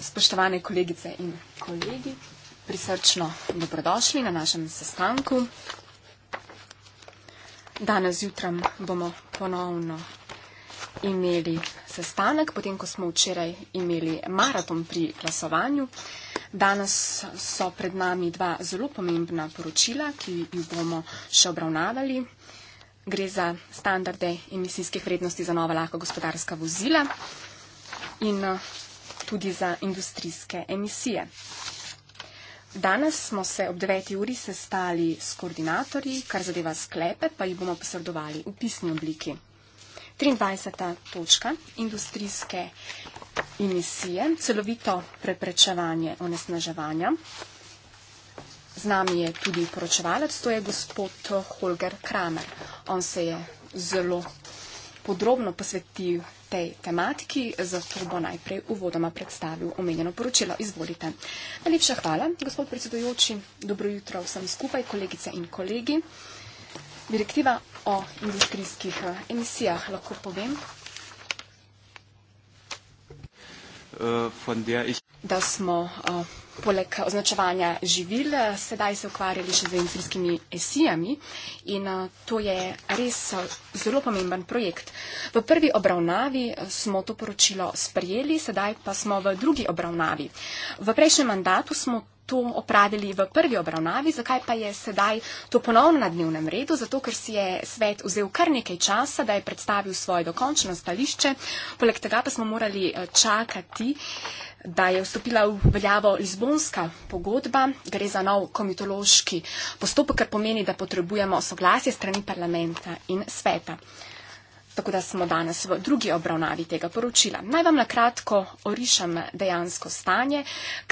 Spoštovane kolegice in kolegi, prisrčno dobrodošli na našem sestanku. Danes jutrem bomo ponovno imeli sestanek, potem ko smo včeraj imeli maraton pri glasovanju. Danes so pred nami dva zelo pomembna poročila, ki jih bomo še obravnavali. Gre za standarde emisijskih vrednosti za nova lahka gospodarska vozila in eh, tudi za industrijske emisije. Danes smo se ob 9. uri sestali s koordinatorji, kar zadeva sklepe, pa jih bomo posredovali v pisni obliki. 23. točka industrijske emisije, celovito preprečevanje onesnaževanja. Z nami je tudi poročevalec, to je gospod Holger Kramer. On se je zelo podrobno posvetil tej tematiki, zato bo najprej uvodoma predstavil omenjeno poročilo. Izvolite. Najlepša hvala, gospod predsedujoči. Dobro jutro vsem skupaj, kolegice in kolegi. Direktiva o industrijskih eh, emisijah lahko povem, Eh, da smo eh, poleg označevanja živil eh, sedaj se ukvarjali še z enzimskimi esijami in to je res zelo pomemben projekt. V prvi obravnavi smo to poročilo sprejeli, sedaj pa smo v drugi obravnavi. V prejšnjem mandatu smo to opravili v prvi obravnavi, zakaj pa je sedaj to ponovno na dnevnem redu? Zato, ker si je svet vzel kar nekaj časa, da je predstavil svoje dokončno stališče. Poleg tega pa smo morali eh, čakati, da je vstopila v veljavo Lizbonska pogodba. Gre za nov komitološki postopek, kar pomeni, da potrebujemo soglasje strani parlamenta in sveta. Tako da smo danes v drugi obravnavi tega poročila. Naj vam na kratko orišem dejansko stanje,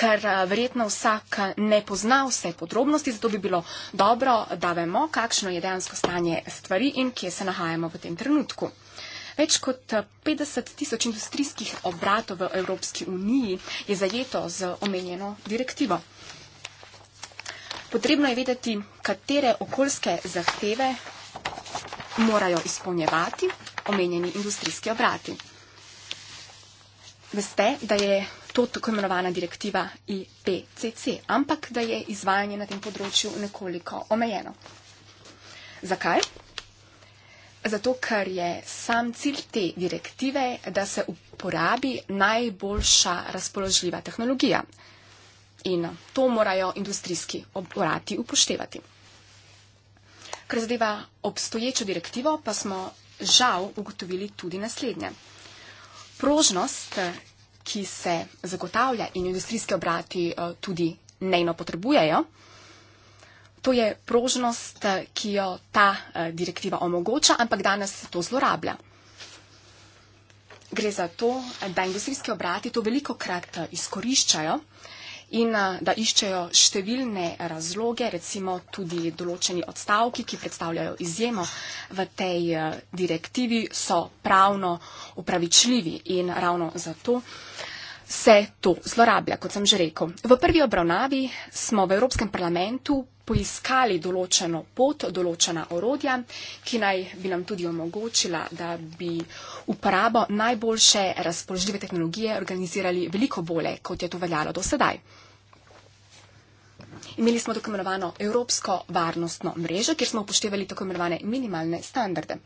ker eh, verjetno vsak eh, ne pozna vse podrobnosti, zato bi bilo dobro, da vemo, kakšno je dejansko stanje stvari in kje se nahajamo v tem trenutku. Več kot 50 eh, tisoč industrijskih obratov v Evropski uniji je zajeto z omenjeno direktivo. Potrebno je vedeti, katere okoljske zahteve morajo izpolnjevati omenjeni industrijski obrati. Veste, da je to tako imenovana direktiva IPCC, ampak da je izvajanje na tem področju nekoliko omejeno. Zakaj? Zato, ker je sam cilj te direktive, da se uporabi najboljša razpoložljiva tehnologija. In to morajo industrijski obrati upoštevati. Kar zadeva obstoječo direktivo, pa smo žal ugotovili tudi naslednje. Prožnost, ki se zagotavlja in industrijski obrati eh, tudi nejno potrebujejo, to je prožnost, eh, ki jo ta eh, direktiva omogoča, ampak danes to zlorablja. Gre za to, da industrijski obrati to veliko krat izkoriščajo, in eh, da iščejo številne razloge, recimo tudi določeni odstavki, ki predstavljajo izjemo v tej eh, direktivi, so pravno upravičljivi in ravno zato se to zlorablja, kot sem že rekel. V prvi obravnavi smo v Evropskem parlamentu poiskali določeno pot, določena orodja, ki naj bi nam tudi omogočila, da bi uporabo najboljše razpoložljive tehnologije organizirali veliko bolje, kot je to veljalo do sedaj. Imeli smo tako imenovano Evropsko varnostno mrežo, kjer smo upoštevali tako imenovane minimalne standarde.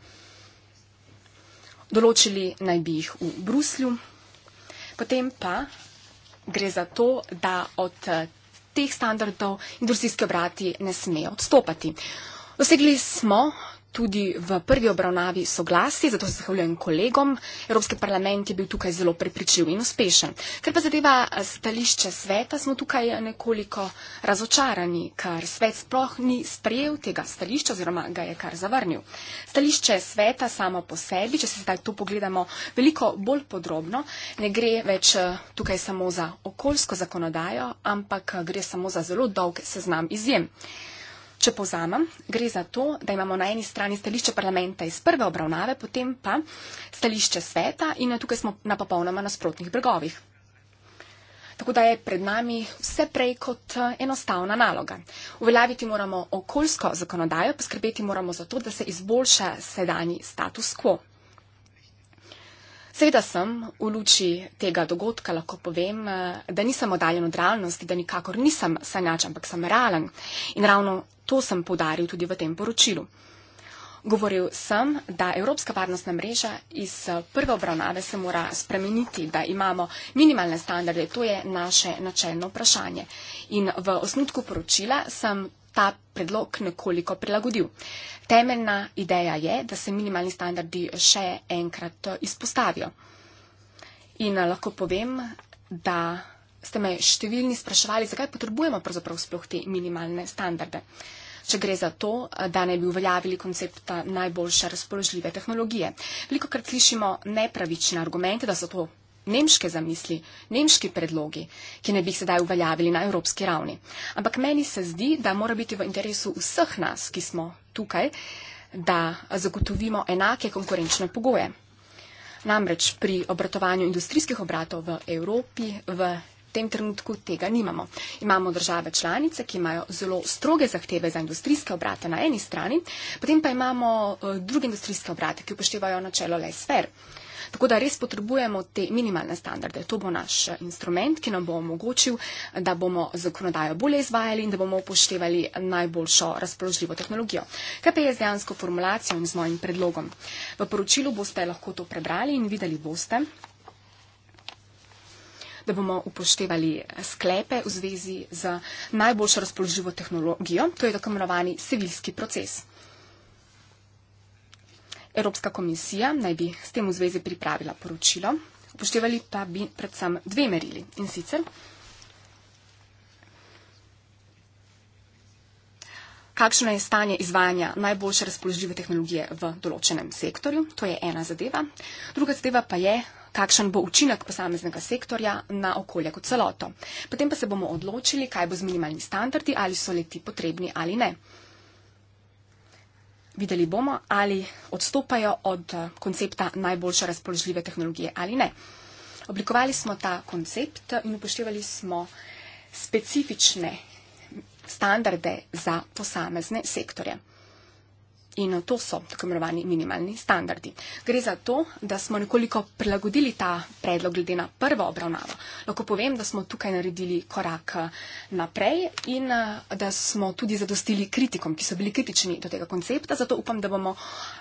Določili naj bi jih v Bruslju. Potem pa gre za to, da od eh, teh standardov industrijski obrati ne smejo odstopati. Dosegli smo uh, tudi v prvi obravnavi soglasi, zato se zahvaljujem kolegom. Evropski parlament je bil tukaj zelo prepričljiv in uspešen. Ker pa zadeva eh, stališče sveta, smo tukaj eh, nekoliko razočarani, ker svet sploh ni sprejel tega stališča oziroma ga je kar zavrnil. Stališče sveta samo po sebi, če se zdaj to pogledamo veliko bolj podrobno, ne gre več eh, tukaj samo za okoljsko zakonodajo, ampak gre samo za zelo dolg seznam izjem. Če povzamem, gre za to, da imamo na eni strani stališče parlamenta iz prve obravnave, potem pa stališče sveta in tukaj smo na popolnoma nasprotnih bregovih. Tako da je pred nami vse prej kot eh, enostavna naloga. Uveljaviti moramo okoljsko zakonodajo, poskrbeti moramo za to, da se izboljša sedanji status quo. Seveda sem v luči tega dogodka lahko povem, eh, da nisem oddaljen od realnosti, da nikakor nisem sanjač, ampak sem realen. In ravno To sem podaril tudi v tem poročilu. Govoril sem, da Evropska varnostna mreža iz eh, prve obravnave se mora spremeniti, da imamo minimalne standarde, to je naše načelno vprašanje. In v osnutku poročila sem ta predlog nekoliko prilagodil. Temeljna ideja je, da se minimalni standardi še enkrat eh, izpostavijo. In eh, lahko povem, da ste me številni spraševali, zakaj potrebujemo pravzaprav sploh te minimalne standarde. Uh, če gre za to, da ne bi uveljavili koncepta najboljše razpoložljive tehnologije. Veliko krat slišimo nepravične argumente, da so to nemške zamisli, nemški predlogi, ki ne bi sedaj uveljavili na evropski ravni. Ampak meni se zdi, da mora biti v interesu vseh nas, ki smo tukaj, da zagotovimo enake konkurenčne pogoje. Namreč pri obratovanju industrijskih obratov v Evropi, v V tem trenutku tega nimamo. Imamo države članice, ki imajo zelo stroge zahteve za industrijske obrate na eni strani, potem pa imamo eh, druge industrijske obrate, ki upoštevajo načelo le sfer. Tako da res potrebujemo te minimalne standarde. To bo naš eh, instrument, ki nam bo omogočil, da bomo zakonodajo bolje izvajali in da bomo upoštevali najboljšo razpoložljivo tehnologijo. Kaj pa je z dejansko formulacijo in z mojim predlogom? V poročilu boste lahko to prebrali in videli boste, da bomo upoštevali sklepe v zvezi z najboljšo razpoloživo tehnologijo, to je tako imenovani sevilski proces. Evropska komisija naj bi s tem v zvezi pripravila poročilo, upoštevali pa bi predvsem dve merili in sicer kakšno je stanje izvajanja najboljše razpoložljive tehnologije v določenem sektorju, to je ena zadeva. Druga zadeva pa je, kakšen bo učinek posameznega sektorja na okolje kot celoto. Potem pa se bomo odločili, kaj bo z minimalnimi standardi, ali so leti potrebni ali ne. Videli bomo, ali odstopajo od eh, koncepta najboljše razpoložljive tehnologije ali ne. Oblikovali smo ta koncept in upoštevali smo specifične standarde za posamezne sektorje in to so tako imenovani minimalni standardi. Gre za to, da smo nekoliko prilagodili ta predlog glede na prvo obravnavo. Lahko povem, da smo tukaj naredili korak eh, naprej in eh, da smo tudi zadostili kritikom, ki so bili kritični do tega koncepta, zato upam, da bomo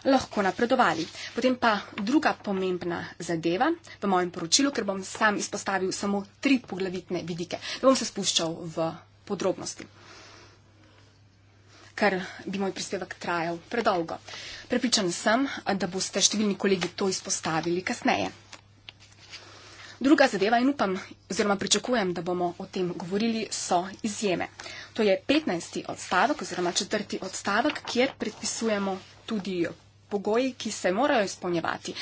lahko napredovali. Potem pa druga pomembna zadeva v mojem poročilu, ker bom sam izpostavil samo tri poglavitne vidike. Da bom se spuščal v podrobnosti ker bi moj prispevek trajal predolgo. Prepričan sem, da boste številni kolegi to izpostavili kasneje. Druga zadeva in upam oziroma pričakujem, da bomo o tem govorili, so izjeme. To je 15. odstavek oziroma 4. odstavek, kjer predpisujemo tudi pogoji, ki se morajo izpolnjevati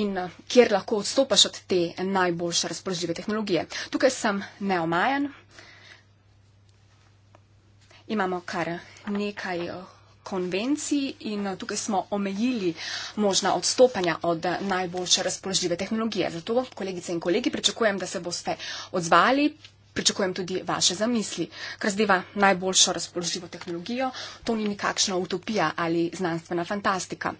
in eh, kjer lahko odstopaš od te najboljše razpoložljive tehnologije. Tukaj sem neomajan, imamo kar nekaj eh, konvencij in eh, tukaj smo omejili možna odstopanja od najboljše razpoložljive tehnologije. Zato, kolegice in kolegi, pričakujem, da se boste odzvali. Pričakujem tudi vaše zamisli, kar zdiva najboljšo razpoložljivo tehnologijo. To ni nikakšna utopija ali znanstvena fantastika.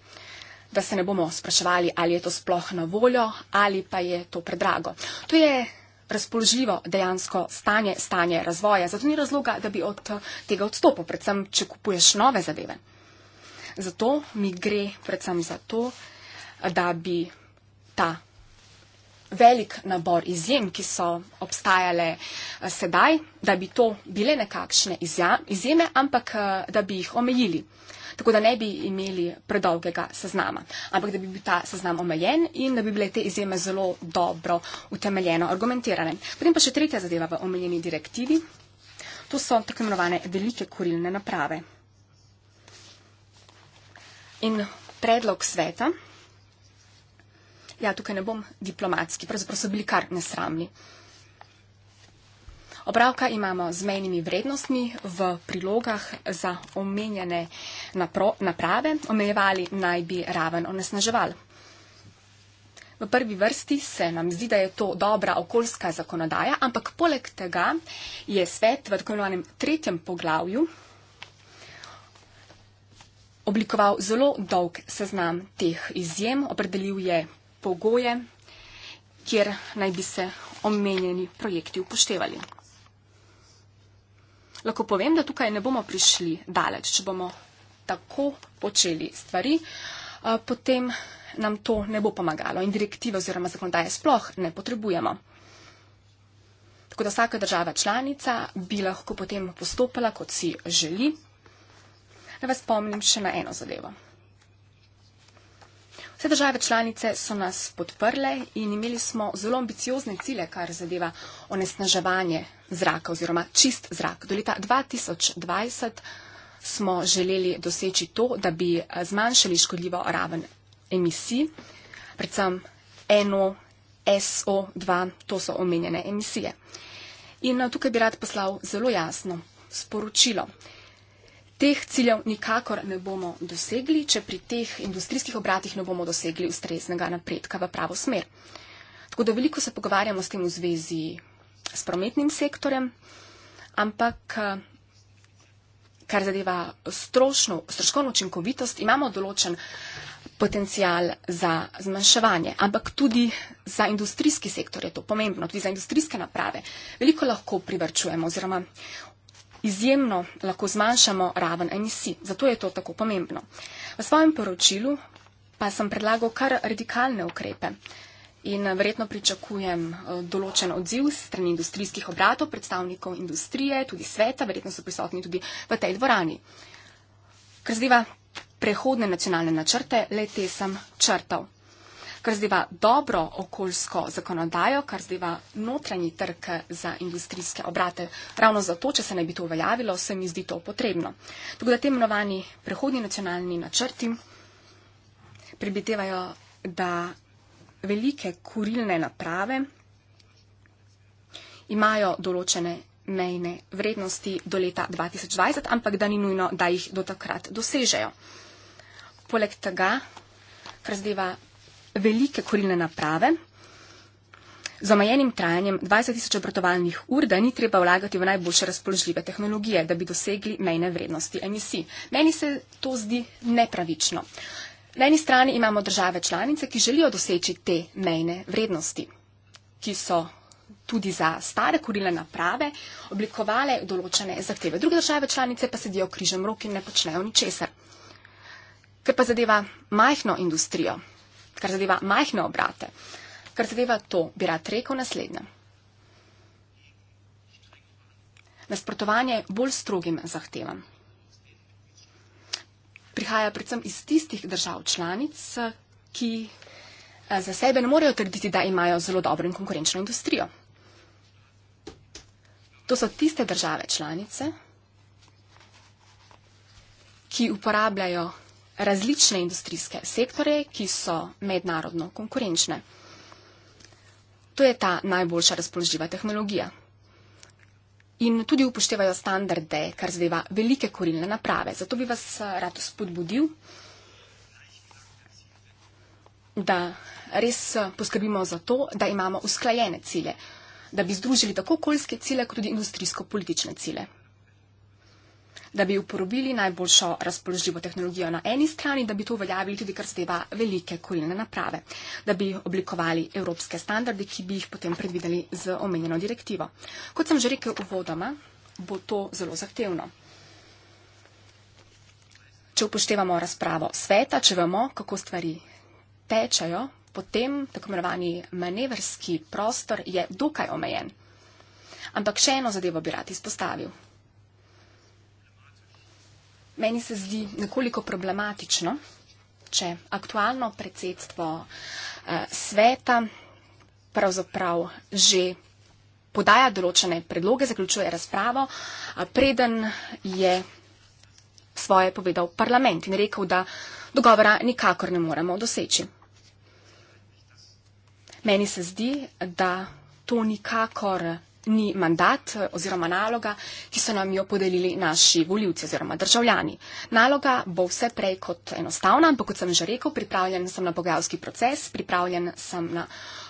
Da se ne bomo spraševali, ali je to sploh na voljo ali pa je to predrago. To je razpoložljivo dejansko stanje, stanje razvoja. Zato ni razloga, da bi od eh, tega odstopil, predvsem, če kupuješ nove zadeve. Zato mi gre predvsem za to, da bi ta velik nabor izjem, ki so obstajale eh, sedaj, da bi to bile nekakšne izjeme, ampak eh, da bi jih omejili tako da ne bi imeli predolgega seznama, ampak da bi bil ta seznam omejen in da bi bile te izjeme zelo dobro utemeljeno argumentirane. Potem pa še tretja zadeva v omenjeni direktivi. To so tako imenovane velike kurilne naprave. In predlog sveta, ja, tukaj ne bom diplomatski, pravzaprav so bili kar nesramni. Opravka imamo z menjimi vrednostmi v prilogah za omenjene naprave, omejevali naj bi raven onesnaževal. V prvi vrsti se nam zdi, da je to dobra okoljska zakonodaja, ampak poleg tega je svet v tako imenovanem tretjem poglavju oblikoval zelo dolg seznam teh izjem, opredelil je pogoje, kjer naj bi se omenjeni projekti upoštevali lahko povem, da tukaj ne bomo prišli daleč, če bomo tako počeli stvari, eh, potem nam to ne bo pomagalo in direktive oziroma zakonodaje sploh ne potrebujemo. Tako da vsaka država članica bi lahko potem postopala, kot si želi. Da vas spomnim še na eno zadevo. Vse države članice so nas podprle in imeli smo zelo ambiciozne cilje, kar zadeva onesnaževanje zraka oziroma čist zrak. Do leta 2020 smo želeli doseči to, da bi eh, zmanjšali škodljivo raven emisij, predvsem NO, SO2, to so omenjene emisije. In eh, tukaj bi rad poslal zelo jasno sporočilo. Teh ciljev nikakor ne bomo dosegli, če pri teh industrijskih obratih ne bomo dosegli ustreznega napredka v pravo smer. Tako da veliko se pogovarjamo s tem v zvezi s prometnim sektorjem, ampak eh, kar zadeva strošno, stroškovno učinkovitost, imamo določen potencial za zmanjševanje, ampak tudi za industrijski sektor je to pomembno, tudi za industrijske naprave. Veliko lahko privrčujemo oziroma izjemno lahko zmanjšamo raven emisij, zato je to tako pomembno. V svojem poročilu pa sem predlagal kar radikalne ukrepe. Uh, In eh, verjetno pričakujem eh, določen odziv strani industrijskih obratov, predstavnikov industrije, tudi sveta, verjetno so prisotni tudi v tej dvorani. Kar zdiva prehodne nacionalne načrte, le te sem črtal. Kar zdiva dobro okoljsko zakonodajo, kar zdiva notranji trg eh, za industrijske obrate. Ravno zato, če se ne bi to uveljavilo, se mi zdi to potrebno. Tako da te imenovani prehodni nacionalni načrti pribitevajo, da velike kurilne naprave imajo določene mejne vrednosti do leta 2020, ampak da ni nujno, da jih do takrat dosežejo. Poleg tega, kar zdeva velike kurilne naprave, z omejenim trajanjem 20 tisoč obratovalnih ur, da ni treba vlagati v najboljše razpoložljive tehnologije, da bi dosegli mejne vrednosti emisij. Meni se to zdi nepravično. Na eni strani imamo države članice, ki želijo doseči te mejne vrednosti, ki so tudi za stare kurilne naprave oblikovale določene zahteve. Druge države članice pa sedijo križem rok in ne počnejo ničesar. Ker pa zadeva majhno industrijo, kar zadeva majhne obrate, kar zadeva to, bi rad rekel naslednje. Nasprotovanje bolj strogim zahtevam prihaja predvsem iz tistih držav članic, ki eh, za sebe ne morejo trditi, da imajo zelo dobro in konkurenčno industrijo. To so tiste države članice, ki uporabljajo različne industrijske sektore, ki so mednarodno konkurenčne. To je ta najboljša razpoložljiva tehnologija in tudi upoštevajo standarde, kar zadeva velike korilne naprave. Zato bi vas eh, rad spodbudil, da res eh, poskrbimo za to, da imamo usklajene cilje, da bi združili tako okoljske cilje, kot tudi industrijsko-politične cilje da bi uporabili najboljšo razpoložljivo tehnologijo na eni strani, da bi to uveljavili tudi, kar zadeva velike kurilne naprave, da bi oblikovali evropske standarde, ki bi jih potem predvideli z omenjeno direktivo. Kot sem že rekel uvodoma, bo to zelo zahtevno. Če upoštevamo razpravo sveta, če vemo, kako stvari tečajo, potem tako imenovani manevrski prostor je dokaj omejen. Ampak še eno zadevo bi rad izpostavil. Meni se zdi nekoliko problematično, če aktualno predsedstvo eh, sveta pravzaprav že podaja določene predloge, zaključuje razpravo, preden je svoje povedal parlament in rekel, da dogovora nikakor ne moremo doseči. Meni se zdi, da to nikakor ni mandat eh, oziroma naloga, ki so nam jo podelili naši voljivci oziroma državljani. Naloga bo vse prej kot enostavna, ampak kot sem že rekel, pripravljen sem na pogajalski proces, pripravljen sem na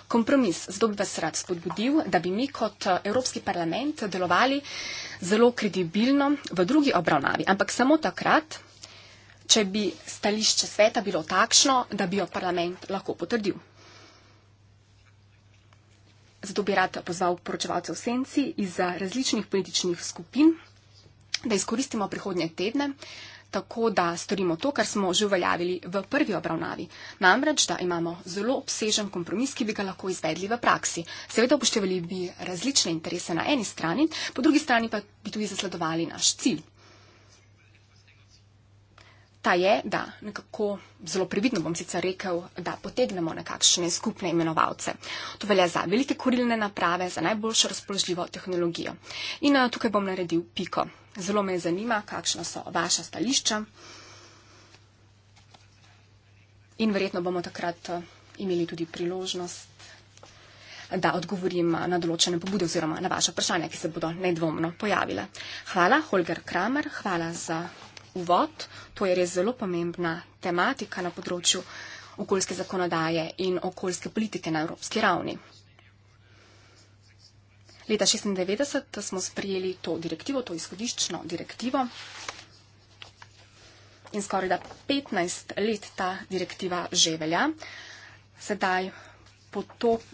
kompromis. Zato bi vas rad spodbudil, da bi mi kot eh, Evropski parlament delovali zelo kredibilno v drugi obravnavi, ampak samo takrat, če bi stališče sveta bilo takšno, da bi jo parlament lahko potrdil. Zato bi rad pozval poročevalce v senci iz različnih političnih skupin, da izkoristimo prihodnje tedne, tako da storimo to, kar smo že uveljavili v prvi obravnavi. Namreč, da imamo zelo obsežen kompromis, ki bi ga lahko izvedli v praksi. Seveda upoštevali bi različne interese na eni strani, po drugi strani pa bi tudi zasledovali naš cilj ta je, da nekako zelo previdno bom sicer rekel, da potegnemo nekakšne skupne imenovalce. To velja za velike korilne naprave, za najboljšo razpoložljivo tehnologijo. In eh, tukaj bom naredil piko. Zelo me zanima, kakšna so vaša stališča. In verjetno bomo takrat eh, imeli tudi priložnost, da odgovorim eh, na določene pobude oziroma na vaše vprašanje, ki se bodo nedvomno pojavile. Hvala, Holger Kramer, hvala za uvod, to je res zelo pomembna tematika na področju okoljske zakonodaje in okoljske politike na evropski ravni. Leta 1996 smo sprejeli to direktivo, to izhodiščno direktivo in skoraj da 15 let ta direktiva že velja. Sedaj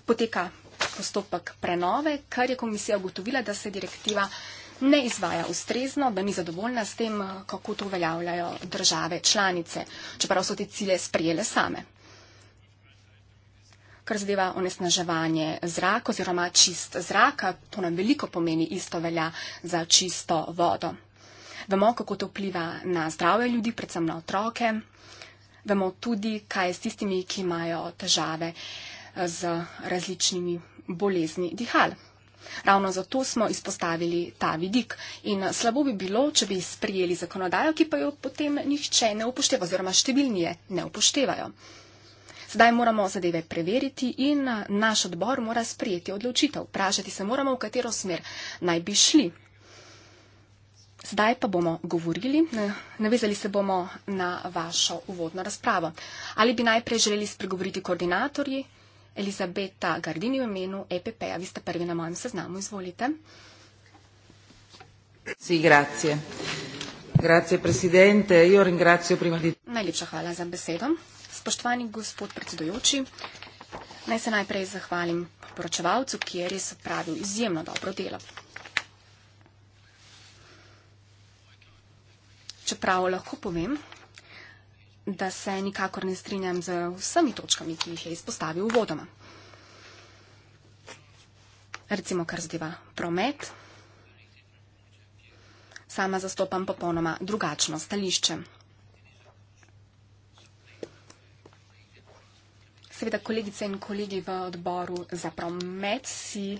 poteka postopek prenove, ker je komisija ugotovila, da se direktiva ne izvaja ustrezno, da ni zadovoljna s tem, eh, kako to uveljavljajo države članice, čeprav so te cilje sprejele same. Kar zadeva onesnaževanje zraka oziroma čist zraka, to nam veliko pomeni, isto velja za čisto vodo. Vemo, kako to vpliva na zdrave ljudi, predvsem na otroke. Vemo tudi, kaj je s tistimi, ki imajo težave eh, z različnimi bolezni dihal. Ravno zato smo izpostavili ta vidik in slabo bi bilo, če bi sprijeli zakonodajo, ki pa jo potem nihče ne upošteva oziroma številni je ne upoštevajo. Zdaj moramo zadeve preveriti in naš odbor mora sprijeti odločitev. Prašati se moramo, v katero smer naj bi šli. Zdaj pa bomo govorili, navezali se bomo na vašo uvodno razpravo. Ali bi najprej želeli spregovoriti koordinatorji, Elizabeta Gardini v imenu EPP-ja. Vi ste prvi na mojem seznamu. Izvolite. Si, grazie. Grazie, presidente. Jo ringrazio prima di... Najlepša hvala za besedo. Spoštovani gospod predsedujoči, naj se najprej zahvalim poročevalcu, ki je res opravil izjemno dobro delo. Čeprav lahko povem, da se nikakor ne strinjam z vsemi točkami, ki jih je izpostavil v vodoma. Recimo, kar zadeva promet, sama zastopam popolnoma drugačno stališče. Seveda, kolegice in kolegi v odboru za promet si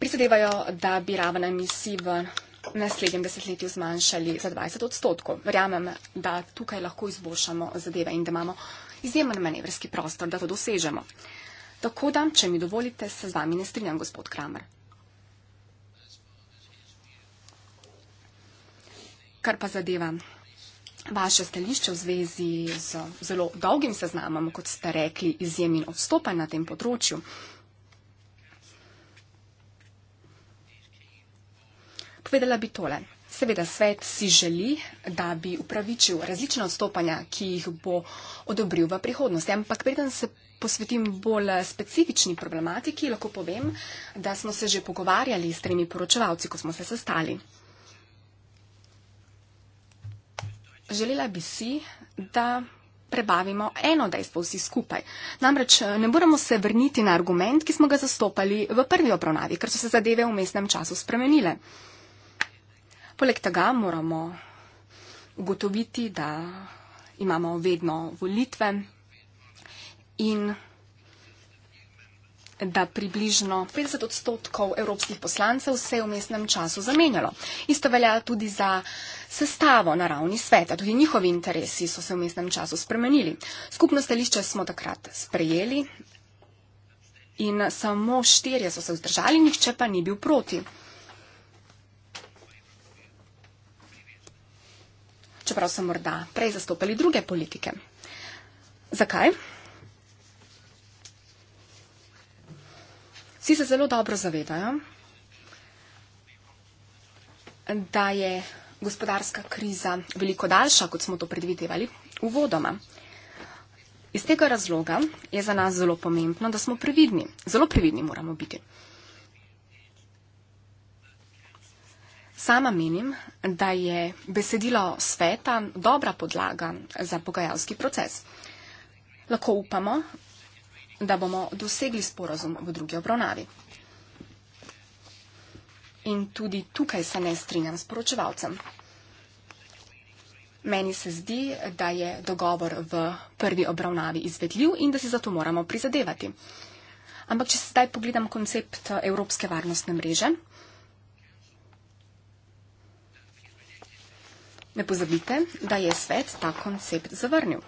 prisadevajo, da bi ravna emisija v v naslednjem desetletju zmanjšali za 20 odstotkov. Verjamem, da tukaj lahko izboljšamo zadeve in da imamo izjemen manevrski prostor, da to dosežemo. Tako da, če mi dovolite, se z vami ne strinjam, gospod Kramer. Kar pa zadeva vaše stališče v zvezi z zelo dolgim seznamom, kot ste rekli, izjemen odstopanj na tem področju. Povedala bi tole. Seveda svet si želi, da bi upravičil različna odstopanja, ki jih bo odobril v prihodnosti. Ampak preden se posvetim bolj specifični problematiki, lahko povem, da smo se že pogovarjali s tremi poročevalci, ko smo se sestali. Želela bi si, da prebavimo eno dejstvo vsi skupaj. Namreč ne moramo se vrniti na argument, ki smo ga zastopali v prvi obravnavi, ker so se zadeve v mestnem času spremenile. Poleg tega moramo ugotoviti, da imamo vedno volitve in da približno 50 odstotkov evropskih poslancev se je v mestnem času zamenjalo. Isto velja tudi za sestavo na ravni sveta. Tudi njihovi interesi so se v mestnem času spremenili. Skupno stališče smo takrat sprejeli in samo štirje so se vzdržali, nihče pa ni bil proti. pravzaprav so morda prej zastopali druge politike. Zakaj? Vsi se zelo dobro zavedajo, da je gospodarska kriza veliko daljša, kot smo to predvidevali uvodoma. Iz tega razloga je za nas zelo pomembno, da smo previdni. Zelo previdni moramo biti. Sama menim, da je besedilo sveta dobra podlaga za pogajalski proces. Lahko upamo, da bomo dosegli sporazum v drugi obravnavi. In tudi tukaj se ne strinjam s poročevalcem. Meni se zdi, da je dogovor v prvi obravnavi izvedljiv in da si zato moramo prizadevati. Ampak če sedaj pogledam koncept Evropske varnostne mreže, Ne pozabite, da je svet ta koncept zavrnil.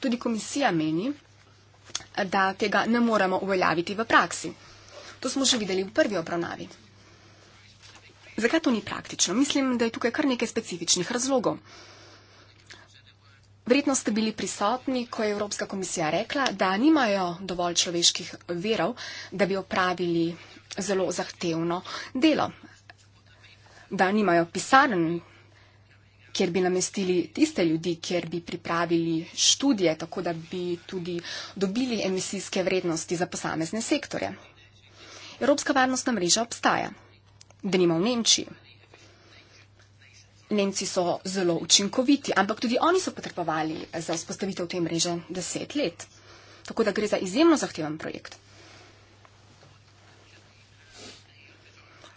Tudi komisija meni, da tega ne moremo uveljaviti v praksi. To smo že videli v prvi obravnavi. Zakaj to ni praktično? Mislim, da je tukaj kar nekaj specifičnih razlogov. Verjetno ste bili prisotni, ko je Evropska komisija rekla, da nimajo dovolj človeških verov, da bi opravili zelo zahtevno delo, da nimajo pisarn, kjer bi namestili tiste ljudi, kjer bi pripravili študije, tako da bi tudi dobili emisijske vrednosti za posamezne sektore. Evropska varnostna mreža obstaja. Denimo v Nemčiji. Nemci so zelo učinkoviti, ampak tudi oni so potrebovali za vzpostavitev te mreže deset let. Tako da gre za izjemno zahteven projekt.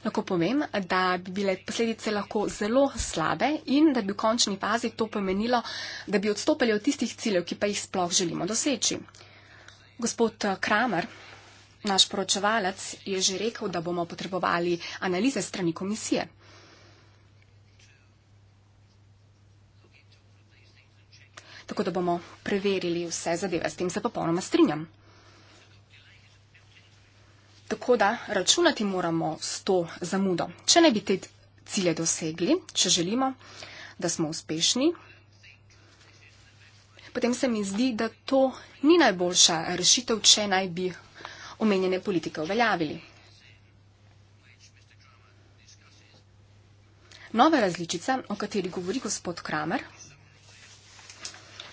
Lahko povem, da bi bile posledice lahko zelo slabe in da bi v končni fazi to pomenilo, da bi odstopili od tistih ciljev, ki pa jih sploh želimo doseči. Gospod Kramer, naš poročevalec, je že rekel, da bomo potrebovali analize strani komisije. Tako da bomo preverili vse zadeve. S tem se popolnoma strinjam. Tako da računati moramo s to zamudo. Če ne bi te cilje dosegli, če želimo, da smo uspešni, potem se mi zdi, da to ni najboljša rešitev, če naj bi omenjene politike uveljavili. Nova različica, o kateri govori gospod Kramer,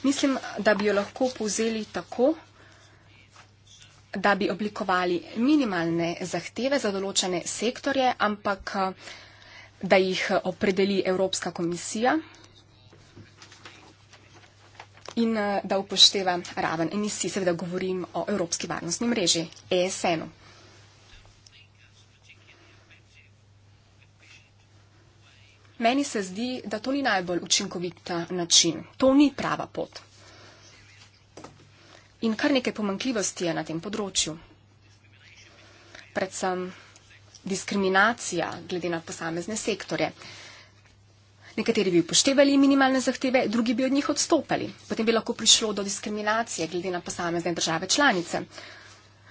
mislim, da bi jo lahko povzeli tako, da bi oblikovali minimalne zahteve za določene sektorje, ampak eh, da jih eh, opredeli Evropska komisija in eh, da upošteva raven emisij. Seveda govorim o Evropski varnostni mreži, ESN-u. Meni se zdi, da to ni najbolj učinkovit način. To ni prava pot. In kar nekaj pomankljivosti je na tem področju. Predvsem diskriminacija glede na posamezne sektorje. Nekateri bi upoštevali minimalne zahteve, drugi bi od njih odstopali. Potem bi lahko prišlo do diskriminacije glede na posamezne države članice.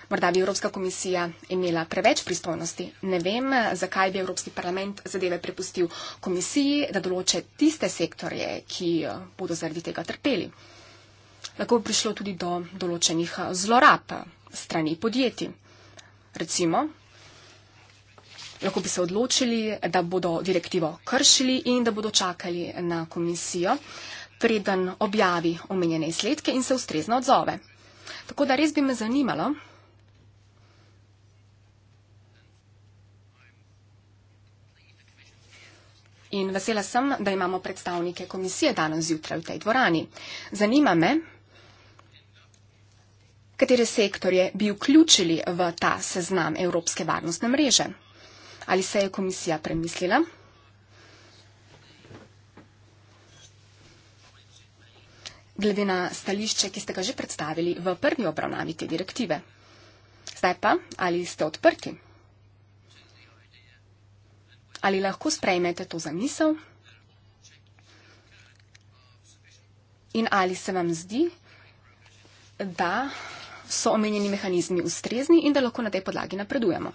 Morda bi Evropska komisija imela preveč pristojnosti. Ne vem, zakaj bi Evropski parlament zadeve prepustil komisiji, da določe tiste sektorje, ki bodo zaradi tega trpeli lahko prišlo tudi do določenih eh, zlorab eh, strani podjetij. Recimo, lahko bi se odločili, da bodo direktivo kršili in da bodo čakali na komisijo, preden objavi omenjene izsledke in se ustrezno odzove. Tako da res bi me zanimalo, In vesela sem, da imamo predstavnike komisije danes zjutraj v tej dvorani. Zanima me, Katere sektorje bi vključili v ta seznam Evropske varnostne mreže? Ali se je komisija premislila? Glede na stališče, ki ste ga že predstavili v prvi obravnavi te direktive. Zdaj pa, ali ste odprti? Ali lahko sprejmete to za misel? In ali se vam zdi, da so omenjeni mehanizmi ustrezni in da lahko na tej podlagi napredujemo.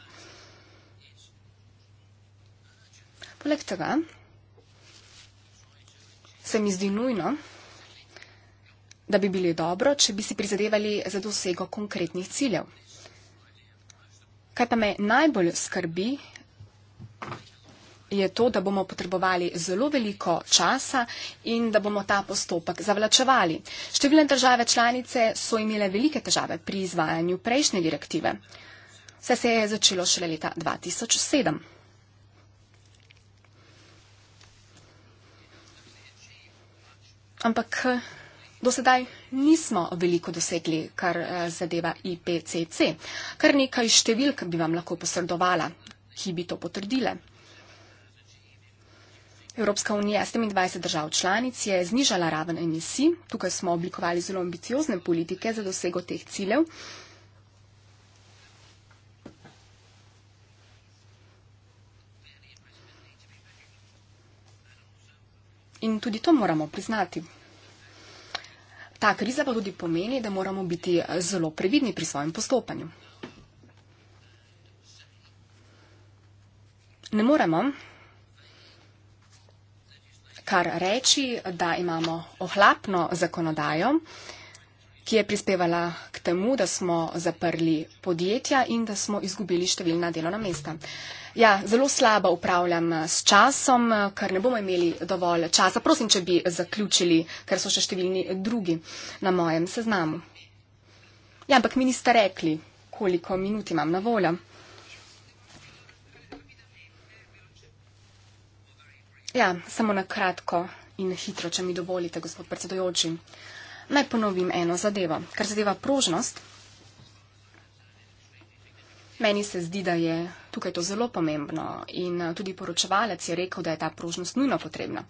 Poleg tega se mi zdi nujno, da bi bili dobro, če bi si prizadevali za dosego konkretnih ciljev. Kaj pa me najbolj skrbi, je to, da bomo potrebovali zelo veliko časa in da bomo ta postopek zavlačevali. Številne države članice so imele velike težave pri izvajanju prejšnje direktive. Vse se je začelo šele leta 2007. Ampak eh, do sedaj nismo veliko dosegli, kar eh, zadeva IPCC. Kar nekaj številk bi vam lahko posredovala, ki bi to potrdile. Evropska unija s temi 20 držav članic je znižala raven emisij. Tukaj smo oblikovali zelo ambiciozne politike za dosego teh ciljev. In tudi to moramo priznati. Ta kriza pa tudi pomeni, da moramo biti zelo previdni pri svojem postopanju. Ne moremo kar reči, da imamo ohlapno zakonodajo, ki je prispevala k temu, da smo zaprli podjetja in da smo izgubili številna delovna mesta. Ja, zelo slabo upravljam s časom, ker ne bomo imeli dovolj časa. Prosim, če bi zaključili, ker so še številni drugi na mojem seznamu. Ja, ampak mi niste rekli, koliko minut imam na voljo. Ja, samo na kratko in hitro, če mi dovolite, gospod predsedojoči. Naj ponovim eno zadevo. Kar zadeva prožnost, meni se zdi, da je tukaj to zelo pomembno in tudi poročevalec je rekel, da je ta prožnost nujno potrebna.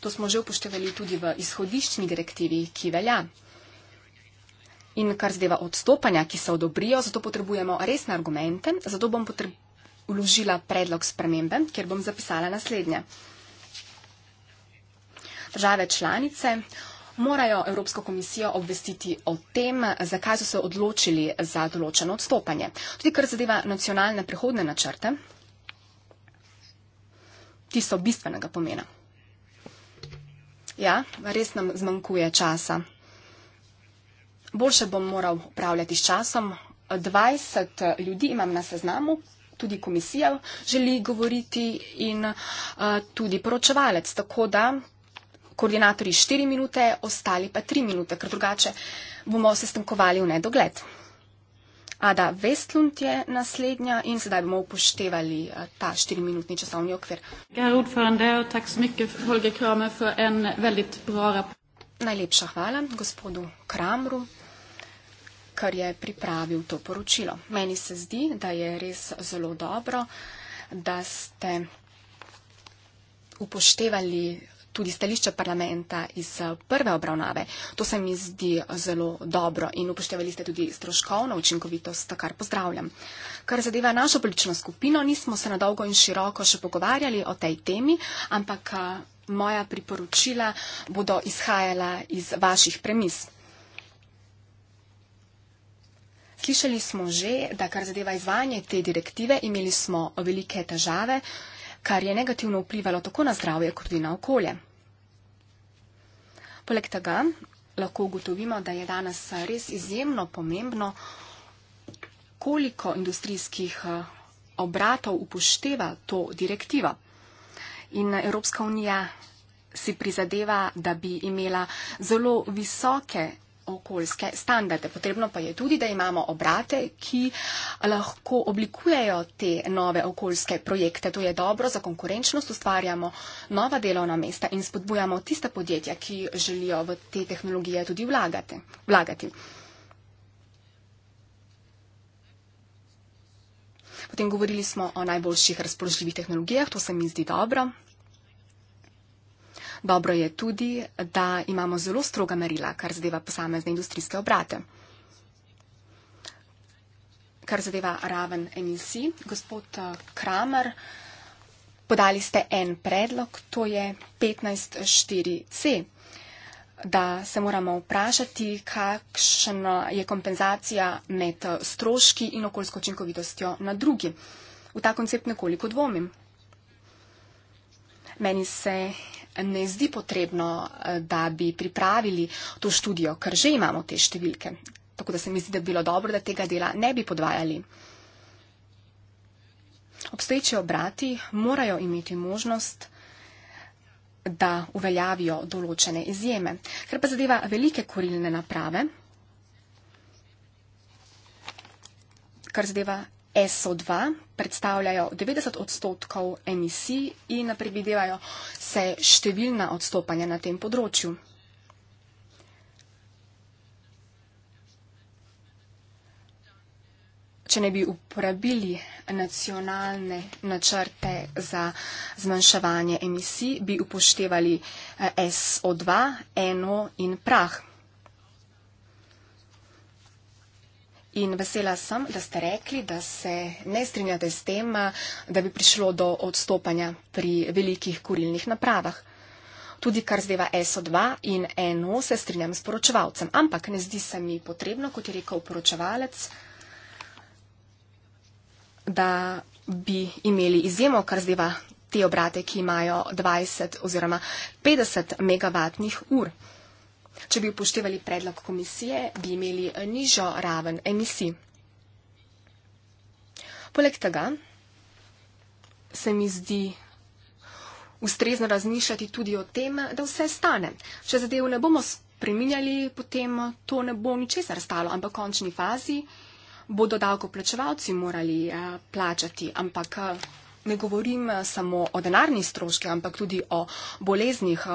To smo že upoštevali tudi v izhodiščni direktivi, ki velja. In kar zdeva odstopanja, ki se odobrijo, zato potrebujemo resne argumente, zato bom vložila predlog spremembe, kjer bom zapisala naslednje. Države članice morajo Evropsko komisijo obvestiti o tem, zakaj so se odločili za določeno odstopanje. Tudi kar zadeva nacionalne prihodne načrte, ti so bistvenega pomena. Ja, res nam zmanjkuje časa boljše bom moral upravljati s časom. 20 ljudi imam na seznamu, tudi komisija želi govoriti in uh, tudi poročevalec. Tako da koordinatorji 4 minute, ostali pa 3 minute, ker drugače bomo se stankovali v nedogled. Ada Westlund je naslednja in sedaj bomo upoštevali eh, ta 4-minutni časovni okvir. Gerard Odfarandeo, tak smike, Holger Kramer, za en veliko bra rap. Najlepša hvala gospodu Kramru, kar je pripravil to poročilo. Meni se zdi, da je res zelo dobro, da ste upoštevali tudi stališče parlamenta iz eh, prve obravnave. To se mi zdi zelo dobro in upoštevali ste tudi stroškovno učinkovitost, kar pozdravljam. Kar zadeva našo politično skupino, nismo se na dolgo in široko še pogovarjali o tej temi, ampak eh, moja priporočila bodo izhajala iz vaših premis. Slišali smo že, da kar zadeva izvajanje te direktive, imeli smo velike težave, kar je negativno vplivalo tako na zdravje kot tudi na okolje. Poleg tega lahko ugotovimo, da je danes res izjemno pomembno, koliko industrijskih eh, obratov upošteva to direktivo in Evropska unija si prizadeva, da bi imela zelo visoke okoljske standarde. Potrebno pa je tudi, da imamo obrate, ki lahko oblikujejo te nove okoljske projekte. To je dobro za konkurenčnost, ustvarjamo nova delovna mesta in spodbujamo tiste podjetja, ki želijo v te tehnologije tudi vlagati. vlagati. Potem govorili smo o najboljših razpoložljivih tehnologijah, to se mi zdi dobro. Dobro je tudi, da imamo zelo stroga merila, kar zadeva posamezne industrijske obrate. Kar zadeva raven emisij, gospod eh, Kramer, podali ste en predlog, to je 15.4c da se moramo vprašati, kakšna je kompenzacija med stroški in okoljsko učinkovitostjo na drugi. V ta koncept nekoliko dvomim. Meni se ne zdi potrebno, da bi pripravili to študijo, ker že imamo te številke. Tako da se mi zdi, da bi bilo dobro, da tega dela ne bi podvajali. Obstoječi obrati morajo imeti možnost, da da uveljavijo določene izjeme. Ker pa zadeva velike korilne naprave, kar zadeva SO2, predstavljajo 90 odstotkov emisij in predvidevajo se številna odstopanja na tem področju. če ne bi uporabili nacionalne načrte za zmanjševanje emisij, bi upoštevali eh, SO2, NO in prah. In vesela sem, da ste rekli, da se ne strinjate s tem, eh, da bi prišlo do odstopanja pri velikih kurilnih napravah. Tudi kar zdeva SO2 in NO se strinjam s poročevalcem, ampak ne zdi se mi potrebno, kot je rekel poročevalec, da bi imeli izjemo, kar zdeva te obrate, ki imajo 20 oziroma 50 megavatnih ur. Če bi upoštevali predlog komisije, bi imeli nižjo raven emisij. Poleg tega se mi zdi ustrezno razmišljati tudi o tem, da vse stane. Če zadev ne bomo spreminjali, potem to ne bo ničesar stalo, ampak v končni fazi bodo davkoplačevalci morali eh, plačati, ampak eh, ne govorim eh, samo o denarni stroški, ampak tudi o boleznih,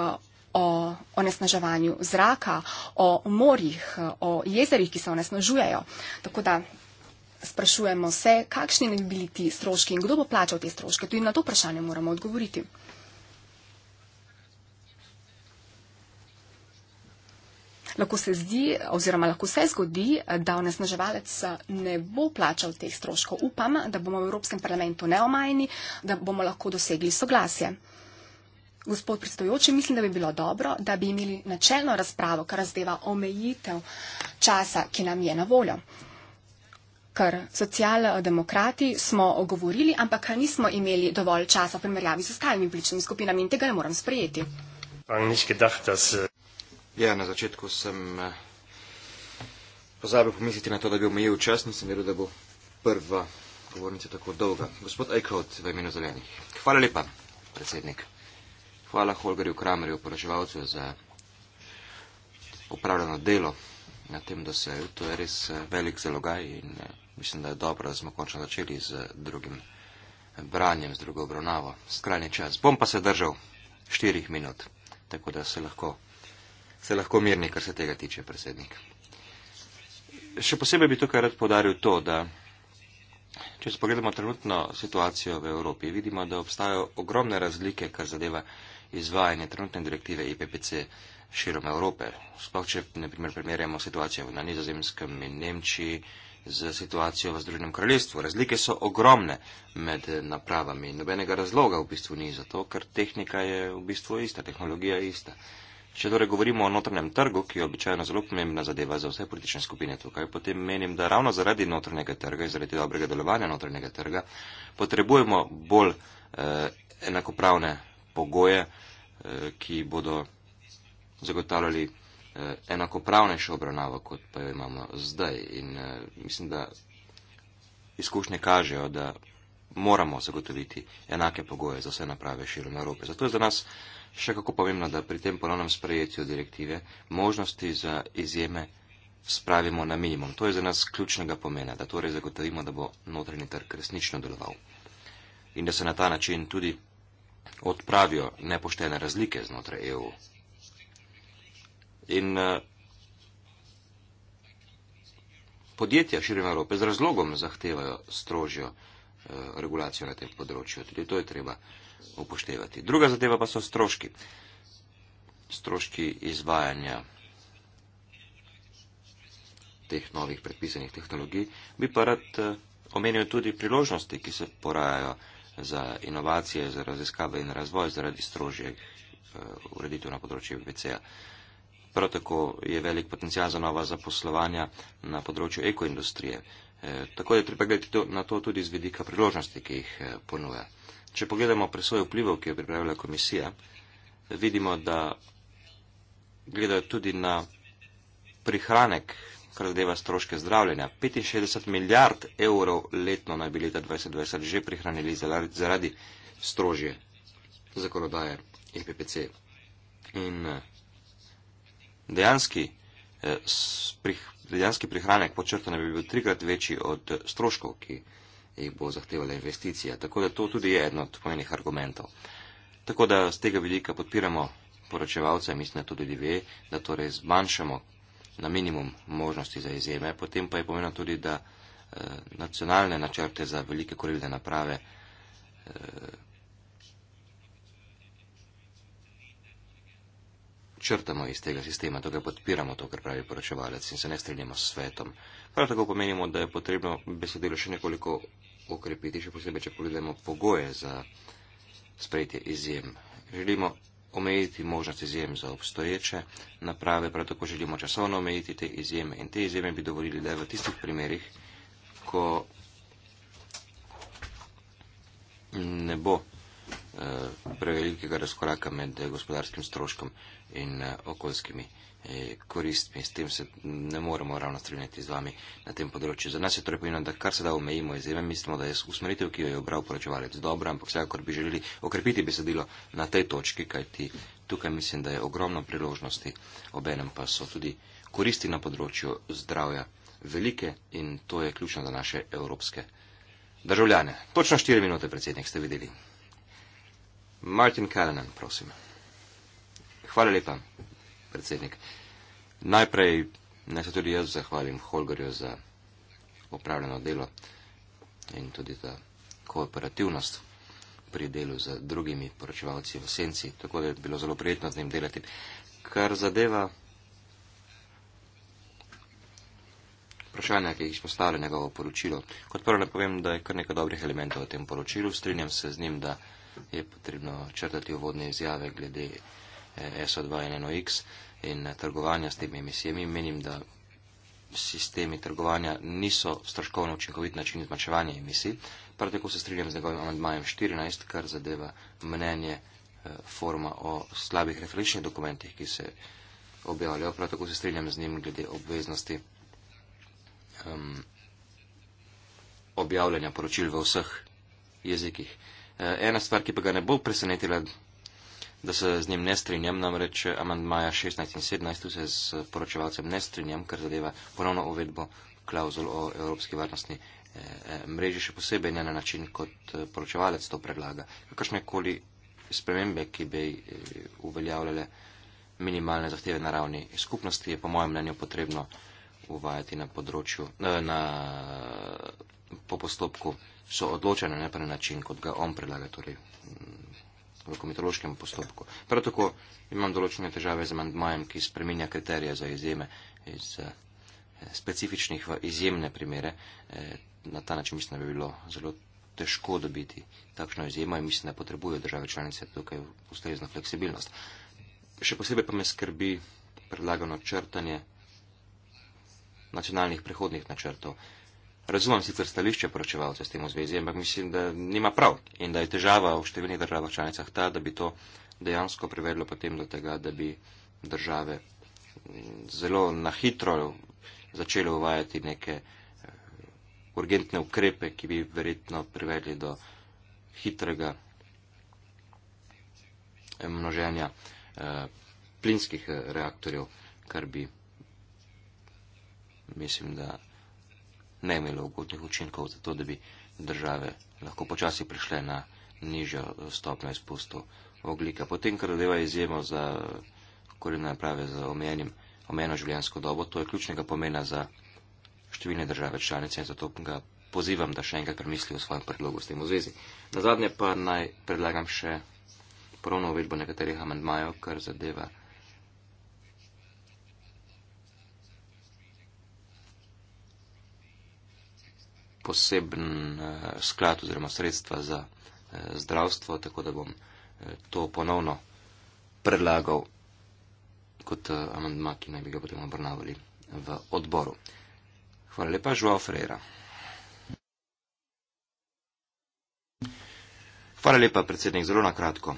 o onesnaževanju zraka, o morjih, o jezerih, ki se onesnažujejo. Tako da sprašujemo se, kakšni ne bi bili ti stroški in kdo bo plačal te stroške. Tudi na to vprašanje moramo odgovoriti. lahko se zdi oziroma lahko se zgodi, da onesnaževalec ne bo plačal teh stroškov. Upam, da bomo v Evropskem parlamentu neomajni, da bomo lahko dosegli soglasje. Gospod predstavujoči, mislim, da bi bilo dobro, da bi imeli načelno razpravo, kar razdeva omejitev časa, ki nam je na voljo. Ker socialdemokrati smo govorili, ampak nismo imeli dovolj časa v primerjavi z ostalimi političnimi skupinami in tega ne morem sprejeti. Ich habe nicht gedacht, dass. Ja, na začetku sem eh, pozabil pomisliti na to, da bi omejil čas, nisem vedel, da bo prva govornica tako dolga. Gospod Eichhout v imenu zelenih. Hvala lepa, predsednik. Hvala Holgerju Kramerju, poraževalcu, za upravljeno delo na tem doseju. To je res eh, velik zalogaj in eh, mislim, da je dobro, da smo končno začeli z drugim branjem, z drugo obravnavo. Skrajni čas. Bom pa se držal štirih minut, tako da se lahko se lahko mirni, kar se tega tiče, predsednik. Še posebej bi tukaj rad podaril to, da če se pogledamo trenutno situacijo v Evropi, vidimo, da obstajajo ogromne razlike, kar zadeva izvajanje trenutne direktive IPPC širom Evrope. Sploh, če naprimer primerjamo situacijo na nizozemskem in Nemčiji z situacijo v Združenem kraljestvu. Razlike so ogromne med napravami. Nobenega razloga v bistvu ni za to, ker tehnika je v bistvu ista, tehnologija je ista. Če torej govorimo o notranjem trgu, ki je običajno zelo pomembna zadeva za vse politične skupine tukaj, potem menim, da ravno zaradi notranjega trga in zaradi dobrega delovanja notranjega trga potrebujemo bolj eh, enakopravne pogoje, eh, ki bodo zagotavljali eh, enakopravnejšo obravnavo, kot pa jo imamo zdaj. In eh, mislim, da izkušnje kažejo, da moramo zagotoviti enake pogoje za vse naprave širom Evrope. Zato je za nas še kako pomembno, da pri tem ponovnem sprejetju direktive možnosti za izjeme spravimo na minimum. To je za nas ključnega pomena, da torej zagotovimo, da bo notranji trg resnično deloval in da se na ta način tudi odpravijo nepoštene razlike znotraj EU. In eh, podjetja širom Evrope z razlogom zahtevajo strožjo eh, regulacijo na tem področju. Tudi to je treba upoštevati. Druga zadeva pa so stroški. Stroški izvajanja teh novih predpisanih tehnologij. Bi pa rad eh, omenil tudi priložnosti, ki se porajajo za inovacije, za raziskave in razvoj zaradi strožje eh, ureditev na področju BBC-a. Prav tako je velik potencial za nova zaposlovanja na področju ekoindustrije. E, tako je treba gledati to, na to tudi z vidika priložnosti, ki jih ponuja. Če pogledamo presojo vplivov, ki jo pripravlja komisija, vidimo, da gledajo tudi na prihranek, kar zadeva stroške zdravljenja. 65 milijard evrov letno naj bi leta 2020 že prihranili zaradi strožje zakonodaje EPPC. In eh, dejanski, eh, prih, dejanski prihranek počrtan bi bil trikrat večji od stroškov, ki jih bo zahtevala investicija. Tako da to tudi je eden od pomenih argumentov. Tako da z tega vidika podpiramo poročevalce, mislim, da tudi ve, da torej zmanjšamo na minimum možnosti za izjeme, potem pa je pomenilo tudi, da eh, nacionalne načrte za velike korilne naprave eh, črtamo iz tega sistema, da torej ga podpiramo, to, kar pravi poročevalec, in se ne strinjamo s svetom. Prav tako pomenimo, da je potrebno besedilo še nekoliko okrepiti, še posebej, če pogledamo pogoje za sprejetje izjem. Želimo omejiti možnost izjem za obstoječe naprave, prav tako želimo časovno omejiti te izjeme in te izjeme bi dovolili le v tistih primerih, ko ne bo Eh, prevelikega razkoraka med eh, gospodarskim stroškom in eh, okoljskimi koristmi. S tem se ne moremo ravno strinjati z vami na tem področju. Za nas je torej pomembno, da kar se da omejimo izjeme. Mislimo, da je usmeritev, ki jo je obral poročevalec, dobra, ampak vsekakor bi želeli okrepiti besedilo na tej točki, kajti tukaj mislim, da je ogromno priložnosti, obenem pa so tudi koristi na področju zdravja velike in to je ključno za naše evropske. Državljane, točno 4 minute predsednik ste videli. Martin Callanan, prosim. Hvala lepa, predsednik. Najprej naj se tudi jaz zahvalim Holgerju za opravljeno delo in tudi za kooperativnost pri delu z drugimi poročevalci v senci, tako da je bilo zelo prijetno z njim delati. Kar zadeva vprašanja, ki jih izpostavlja njegovo poročilo, kot prvo ne povem, da je kar nekaj dobrih elementov v tem poročilu, strinjam se z njim, da je potrebno črtati uvodne izjave glede eh, SO2N1X in eh, trgovanja s temi emisijami. Menim, da sistemi trgovanja niso stroškovno učinkovit način izmačevanja emisij. Prav tako se strinjam z njegovim amandmajem 14, kar zadeva mnenje eh, forma o slabih referenčnih dokumentih, ki se objavljajo. Prav tako se strinjam z njim glede obveznosti um, objavljanja poročil v vseh jezikih. Eh, ena stvar, ki pa ga ne bo presenetila, da se z njim ne strinjam, namreč amandmaja 16 in 17, tu se z poročevalcem ne strinjam, kar zadeva ponovno uvedbo klauzul o evropski varnostni eh, eh, mreži, še posebej ne na način, kot poročevalec to predlaga. Kakšne koli spremembe, ki bi uveljavljale minimalne zahteve na ravni skupnosti, je po mojem mnenju potrebno uvajati na področju, na, po postopku so odločene na prej način, kot ga on predlaga, torej mm, v komitološkem postopku. Prav tako imam določene težave z amandmajem, ki spreminja kriterije za izjeme iz eh, specifičnih v izjemne primere. Eh, na ta način mislim, da bi bilo zelo težko dobiti takšno izjemo in mislim, da potrebujejo države članice tukaj ustrezno fleksibilnost. Še posebej pa me skrbi predlagano črtanje nacionalnih prehodnih načrtov. Razumem sicer stališče poročevalcev s tem v zvezi, ampak mislim, da nima prav in da je težava v številnih državah članicah ta, da bi to dejansko privedlo potem do tega, da bi države zelo nahitro začele uvajati neke eh, urgentne ukrepe, ki bi verjetno privedli do hitrega eh, množenja eh, plinskih reaktorjev, kar bi, mislim, da ne imelo ugodnih učinkov, zato da bi države lahko počasi prišle na nižjo stopnjo izpustov oglika. Potem, kar deva izjemo za korene naprave za omenjenim, omenjeno življenjsko dobo, to je ključnega pomena za številne države članice in zato ga pozivam, da še enkrat premisli o svojem predlogu s tem v zvezi. Na zadnje pa naj predlagam še ponovno uvedbo nekaterih amandmajev, kar zadeva. poseben eh, sklad oziroma sredstva za eh, zdravstvo, tako da bom eh, to ponovno predlagal kot amandma, ki naj bi ga potem obrnavali v odboru. Hvala lepa, Žuao Freira. Hvala lepa, predsednik, zelo na kratko.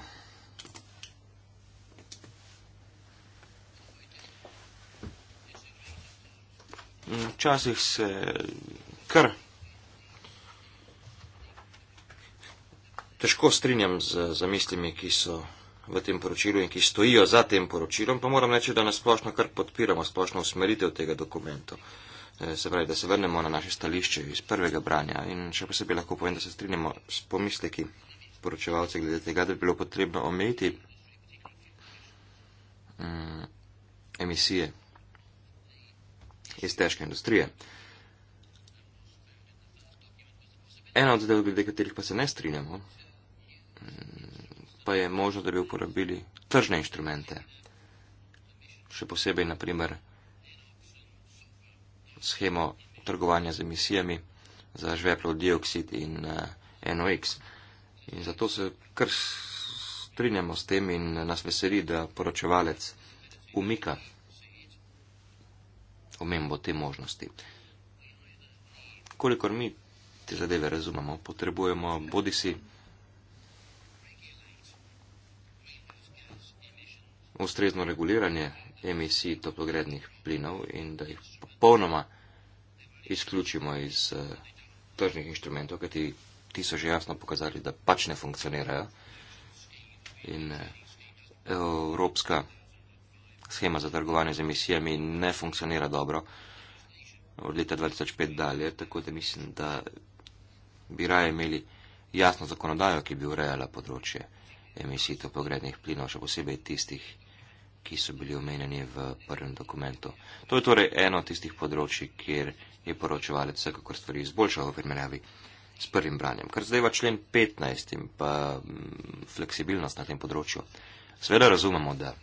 Včasih se kar težko strinjam z zamislimi, ki so v tem poročilu in ki stojijo za tem poročilom, pa moram reči, da nas splošno kar podpiramo, splošno usmeritev tega dokumentu. E, se pravi, da se vrnemo na naše stališče iz prvega branja in še posebej lahko povem, da se strinjamo s pomisleki poročevalce glede tega, da bi bilo potrebno omejiti mm, emisije iz težke industrije. Ena od zadev, glede katerih pa se ne strinjamo, pa je možno, da bi uporabili tržne inštrumente. Še posebej, naprimer, schemo trgovanja z emisijami za žveplov dioksid in uh, eh, NOx. In zato se kar strinjamo s tem in nas veseli, da poročevalec umika omembo te možnosti. Kolikor mi te zadeve razumemo, potrebujemo bodi si. ustrezno reguliranje emisij toplogrednih plinov in da jih popolnoma izključimo iz uh, tržnih inštrumentov, kajti ti so že jasno pokazali, da pač ne funkcionirajo. In uh, evropska schema za trgovanje z emisijami ne funkcionira dobro od leta 2005 dalje, tako da mislim, da bi raje imeli jasno zakonodajo, ki bi urejala področje emisij toplogrednih plinov, še posebej tistih, ki so bili omenjeni v prvem dokumentu. To je torej eno od tistih področji, kjer je poročevalec vsekakor stvari izboljšal v primerjavi s prvim branjem. Kar zdaj je člen 15 in pa mm, fleksibilnost na tem področju. Sveda razumemo, da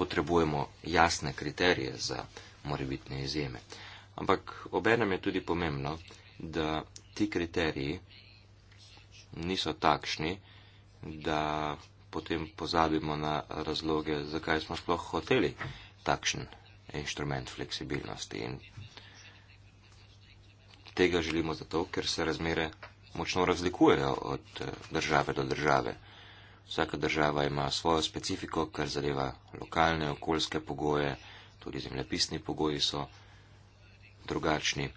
potrebujemo jasne kriterije za morebitne izjeme. Ampak obenem je tudi pomembno, da ti kriteriji niso takšni, da potem pozabimo na razloge, zakaj smo sploh hoteli takšen inštrument fleksibilnosti. In tega želimo zato, ker se razmere močno razlikujejo od eh, države do države. Vsaka država ima svojo specifiko, kar zadeva lokalne okoljske pogoje, tudi zemljepisni pogoji so drugačni.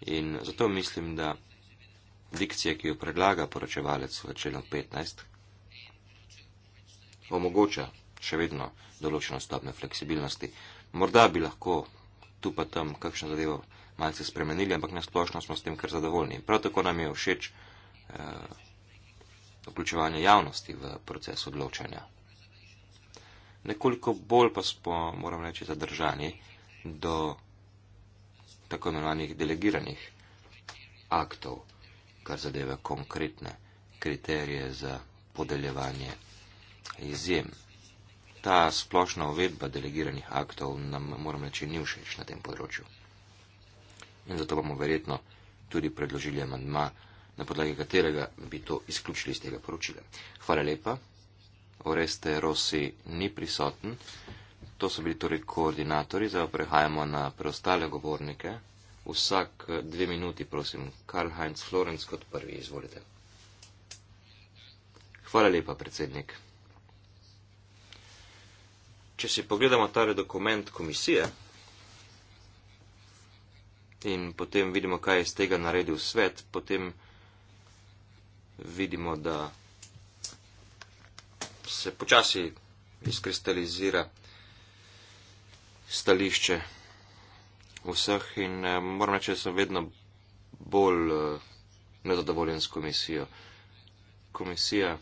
In zato mislim, da dikcija, ki jo predlaga poročevalec v členu 15, omogoča še vedno določeno stopnjo fleksibilnosti. Morda bi lahko tu pa tam kakšno zadevo malce spremenili, ampak na splošno smo s tem kar zadovoljni. Prav tako nam je všeč eh, vključevanje javnosti v proces odločanja. Nekoliko bolj pa smo, moram reči, zadržani do tako imenovanih delegiranih aktov, kar zadeve konkretne kriterije za podeljevanje izjem. Ta splošna uvedba delegiranih aktov nam, moram reči, ni všeč na tem področju. In zato bomo verjetno tudi predložili amandma, na podlagi katerega bi to izključili iz tega poročila. Hvala lepa. Oreste Rossi ni prisoten. To so bili torej koordinatori, zdaj prehajamo na preostale govornike. Vsak dve minuti, prosim, Karl Heinz Florenc kot prvi, izvolite. Hvala lepa, predsednik če si pogledamo ta dokument komisije in potem vidimo, kaj je iz tega naredil svet, potem vidimo, da se počasi izkristalizira stališče vseh in eh, moram reči, da sem vedno bolj eh, nezadovoljen s komisijo. Komisija. komisija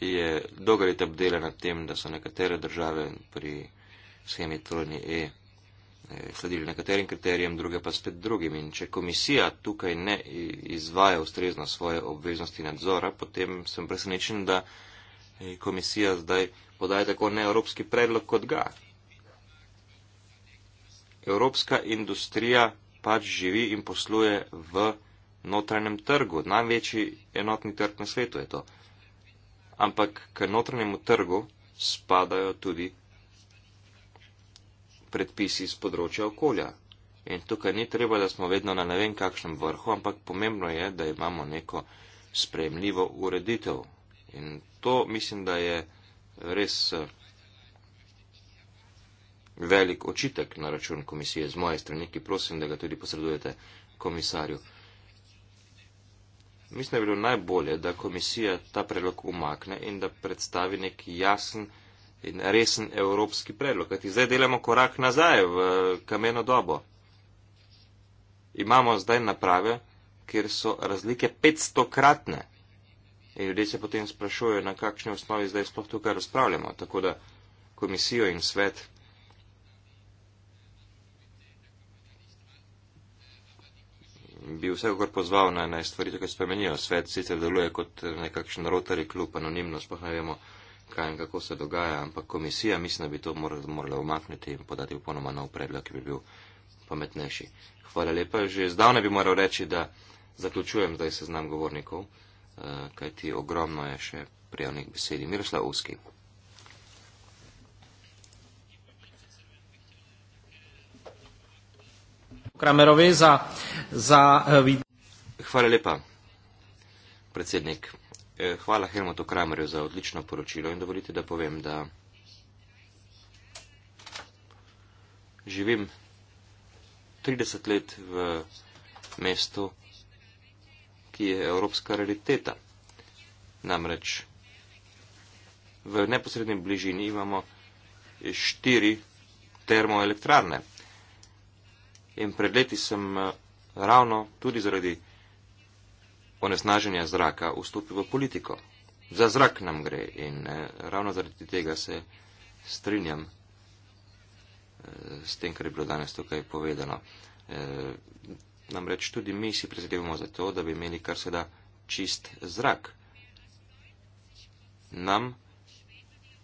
je dolgo let obdela nad tem, da so nekatere države pri schemi trojni E eh, sledili nekaterim kriterijem, druge pa spet drugim. In če komisija tukaj ne izvaja ustrezno svoje obveznosti nadzora, potem sem presenečen, da eh, komisija zdaj podaja tako neevropski predlog kot ga. Evropska industrija pač živi in posluje v notranjem trgu. Največji enotni trg na svetu je to ampak k notranjemu trgu spadajo tudi predpisi z področja okolja. In tukaj ni treba, da smo vedno na ne vem kakšnem vrhu, ampak pomembno je, da imamo neko spremljivo ureditev. In to mislim, da je res eh, velik očitek na račun komisije z moje strani, ki prosim, da ga tudi posredujete komisarju. Mislim, da bi bilo najbolje, da komisija ta predlog umakne in da predstavi nek jasen in resen evropski predlog. Kajti zdaj delamo korak nazaj v kameno dobo. Imamo zdaj naprave, kjer so razlike 500-kratne. In ljudje se potem sprašujejo, na kakšni osnovi zdaj sploh tukaj razpravljamo. Tako da komisijo in svet bi vsekakor pozval na naj stvari tukaj spremenijo. Svet sicer deluje kot nekakšen rotari klub, anonimno, sploh ne vemo, kaj in kako se dogaja, ampak komisija mislim, da bi to morala omakniti in podati v ponoma nov predlog, ki bi bil pametnejši. Hvala lepa. Že zdavne bi moral reči, da zaključujem zdaj seznam govornikov, eh, kajti ogromno je še prijavnih besedi. Miroslav Uski. Kramerove za, za eh, vid. Hvala lepa, predsednik. Eh, hvala Helmutu Kramerju za odlično poročilo in dovolite, da povem, da živim 30 let v mestu, ki je evropska realiteta. Namreč v neposrednji bližini imamo štiri termoelektrarne. In pred leti sem eh, ravno tudi zaradi onesnaženja zraka vstopil v politiko. Za zrak nam gre in eh, ravno zaradi tega se strinjam eh, s tem, kar je bilo danes tukaj povedano. Namreč tudi mi si prizadevamo za to, da bi imeli kar se da čist zrak. Nam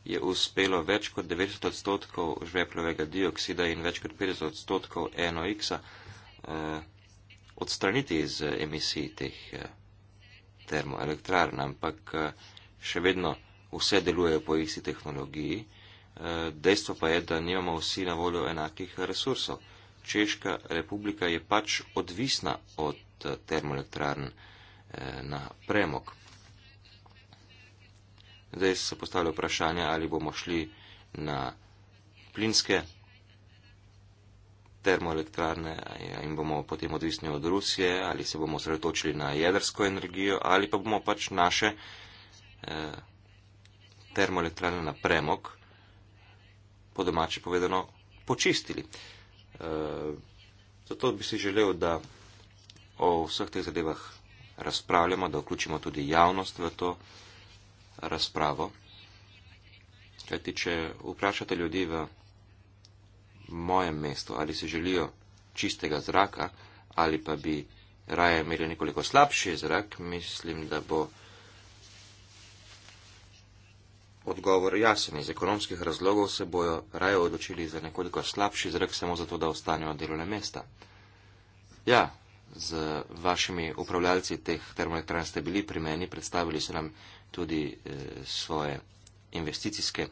je uspelo več kot 90 odstotkov žveplovega dioksida in več kot 50 odstotkov NOX-a eh, odstraniti iz eh, emisij teh eh, termoelektrarn, ampak eh, še vedno vse delujejo po isti tehnologiji. Eh, dejstvo pa je, da nimamo vsi na voljo enakih resursov. Češka republika je pač odvisna od eh, termoelektrarn eh, na premog. Zdaj se postavlja vprašanje, ali bomo šli na plinske termoelektrarne eh, in bomo potem odvisni od Rusije, ali se bomo sredotočili na jedrsko energijo, ali pa bomo pač naše eh, termoelektrarne na premog, po domače povedano, počistili. Eh, zato bi si želel, da o vseh teh zadevah razpravljamo, da vključimo tudi javnost v to razpravo. Kajti, če vprašate ljudi v mojem mestu, ali si želijo čistega zraka, ali pa bi raje imeli nekoliko slabši zrak, mislim, da bo odgovor jasen. Iz ekonomskih razlogov se bojo raje odločili za nekoliko slabši zrak, samo zato, da ostanejo delovne mesta. Ja, z vašimi upravljalci teh termoelektran ste bili pri meni, predstavili so nam tudi e, svoje investicijske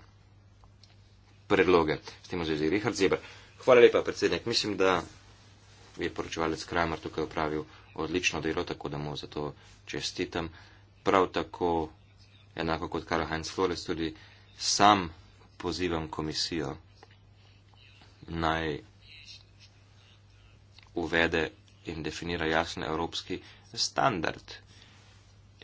predloge. S tem v zvezi Richard Zeber. Hvala lepa, predsednik. Mislim, da je poročevalec Kramer tukaj upravil odlično delo, tako da mu za to čestitam. Prav tako, enako kot Karl Heinz Flores, tudi sam pozivam komisijo naj uvede in definira jasen evropski standard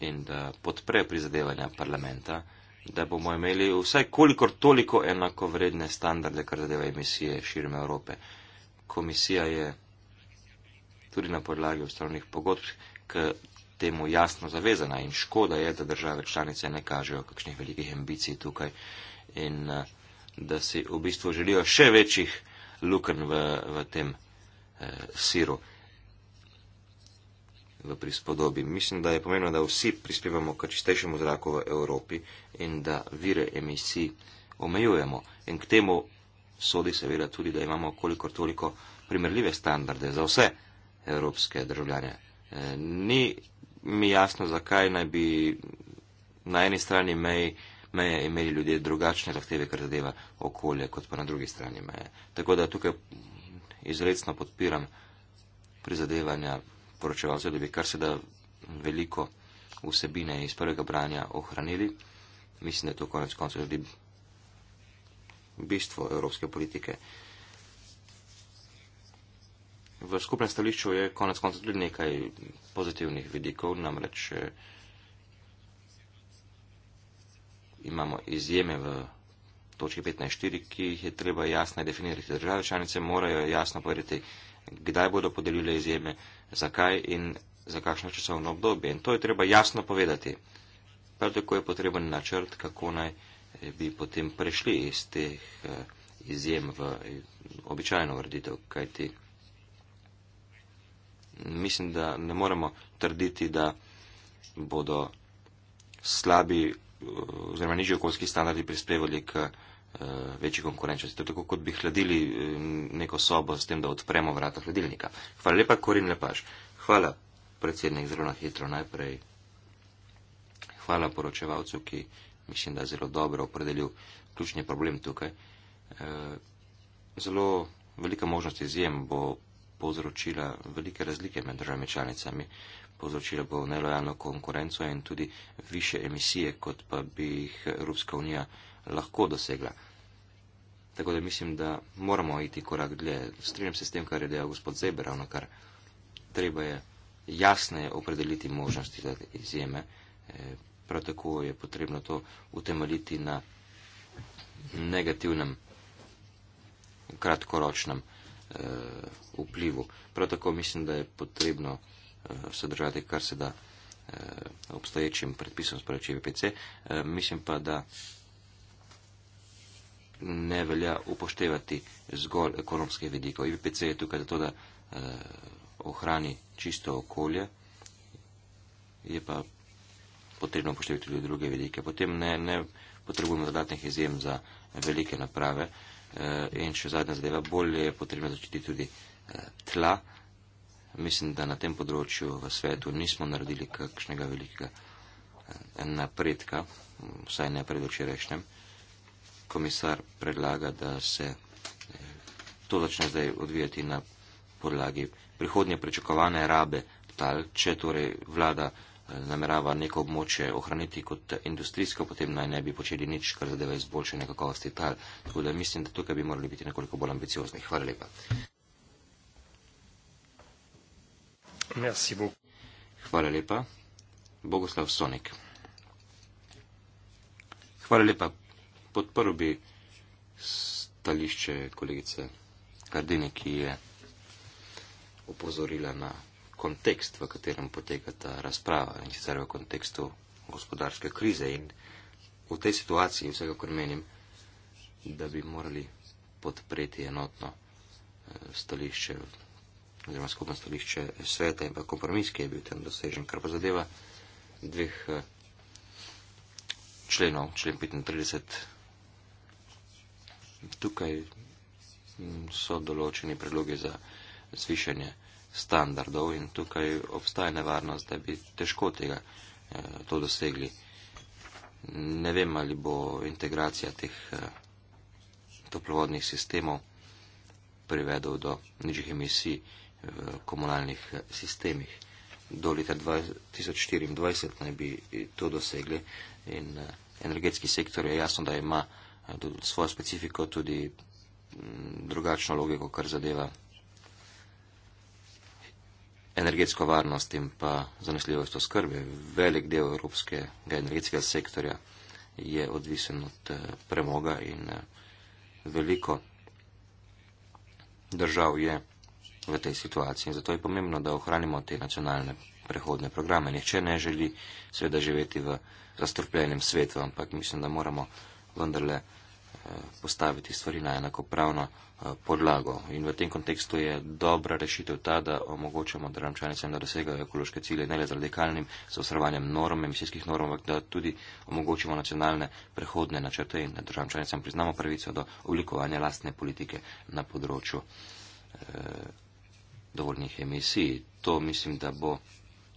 in da podpre prizadevanja parlamenta, da bomo imeli vsaj kolikor toliko enakovredne standarde, kar zadeva emisije širom Evrope. Komisija je tudi na podlagi ustavnih pogodb k temu jasno zavezana in škoda je, da države članice ne kažejo kakšnih velikih ambicij tukaj in eh, da si v bistvu želijo še večjih lukenj v, v tem eh, siru v prispodobi. Mislim, da je pomembno, da vsi prispevamo k čistejšemu zraku v Evropi in da vire emisij omejujemo. In k temu sodi seveda tudi, da imamo kolikor toliko primerljive standarde za vse evropske državljane. E, ni mi jasno, zakaj naj bi na eni strani meji, meje imeli ljudje drugačne zahteve, kar zadeva okolje, kot pa na drugi strani meje. Tako da tukaj izredno podpiram prizadevanja poročevalcev, da bi kar se da veliko vsebine iz prvega branja ohranili. Mislim, da je to konec koncev tudi bistvo evropske politike. V skupnem stališču je konec koncev tudi nekaj pozitivnih vidikov, namreč eh, imamo izjeme v točki 15.4, ki jih je treba jasno definirati. Države članice morajo jasno povedati, kdaj bodo podelile izjeme, zakaj in za kakšno časovno obdobje. In to je treba jasno povedati. Prav tako je potreben načrt, kako naj eh, bi potem prešli iz teh eh, izjem v eh, običajno vrditev, kajti mislim, da ne moremo trditi, da bodo slabi oziroma nižji okoljski standardi prispevali k Eh, večji konkurenčnosti. To je tako, kot bi hladili eh, neko sobo s tem, da odpremo vrata hladilnika. Hvala lepa, Korin Lepaš. Hvala, predsednik, zelo na hitro najprej. Hvala poročevalcu, ki mislim, da je zelo dobro opredelil ključni problem tukaj. Eh, zelo velika možnost izjem bo povzročila velike razlike med državami članicami, povzročila bo nelojalno konkurenco in tudi više emisije, kot pa bi jih Evropska unija lahko dosegla. Tako da mislim, da moramo iti korak dlje. Strinjam se s tem, kar je dejal gospod Zeber, ravno kar treba je jasneje opredeliti možnosti za izjeme. Eh, prav tako je potrebno to utemeljiti na negativnem, kratkoročnem eh, vplivu. Prav tako mislim, da je potrebno eh, sodržati kar se da eh, obstoječim predpisom z poročevi PC. Eh, mislim pa, da ne velja upoštevati zgolj ekonomske vidike. IPPC je tukaj zato, da eh, ohrani čisto okolje, je pa potrebno upoštevati tudi druge vidike. Potem ne, ne potrebujemo dodatnih izjem za velike naprave. Eh, in še zadnja zadeva, bolje je potrebno začeti tudi eh, tla. Mislim, da na tem področju v svetu nismo naredili kakšnega velikega eh, napredka, vsaj ne pred včerajšnjem komisar predlaga, da se eh, to začne zdaj odvijati na podlagi prihodnje pričakovane rabe tal, če torej vlada eh, namerava neko območje ohraniti kot industrijsko, potem naj ne bi počeli nič, kar zadeva izboljšanje kakovosti tal. Tako da mislim, da tukaj bi morali biti nekoliko bolj ambiciozni. Hvala lepa. Merci beaucoup. Hvala lepa. Bogoslav Sonik. Hvala lepa, podprl bi stališče kolegice Kardine, ki je opozorila na kontekst, v katerem poteka ta razprava in sicer v kontekstu gospodarske krize in v tej situaciji vsekakor menim, da bi morali podpreti enotno eh, stališče oziroma skupno stališče sveta in pa kompromis, ki je bil tam dosežen, kar pa zadeva dveh eh, členov, člen 35 tukaj mm, so določeni predlogi za zvišanje standardov in tukaj obstaja nevarnost, da bi težko tega eh, to dosegli. Ne vem, ali bo integracija teh eh, toplovodnih sistemov privedel do nižjih emisij v komunalnih eh, sistemih. Do leta 2024 naj bi to dosegli in energetski sektor je jasno, da ima svojo specifiko, tudi mm, drugačno logiko, kar zadeva energetsko varnost in pa zanesljivost oskrbe. Velik del evropskega energetskega sektorja je odvisen od eh, premoga in eh, veliko držav je v tej situaciji. Zato je pomembno, da ohranimo te nacionalne prehodne programe. Nihče ne želi seveda živeti v zastrupljenem svetu, ampak mislim, da moramo vendarle postaviti stvari na enakopravno eh, podlago. In v tem kontekstu je dobra rešitev ta, da omogočamo državam članicam, da dosegajo ekološke cilje, ne le z radikalnim zaostrovanjem norm, emisijskih norm, ampak da tudi omogočimo nacionalne prehodne načrte in državam članicam priznamo pravico do oblikovanja lastne politike na področju eh, dovoljnih emisij. To mislim, da bo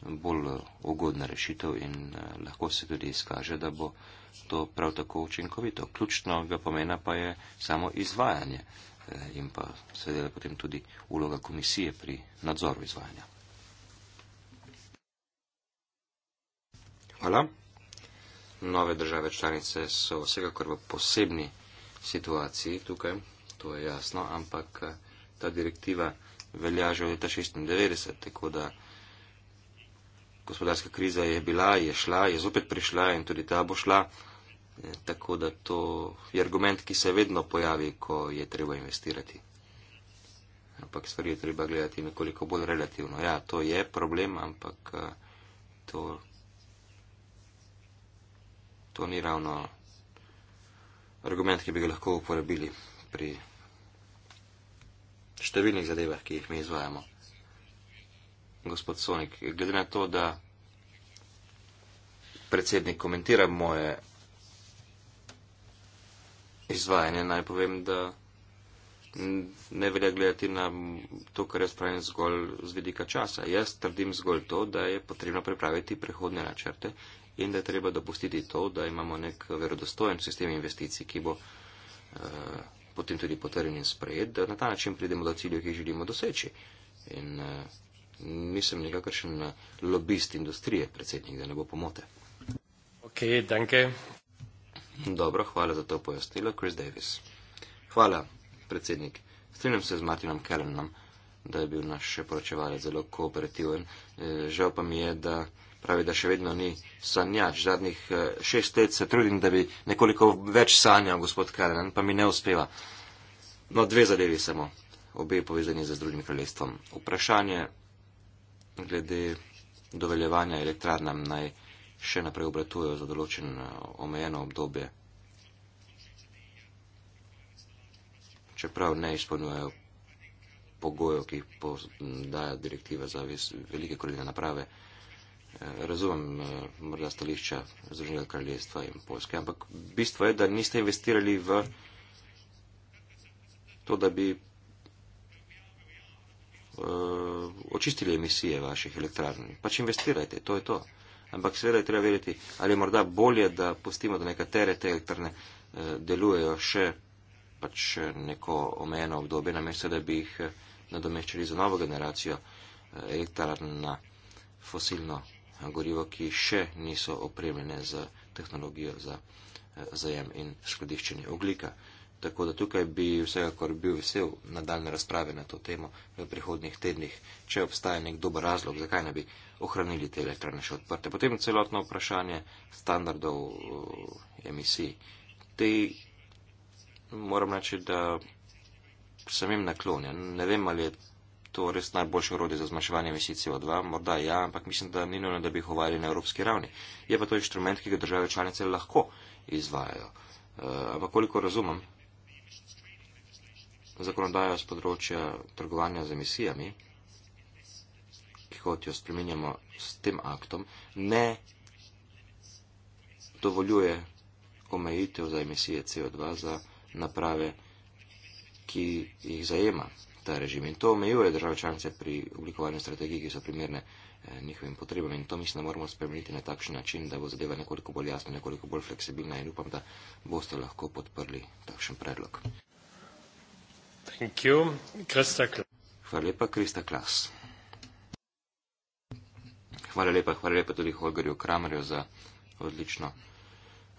bolj ugodna rešitev in eh, lahko se tudi izkaže, da bo eh, to prav tako učinkovito. Ključnega pomena pa je samo izvajanje eh, in pa seveda potem tudi uloga komisije pri nadzoru izvajanja. Hvala. Nove države članice so vsekakor v posebni situaciji tukaj, to je jasno, ampak eh, ta direktiva velja že od leta 1996, tako da gospodarska kriza je bila, je šla, je zopet prišla in tudi ta bo šla. Eh, tako da to je argument, ki se vedno pojavi, ko je treba investirati. Ampak stvari je treba gledati nekoliko bolj relativno. Ja, to je problem, ampak eh, to, to ni ravno argument, ki bi ga lahko uporabili pri številnih zadevah, ki jih mi izvajamo gospod Sonik, glede na to, da predsednik komentira moje izvajanje, naj povem, da ne velja gledati na to, kar jaz pravim zgolj z vidika časa. Jaz trdim zgolj to, da je potrebno pripraviti prehodne načrte in da je treba dopustiti to, da imamo nek verodostojen sistem investicij, ki bo eh, potem tudi potrjen in sprejet, da na ta način pridemo do ciljev, ki jih želimo doseči. In, eh, Mislim nekakršen eh, lobist industrije, predsednik, da ne bo pomote. Ok, danke. Dobro, hvala za to pojasnilo, Chris Davis. Hvala, predsednik. Strinjam se z Martinom Kellenom, da je bil naš poročevalec zelo kooperativen. Eh, žal pa mi je, da pravi, da še vedno ni sanjač. Zadnjih eh, šest let se trudim, da bi nekoliko več sanjal gospod Kellen, pa mi ne uspeva. No, dve zadevi samo, obe povezani z Združenim kraljestvom. Vprašanje glede doveljevanja elektrarnam naj še naprej obratujejo za določen eh, omejeno obdobje, čeprav ne izpolnjujejo pogojev, ki jih daje direktiva za velike korenine naprave. Eh, razumem eh, morda stališča Združenega kraljestva in Polske, ampak bistvo je, da niste investirali v to, da bi Eh, očistili emisije vaših elektrarn. Pač investirajte, to je to. Ampak seveda je treba vedeti, ali je morda bolje, da pustimo, da nekatere te elektrarne eh, delujejo še pač neko omejeno obdobje, namesto da bi jih eh, nadomeščali za novo generacijo elektrarn na fosilno gorivo, ki še niso opremljene z tehnologijo za zajem in skladiščenje oglika. Tako da tukaj bi vsekakor bil vesel nadaljne razprave na to temo v prihodnih tednih, če obstaja nek dober razlog, zakaj ne bi ohranili te elektrane še odprte. Potem celotno vprašanje standardov eh, emisij. Te moram reči, da sem jim naklonjen. Ne vem, ali je to res najboljše orodje za zmanjševanje emisij CO2, morda ja, ampak mislim, da ni nujno, da bi jih uvajali na evropski ravni. Je pa to inštrument, ki ga države članice lahko izvajajo. Eh, ampak koliko razumem, zakonodajo z področja trgovanja z emisijami, ki kot jo spremenjamo s tem aktom, ne dovoljuje omejitev za emisije CO2 za naprave, ki jih zajema ta režim. In to omejuje države članice pri oblikovanju strategij, ki so primerne eh, njihovim potrebam. In to mislim, da moramo spremeniti na takšen način, da bo zadeva nekoliko bolj jasna, nekoliko bolj fleksibilna in upam, da boste lahko podprli takšen predlog. Thank you. Krista hvala lepa, Krista Klas. Hvala lepa, hvala lepa tudi Holgerju Kramerju za odlično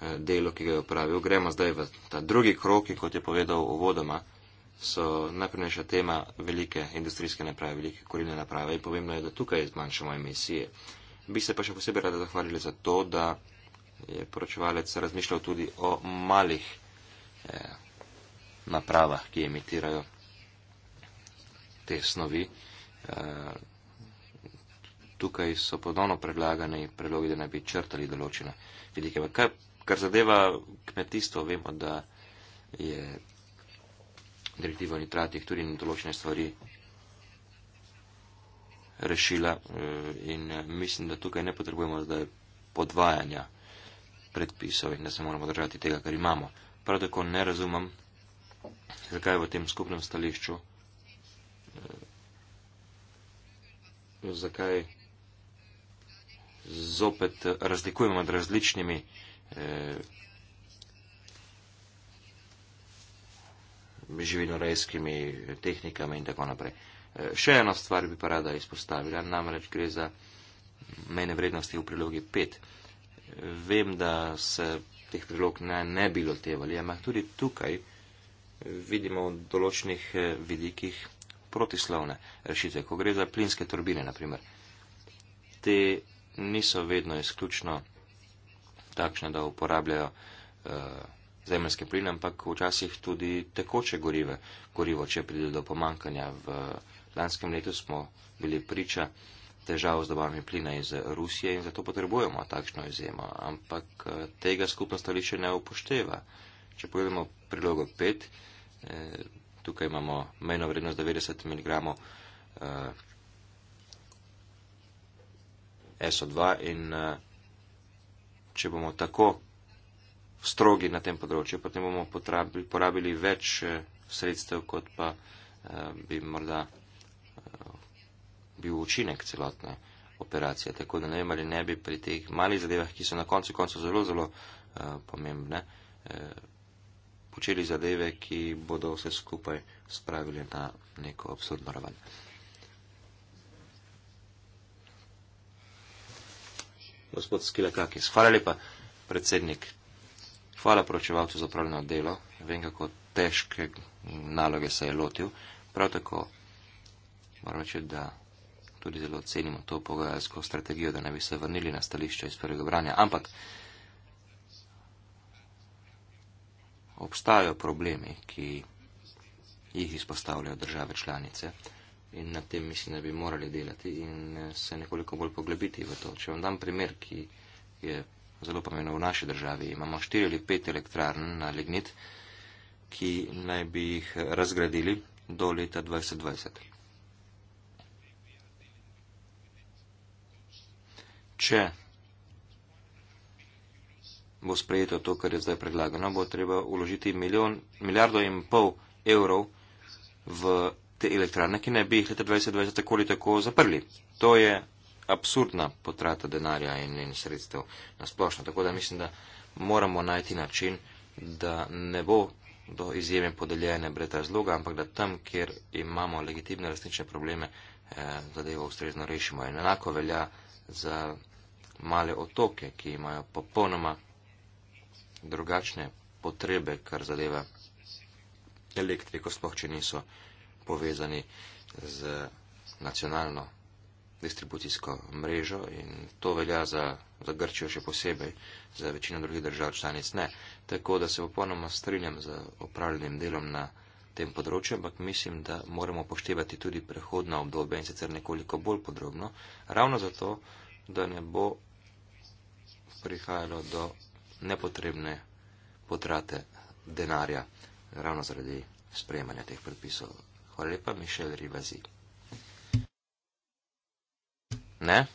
eh, delo, ki ga je upravil. Gremo zdaj v ta drugi krok, ki, kot je povedal uvodoma, so najprejša tema velike industrijske naprave, velike korine naprave in pomembno je, da tukaj zmanjšamo emisije. Bi se pa še posebej rada zahvalili za to, da je poročevalec razmišljal tudi o malih. Eh, napravah, ki emitirajo te snovi. Eh, tukaj so ponovno predlagani predlogi, da naj bi črtali določene vidike. Kar, kar zadeva kmetijstvo, vemo, da je direktiva o nitratih tudi določene stvari rešila eh, in eh, mislim, da tukaj ne potrebujemo zdaj podvajanja predpisov in da se moramo držati tega, kar imamo. Prav tako ne razumem Zakaj v tem skupnem stališču? Eh, zakaj zopet razlikujemo med različnimi eh, živinorejskimi tehnikami in tako naprej. Eh, še eno stvar bi pa rada izpostavila, namreč gre za mene vrednosti v prilogi 5. Vem, da se teh prilog ne, ne bi lotevali, ampak tudi tukaj vidimo v določenih eh, vidikih protislovne rešitve, ko gre za plinske turbine, naprimer. Te niso vedno izključno takšne, da uporabljajo eh, zemljske pline, ampak včasih tudi tekoče gorive, gorivo, če pride do pomankanja. V lanskem letu smo bili priča težav z dobavami plina iz Rusije in zato potrebujemo takšno izjemo, ampak eh, tega skupno stališče ne upošteva. Če pogledamo prilogo 5, Eh, tukaj imamo mejno vrednost 90 mg SO2 in eh, če bomo tako strogi na tem področju, potem bomo porabili več eh, sredstev, kot pa bi morda bil učinek celotne operacije. Tako da ne vem, ali ne bi pri teh malih zadevah, ki so na koncu koncu zelo, zelo pomembne, počeli zadeve, ki bodo vse skupaj spravili na neko absurdno raven. Gospod Skilakakis, hvala lepa, predsednik. Hvala poročevalcu za upravljeno delo. Vem, kako težke naloge se je lotil. Prav tako moram reči, da tudi zelo cenimo to pogajalsko strategijo, da ne bi se vrnili na stališče iz prvega branja. Ampak. obstajajo problemi, ki jih izpostavljajo države članice in na tem mislim, da bi morali delati in eh, se nekoliko bolj poglobiti v to. Če vam dam primer, ki je zelo pomembno v naši državi, imamo štiri ali pet elektrarn na lignit, ki naj bi jih razgradili do leta 2020. Če bo sprejeto to, kar je zdaj predlagano, bo treba uložiti milijon, milijardo in pol evrov v te elektrane, ki ne bi jih leta 2020 tako ali tako zaprli. To je absurdna potrata denarja in, in sredstev na splošno. Tako da mislim, da moramo najti način, da ne bo do izjeme podeljene brez razloga, ampak da tam, kjer imamo legitimne resnične probleme, eh, zadevo ustrezno rešimo. In enako velja za male otoke, ki imajo popolnoma drugačne potrebe, kar zadeva elektriko, sploh če niso povezani z nacionalno distribucijsko mrežo in to velja za, za Grčijo še posebej, za večino drugih držav članic ne. Tako da se popolnoma strinjam z opravljenim delom na tem področju, ampak mislim, da moramo poštevati tudi prehodna obdobja in sicer nekoliko bolj podrobno, ravno zato, da ne bo prihajalo do nepotrebne potrate denarja ravno zaradi sprejemanja teh predpisov. Hvala lepa, Mišel Rivazi. Ne?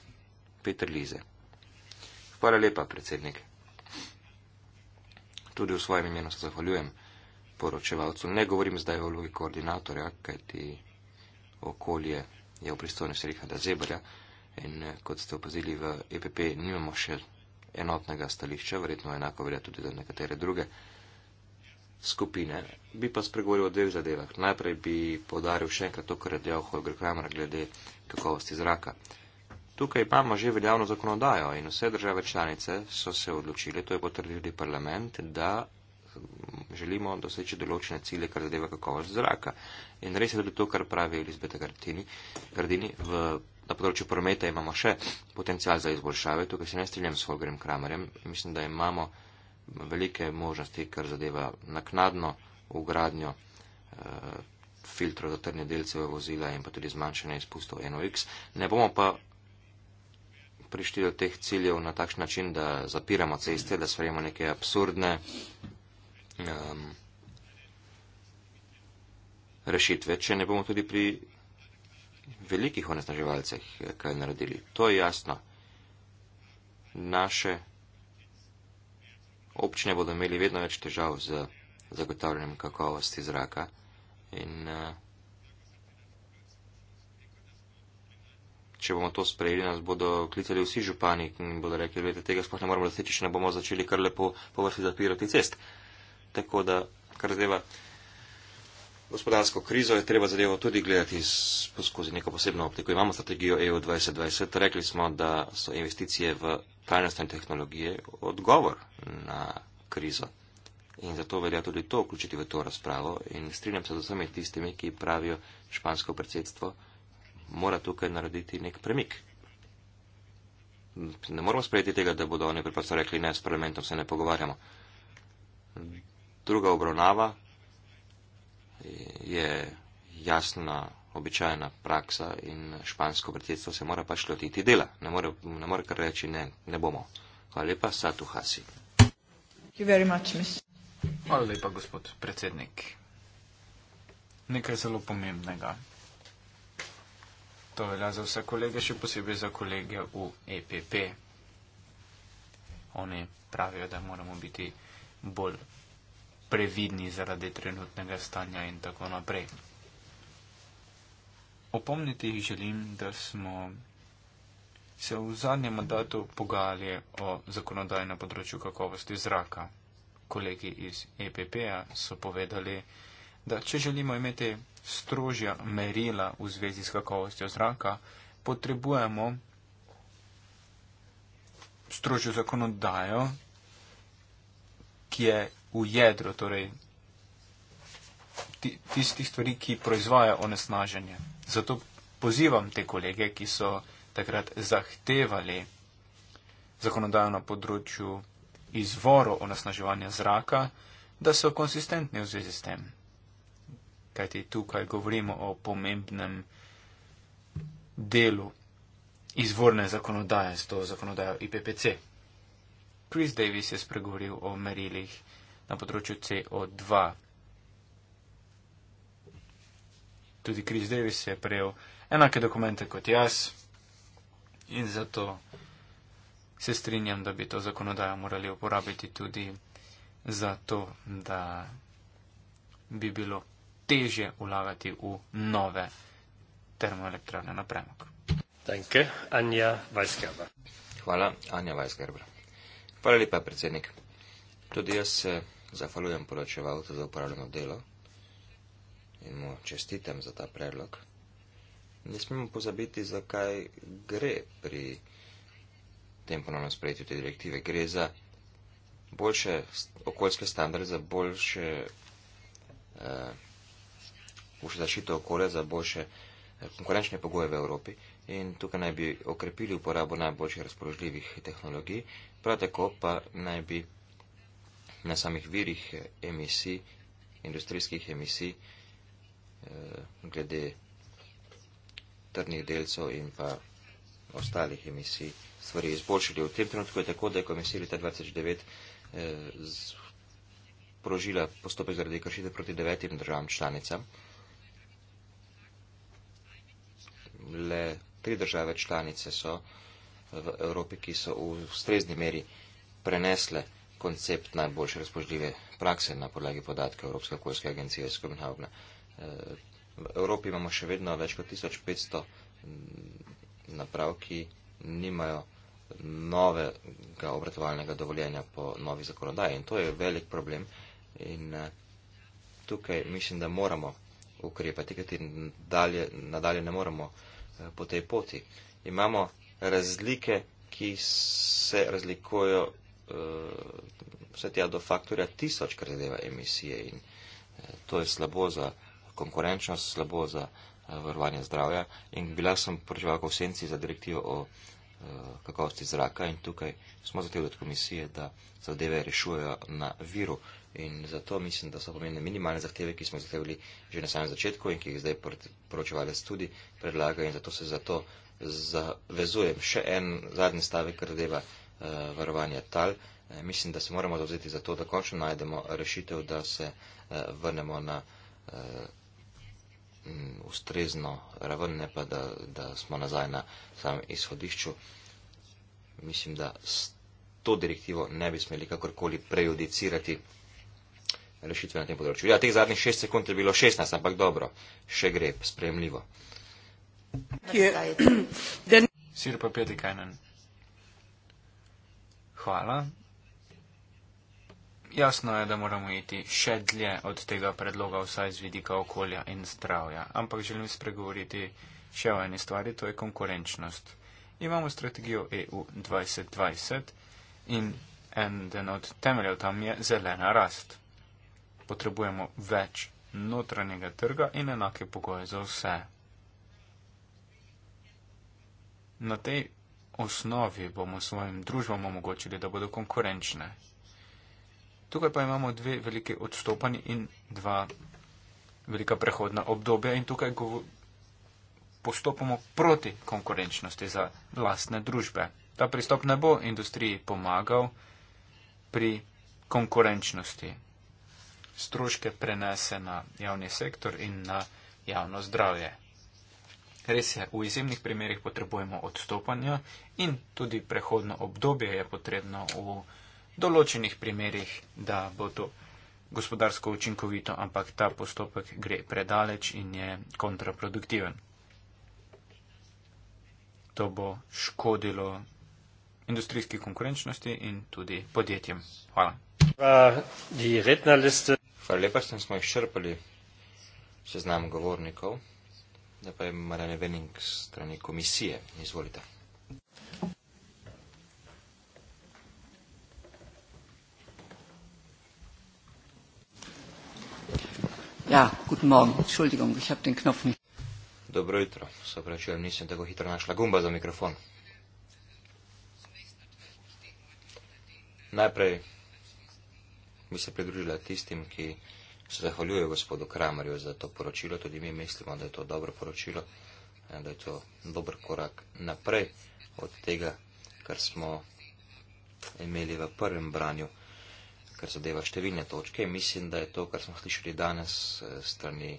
Peter Lize. Hvala lepa, predsednik. Tudi v svojem imenu se zahvaljujem poročevalcu. Ne govorim zdaj o vlogi koordinatorja, kajti okolje je v pristojnosti Riha Zebrja in kot ste opazili v EPP, nimamo še enotnega stališča, verjetno enako velja tudi za nekatere druge skupine, bi pa spregovoril o dveh zadevah. Najprej bi podaril še enkrat to, kar je dejal Holger Kramer glede kakovosti zraka. Tukaj imamo že veljavno zakonodajo in vse države članice so se odločili, to je potrdili parlament, da hm, želimo doseči določene cilje, kar zadeva kakovost zraka. In res je tudi to, kar pravi Elizabeta Gardini, Gardini v Na področju prometa imamo še potencial za izboljšave, tukaj se ne strinjam s Holgerjem Kramerjem. Mislim, da imamo velike možnosti, kar zadeva naknadno ugradnjo eh, filtrov za trdne delce v vozila in pa tudi zmanjšanje izpustov NOx. Ne bomo pa prišli do teh ciljev na takšen način, da zapiramo ceste, da sprejemo neke absurdne eh, rešitve, če ne bomo tudi pri velikih onesnaževalcih eh, kaj naredili. To je jasno. Naše občine bodo imeli vedno več težav z zagotavljanjem kakovosti zraka in eh, če bomo to sprejeli, nas bodo klicali vsi župani in bodo rekli, da tega sploh ne moramo doseči, če ne bomo začeli kar lepo po vrsti zapirati cest. Tako da, kar zdaj gospodarsko krizo je treba zadevo tudi gledati skozi neko posebno optiko. Imamo strategijo EU 2020. Rekli smo, da so investicije v trajnostne tehnologije odgovor na krizo. In zato velja tudi to vključiti v to razpravo. In strinjam se z vsemi tistimi, ki pravijo, špansko predsedstvo mora tukaj narediti nek premik. Ne moramo sprejeti tega, da bodo oni preprosto rekli, ne, s parlamentom se ne pogovarjamo. Druga obravnava, je jasna običajna praksa in špansko predsedstvo se mora pač lotiti dela. Ne more, ne more kar reči, ne, ne bomo. Hvala lepa, Satu Hasi. Much, Hvala lepa, gospod predsednik. Nekaj zelo pomembnega. To velja za vse kolege, še posebej za kolege v EPP. Oni pravijo, da moramo biti bolj previdni zaradi trenutnega stanja in tako naprej. Opomniti jih želim, da smo se v zadnjem mandatu pogajali o zakonodaji na področju kakovosti zraka. Kolegi iz EPP-a so povedali, da če želimo imeti strožja merila v zvezi s kakovostjo zraka, potrebujemo strožjo zakonodajo, ki je v jedro, torej tistih stvari, ki proizvaja onesnaženje. Zato pozivam te kolege, ki so takrat zahtevali zakonodajo na področju izvoro onesnaževanja zraka, da so konsistentni v zvezi s tem. Kajti tukaj govorimo o pomembnem delu izvorne zakonodaje, s to zakonodajo IPPC. Chris Davis je spregovoril o merilih na področju CO2. Tudi Chris Davis je prejel enake dokumente kot jaz in zato se strinjam, da bi to zakonodajo morali uporabiti tudi zato, da bi bilo teže vlagati v nove termoelektrane na premog. Danke, Anja Weisgerber. Hvala, Anja Weisgerber. Hvala lepa, predsednik. Tudi jaz se. Eh zahvaljujem poročevalcu za upravljeno delo in mu čestitam za ta predlog. Ne smemo pozabiti, zakaj gre pri tem ponovnem sprejetju te direktive. Gre za boljše okoljske standarde, za boljše uh, zaščito okolja, za boljše eh, konkurenčne pogoje v Evropi in tukaj naj bi okrepili uporabo najboljših razpoložljivih tehnologij, prav tako pa naj bi na samih virih eh, emisij, industrijskih emisij, eh, glede trdnih delcev in pa ostalih emisij, stvari izboljšali. V tem trenutku je tako, da je komisija leta 2009 eh, prožila postopek zaradi kršitev proti devetim državam članicam. Le tri države članice so v Evropi, ki so v ustrezni meri prenesle koncept najboljše razpoložljive prakse na podlagi podatka Evropske okoljske agencije iz Kopenhagna. Eh, v Evropi imamo še vedno več kot 1500 mm, naprav, ki nimajo novega obratovalnega dovoljenja po novi zakonodaji. In to je velik problem. In eh, tukaj mislim, da moramo ukrepati, kajti nadalje, nadalje ne moremo eh, po tej poti. Imamo razlike, ki se razlikujejo Eh, vse tja do faktorja tisoč, kar zadeva emisije in eh, to je slabo za konkurenčnost, slabo za eh, varovanje zdravja in bila sem poročevalka v senci za direktivo o kakovosti zraka in tukaj smo zahtevali od komisije, da zadeve rešujejo na viru in zato mislim, da so pomenili minimalne zahteve, ki smo zahtevali že na samem začetku in ki jih zdaj poročevalje tudi predlaga in zato se zato zavezujem. Še en zadnji stavek, kar zadeva Eh, varovanja tal. Eh, mislim, da se moramo zavzeti za to, da končno najdemo rešitev, da se eh, vrnemo na ustrezno raven, ne pa da, da smo nazaj na samem izhodišču. Mislim, da s to direktivo ne bi smeli kakorkoli prejudicirati rešitve na tem področju. Ja, teh zadnjih 6 sekund je bilo 16, ampak dobro, še gre, spremljivo. Sir pa peti kajnen hvala. Jasno je, da moramo iti še dlje od tega predloga, vsaj z vidika okolja in zdravja. Ampak želim spregovoriti še o eni stvari, to je konkurenčnost. Imamo strategijo EU 2020 in eden od temeljev tam je zelena rast. Potrebujemo več notranjega trga in enake pogoje za vse. Na tej osnovi bomo svojim družbam omogočili, da bodo konkurenčne. Tukaj pa imamo dve velike odstopanje in dva velika prehodna obdobja in tukaj postopamo proti konkurenčnosti za lastne družbe. Ta pristop ne bo industriji pomagal pri konkurenčnosti. Stroške prenese na javni sektor in na javno zdravje. Res je, v izjemnih primerjih potrebujemo odstopanja in tudi prehodno obdobje je potrebno v določenih primerjih, da bo to gospodarsko učinkovito, ampak ta postopek gre predaleč in je kontraproduktiven. To bo škodilo industrijski konkurenčnosti in tudi podjetjem. Hvala. Uh, Hvala lepa, da smo izčrpali seznam govornikov. Zdaj pa je Marjane Vening strani komisije. Izvolite. Ja, guten Morgen. Entschuldigung, ich habe den Knopf nicht. Dobro jutro. Se pravičujem, nisem tako hitro našla gumba za mikrofon. Najprej bi se pridružila tistim, ki se zahvaljuje gospodu Kramarju za to poročilo, tudi mi mislimo, da je to dobro poročilo, eh, da je to dober korak naprej od tega, kar smo imeli v prvem branju, kar zadeva številne točke. Mislim, da je to, kar smo slišali danes eh, strani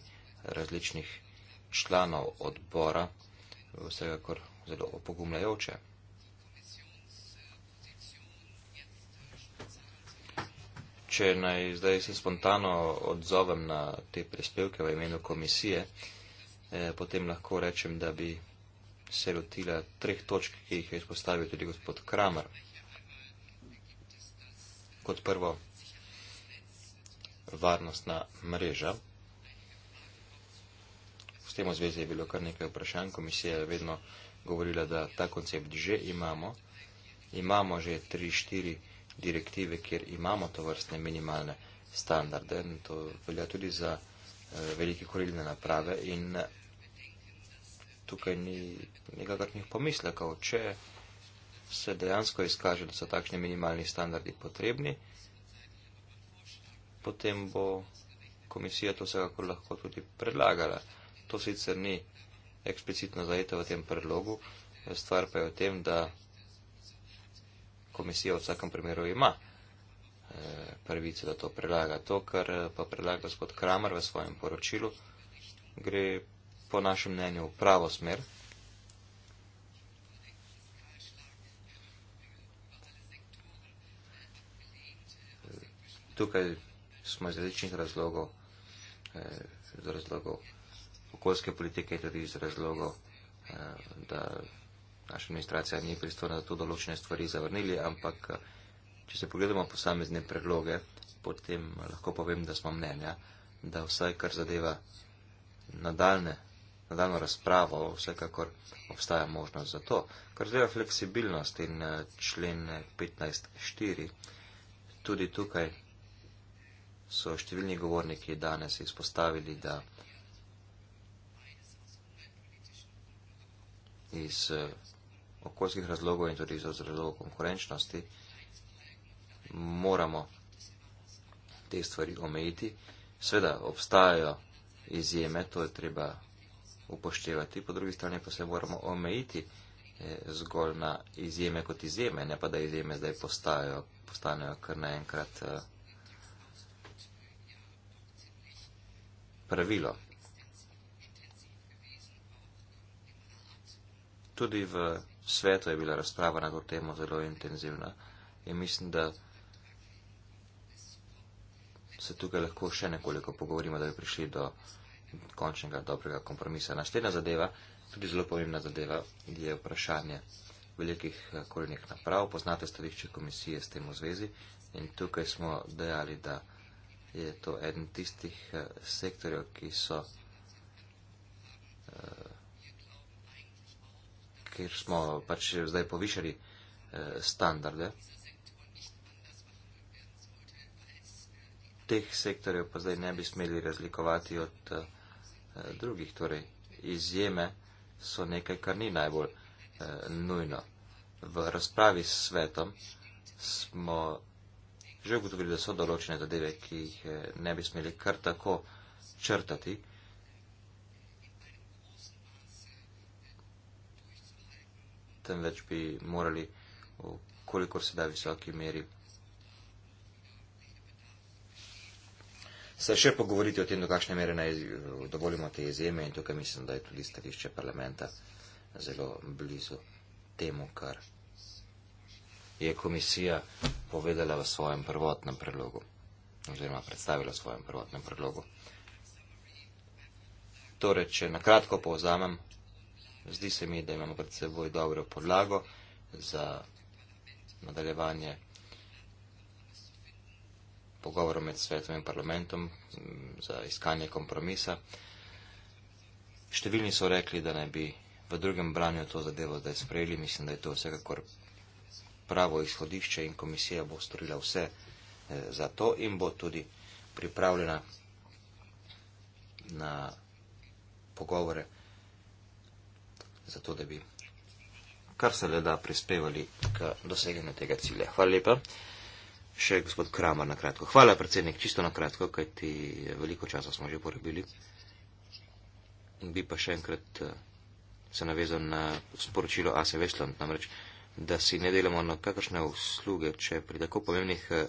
različnih članov odbora, vsekakor zelo opogumljajoče. če naj zdaj se spontano odzovem na te prispevke v imenu komisije, eh, potem lahko rečem, da bi se lotila treh točk, ki jih je izpostavil tudi gospod Kramer. Kot prvo, varnostna mreža. S tem v zvezi je bilo kar nekaj vprašanj. Komisija je vedno govorila, da ta koncept že imamo. Imamo že tri, štiri direktive, kjer imamo to vrstne minimalne standarde. In to velja tudi za eh, velike korilne naprave in eh, tukaj ni nekakrnih pomislekov, če se dejansko izkaže, da so takšni minimalni standardi potrebni, potem bo komisija to vsekakor lahko tudi predlagala. To sicer ni eksplicitno zajeto v tem predlogu, stvar pa je v tem, da komisija v vsakem primeru ima eh, pravico, da to predlaga. To, kar eh, pa predlaga gospod Kramer v svojem poročilu, gre po našem mnenju v pravo smer. Tukaj smo iz različnih razlogov, eh, iz razlogov okoljske politike in tudi iz razlogov, da naša administracija ni pristojna za to določene stvari zavrnili, ampak če se pogledamo posamezne predloge, potem lahko povem, da smo mnenja, da vsaj kar zadeva nadaljne, nadaljno razpravo, vsekakor obstaja možnost za to. Kar zadeva fleksibilnost in člen 15.4, tudi tukaj so številni govorniki danes izpostavili, da iz okoljskih razlogov in tudi za razlogov konkurenčnosti, moramo te stvari omejiti. Sveda obstajajo izjeme, to je treba upoštevati, po drugi strani pa se moramo omejiti eh, zgolj na izjeme kot izjeme, ne pa da izjeme zdaj postajajo, postanejo kar naenkrat eh, pravilo. Tudi v svetu je bila razprava na to temo zelo intenzivna in mislim, da se tukaj lahko še nekoliko pogovorimo, da bi prišli do končnega dobrega kompromisa. Naslednja zadeva, tudi zelo pomembna zadeva, je vprašanje velikih eh, kolenih naprav. Poznate stališče komisije s tem v zvezi in tukaj smo dejali, da je to eden tistih eh, sektorjev, ki so. Uh, ker smo pač zdaj povišali eh, standarde. Teh sektorjev pa zdaj ne bi smeli razlikovati od eh, drugih. Torej, izjeme so nekaj, kar ni najbolj eh, nujno. V razpravi s svetom smo že ugotovili, da so določene zadeve, ki jih eh, ne bi smeli kar tako črtati. Eh, temveč bi morali v kolikor se da visoki meri se še pogovoriti o tem, do kakšne mere naj dovolimo te izjeme in tukaj mislim, da je tudi stališče parlamenta zelo blizu temu, kar je komisija povedala v svojem prvotnem predlogu oziroma predstavila v svojem prvotnem predlogu. Torej, če na kratko povzamem, Zdi se mi, da imamo pred seboj dobro podlago za nadaljevanje pogovorov med svetom in parlamentom, mm, za iskanje kompromisa. Številni so rekli, da naj bi v drugem branju to zadevo zdaj sprejeli. Mislim, da je to vsekakor pravo izhodišče in komisija bo storila vse eh, za to in bo tudi pripravljena na pogovore zato da bi kar se le da prispevali k doseganju tega cilja. Hvala lepa. Še gospod Kramer na kratko. Hvala, predsednik, čisto na kratko, kajti veliko časa smo že porabili. Bi pa še enkrat eh, se navezal na sporočilo Ase Vestland, namreč, da si ne delamo na kakršne usluge, če pri tako pomembnih eh,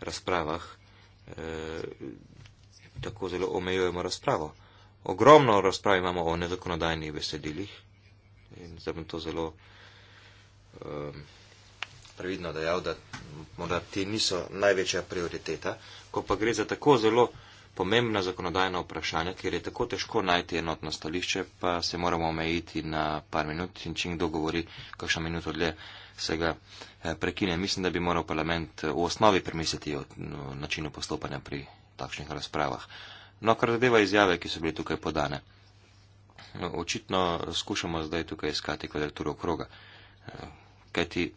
razpravah eh, tako zelo omejujemo razpravo. Ogromno razprav imamo o nezakonodajnih besedilih, In zdaj bom to zelo um, previdno dejal, da morda ti niso največja prioriteta, ko pa gre za tako zelo pomembna zakonodajna vprašanja, ker je tako težko najti enotno stališče, pa se moramo omejiti na par minut in čim kdo govori, kakšno minuto dlje se ga eh, prekine. Mislim, da bi moral parlament eh, v osnovi premisliti o načinu postopanja pri takšnih razpravah. No, kar zadeva izjave, ki so bile tukaj podane očitno skušamo zdaj tukaj iskati kvadraturo kroga. Eh, kajti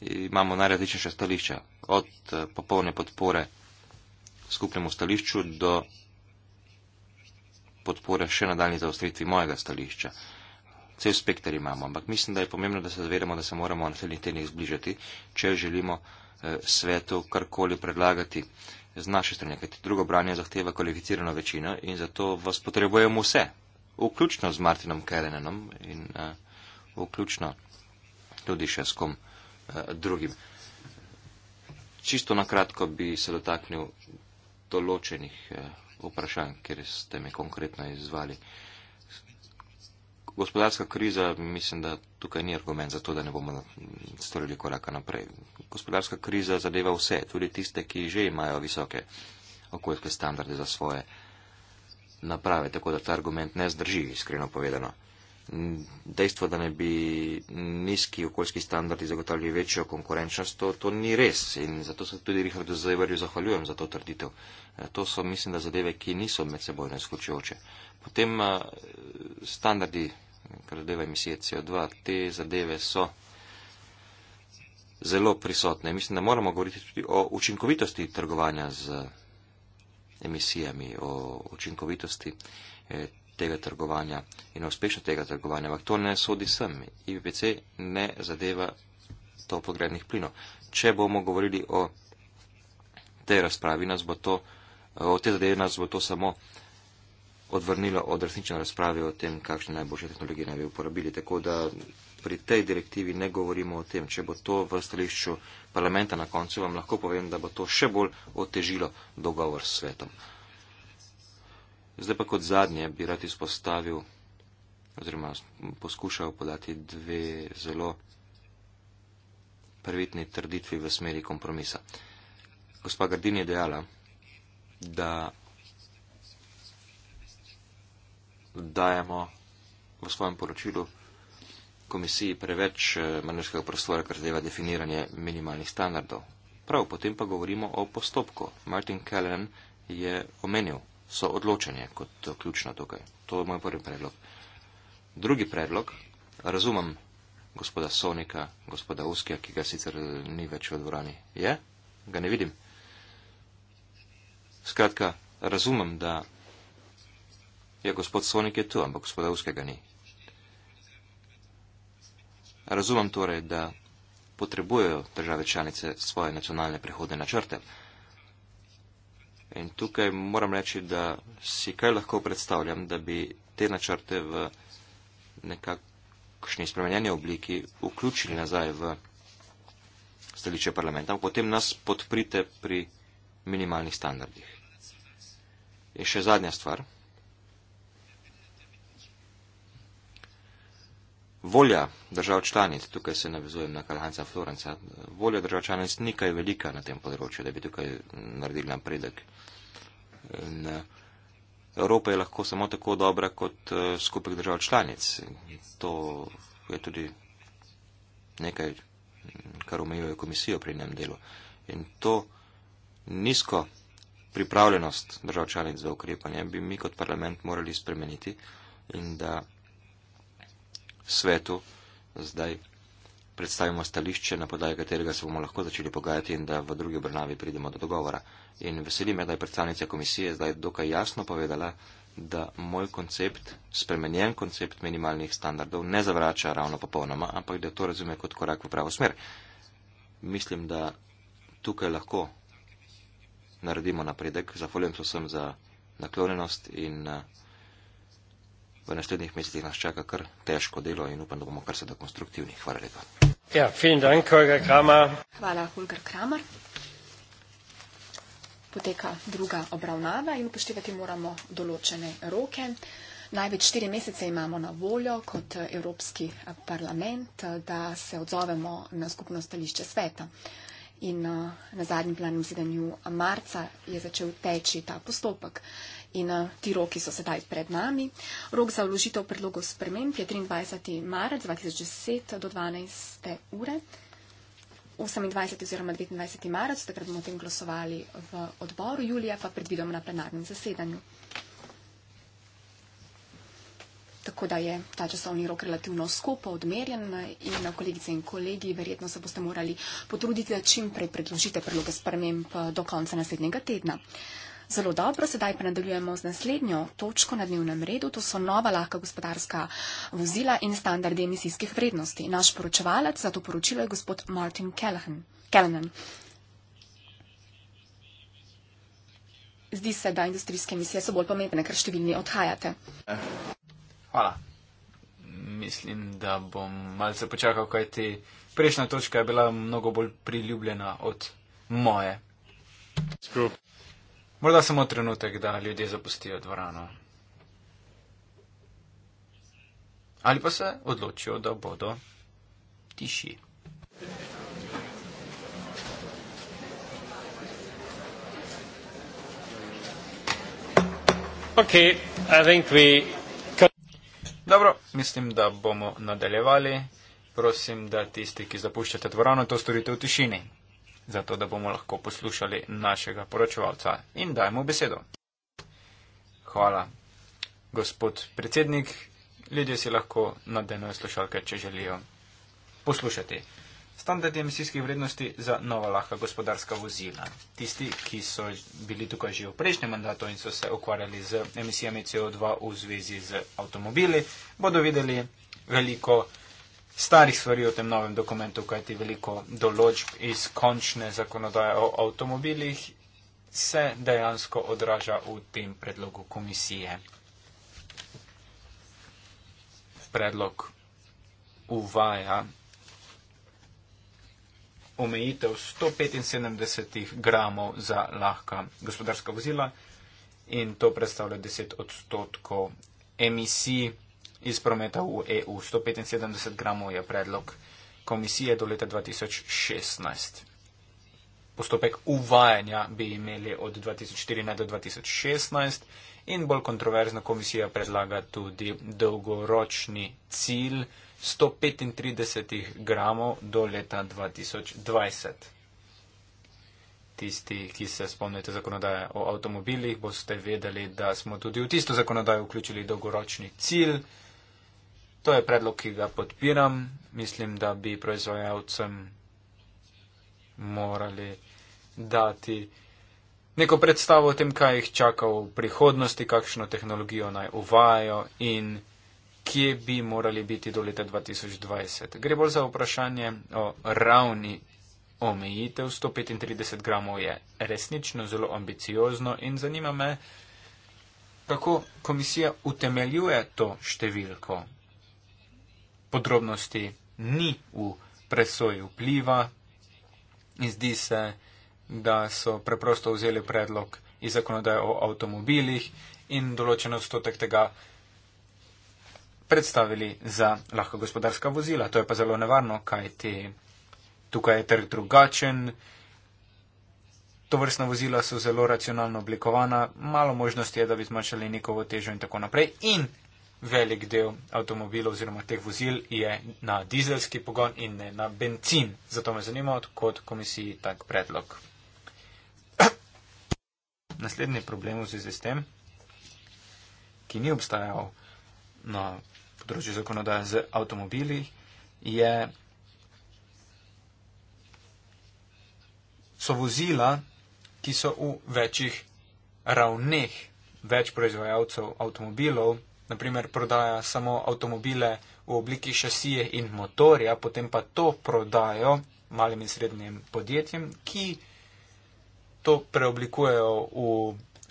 imamo najrazličnejša stališča, od eh, popolne podpore skupnemu stališču do podpore še nadaljni zaostritvi mojega stališča. Cel spektr imamo, ampak mislim, da je pomembno, da se zavedamo, da se moramo na naslednjih tednih zbližati, če želimo eh, svetu karkoli predlagati z naše strani, kajti drugo branje zahteva kvalificirano večino in zato vas potrebujemo vse, vključno z Martinom Kerenenom in uh, vključno tudi še s kom uh, drugim. Čisto na kratko bi se dotaknil določenih uh, vprašanj, kjer ste me konkretno izvali. Uh, gospodarska kriza, mislim, da tukaj ni argument za to, da ne bomo storili koraka naprej. Gospodarska kriza zadeva vse, tudi tiste, ki že imajo visoke okoljske standarde za svoje naprave, tako da ta argument ne zdrži, iskreno povedano dejstvo, da ne bi nizki okoljski standardi zagotavljali večjo konkurenčnost, to, to ni res in zato se tudi Richardu Zeverju zahvaljujem za to trditev. E, to so, mislim, da zadeve, ki niso med seboj neskočujoče. Potem e, standardi, kar zadeva emisije CO2, te zadeve so zelo prisotne. Mislim, da moramo govoriti tudi o učinkovitosti trgovanja z emisijami, o učinkovitosti e, tega trgovanja in uspešno tega trgovanja, ampak to ne sodi sem. IPPC ne zadeva to pogrebnih plinov. Če bomo govorili o tej razpravi, nas bo to, o tej zadevi nas bo to samo odvrnilo od resnične razprave o tem, kakšne najboljše tehnologije naj bi uporabili. Tako da pri tej direktivi ne govorimo o tem, če bo to v stališču parlamenta na koncu, vam lahko povem, da bo to še bolj otežilo dogovor s svetom. Zdaj pa kot zadnje bi rad izpostavil oziroma poskušal podati dve zelo prvitni trditvi v smeri kompromisa. Gospa Gardin je dejala, da dajemo v svojem poročilu komisiji preveč eh, manjškega prostora, kar zadeva definiranje minimalnih standardov. Prav, potem pa govorimo o postopku. Martin Kellen je omenil so odločanje kot ključno tukaj. To je moj prvi predlog. Drugi predlog, razumem gospoda Sonika, gospoda Uskija, ki ga sicer ni več v dvorani. Je? Ga ne vidim. Skratka, razumem, da je gospod Sonik je tu, ampak gospoda Uskega ni. Razumem torej, da potrebujejo države članice svoje nacionalne prihodne načrte. In tukaj moram reči, da si kaj lahko predstavljam, da bi te načrte v nekakšni spremenjeni obliki vključili nazaj v stališče parlamenta, potem nas podprite pri minimalnih standardih. In še zadnja stvar, Volja držav članic, tukaj se navezujem na Kalhanca Florenca, volja držav članic ni kaj velika na tem področju, da bi tukaj naredili napredek. Eh, Evropa je lahko samo tako dobra kot eh, skupek držav članic. To je tudi nekaj, kar omejuje komisijo pri njem delu. In to nizko pripravljenost držav članic za ukrepanje bi mi kot parlament morali spremeniti in da svetu. Zdaj predstavimo stališče, na podaj katerega se bomo lahko začeli pogajati in da v drugi obrnavi pridemo do dogovora. In veseli me, da je predstavnica komisije zdaj dokaj jasno povedala, da moj koncept, spremenjen koncept minimalnih standardov, ne zavrača ravno popolnoma, ampak da to razume kot korak v pravo smer. Mislim, da tukaj lahko naredimo napredek. Zahvaljujem se vsem za naklonjenost in uh, v naslednjih mesecih nas čaka kar težko delo in upam, da bomo kar se da konstruktivni. Hvala lepa. Ja, dank, Hvala, Holger Kramer. Poteka druga obravnava in upoštevati moramo določene roke. Največ štiri mesece imamo na voljo kot Evropski parlament, da se odzovemo na skupno stališče sveta. In eh, na zadnjem planem zidanju marca je začel teči ta postopek in eh, ti roki so sedaj pred nami. Rok za vložitev predlogov sprememb je 23. marec 2010 do 12. ure. 28. oziroma 29. marec, takrat bomo o tem glasovali v odboru, julija pa predvidoma na plenarnem zasedanju. Tako da je ta časovni rok relativno skupo odmerjen in eh, kolegice in kolegi, verjetno se boste morali potruditi, da čim prej predložite predloge sprememb eh, do konca naslednjega tedna. Uh, Zelo dobro, sedaj pa nadaljujemo z naslednjo točko na dnevnem redu. To so nova lahka gospodarska vozila in standardi emisijskih vrednosti. Naš poročevalec za to poročilo je gospod Martin Kellenen. Zdi se, da industrijske emisije so bolj pomembne, ker številni odhajate. Hvala. Mislim, da bom malce počakal, kajti prejšnja točka je bila mnogo bolj priljubljena od moje. Skup. Morda samo trenutek, da ljudje zapustijo dvorano. Ali pa se odločijo, da bodo tiši. Okay, Dobro, mislim, da bomo nadaljevali. Prosim, da tisti, ki zapuščate dvorano, to storite v tišini zato da bomo lahko poslušali našega poročevalca in dajmo besedo. Hvala. Gospod predsednik, ljudje si lahko nadenejo slušalke, če želijo poslušati. Standardi emisijskih vrednosti za nova lahka gospodarska vozila. Tisti, ki so bili tukaj že v prejšnjem mandatu in so se ukvarjali z emisijami CO2 v zvezi z avtomobili, bodo videli veliko starih stvari v tem novem dokumentu, kajti veliko določb iz končne zakonodaje o avtomobilih se dejansko odraža v tem predlogu komisije. Predlog uvaja omejitev 175 gramov za lahka gospodarska vozila in to predstavlja 10 odstotkov emisij iz prometa v EU. 175 gramov je predlog komisije do leta 2016. Postopek uvajanja bi imeli od 2014 do 2016 in bolj kontroverzna komisija predlaga tudi dolgoročni cilj 135 gramov do leta 2020. Tisti, ki se spomnite zakonodaje o avtomobilih, boste vedeli, da smo tudi v tisto zakonodajo vključili dolgoročni cilj To je predlog, ki ga podpiram. Mislim, da bi proizvajalcem morali dati neko predstavo o tem, kaj jih čaka v prihodnosti, kakšno tehnologijo naj uvajo in kje bi morali biti do leta 2020. Gre bolj za vprašanje o ravni omejitev. 135 gramov je resnično zelo ambiciozno in zanima me, kako komisija utemeljuje to številko podrobnosti ni v presoji vpliva in zdi se, da so preprosto vzeli predlog iz zakonodaje o avtomobilih in določen odstotek tega predstavili za lahko gospodarska vozila. To je pa zelo nevarno, kaj ti tukaj je trg drugačen. To vrstna vozila so zelo racionalno oblikovana, malo možnosti je, da bi zmanjšali njihovo težo in tako naprej. In velik del avtomobilov oziroma teh vozil je na dizelski pogon in ne na benzin. Zato me zanima, odkot komisiji tak predlog. Naslednji problem v zvezi s tem, ki ni obstajal na področju zakonodaje z avtomobili, je, so vozila, ki so v večjih ravneh več proizvajalcev avtomobilov, naprimer prodaja samo avtomobile v obliki šasije in motorja, potem pa to prodajo malim in srednjim podjetjem, ki to preoblikujejo v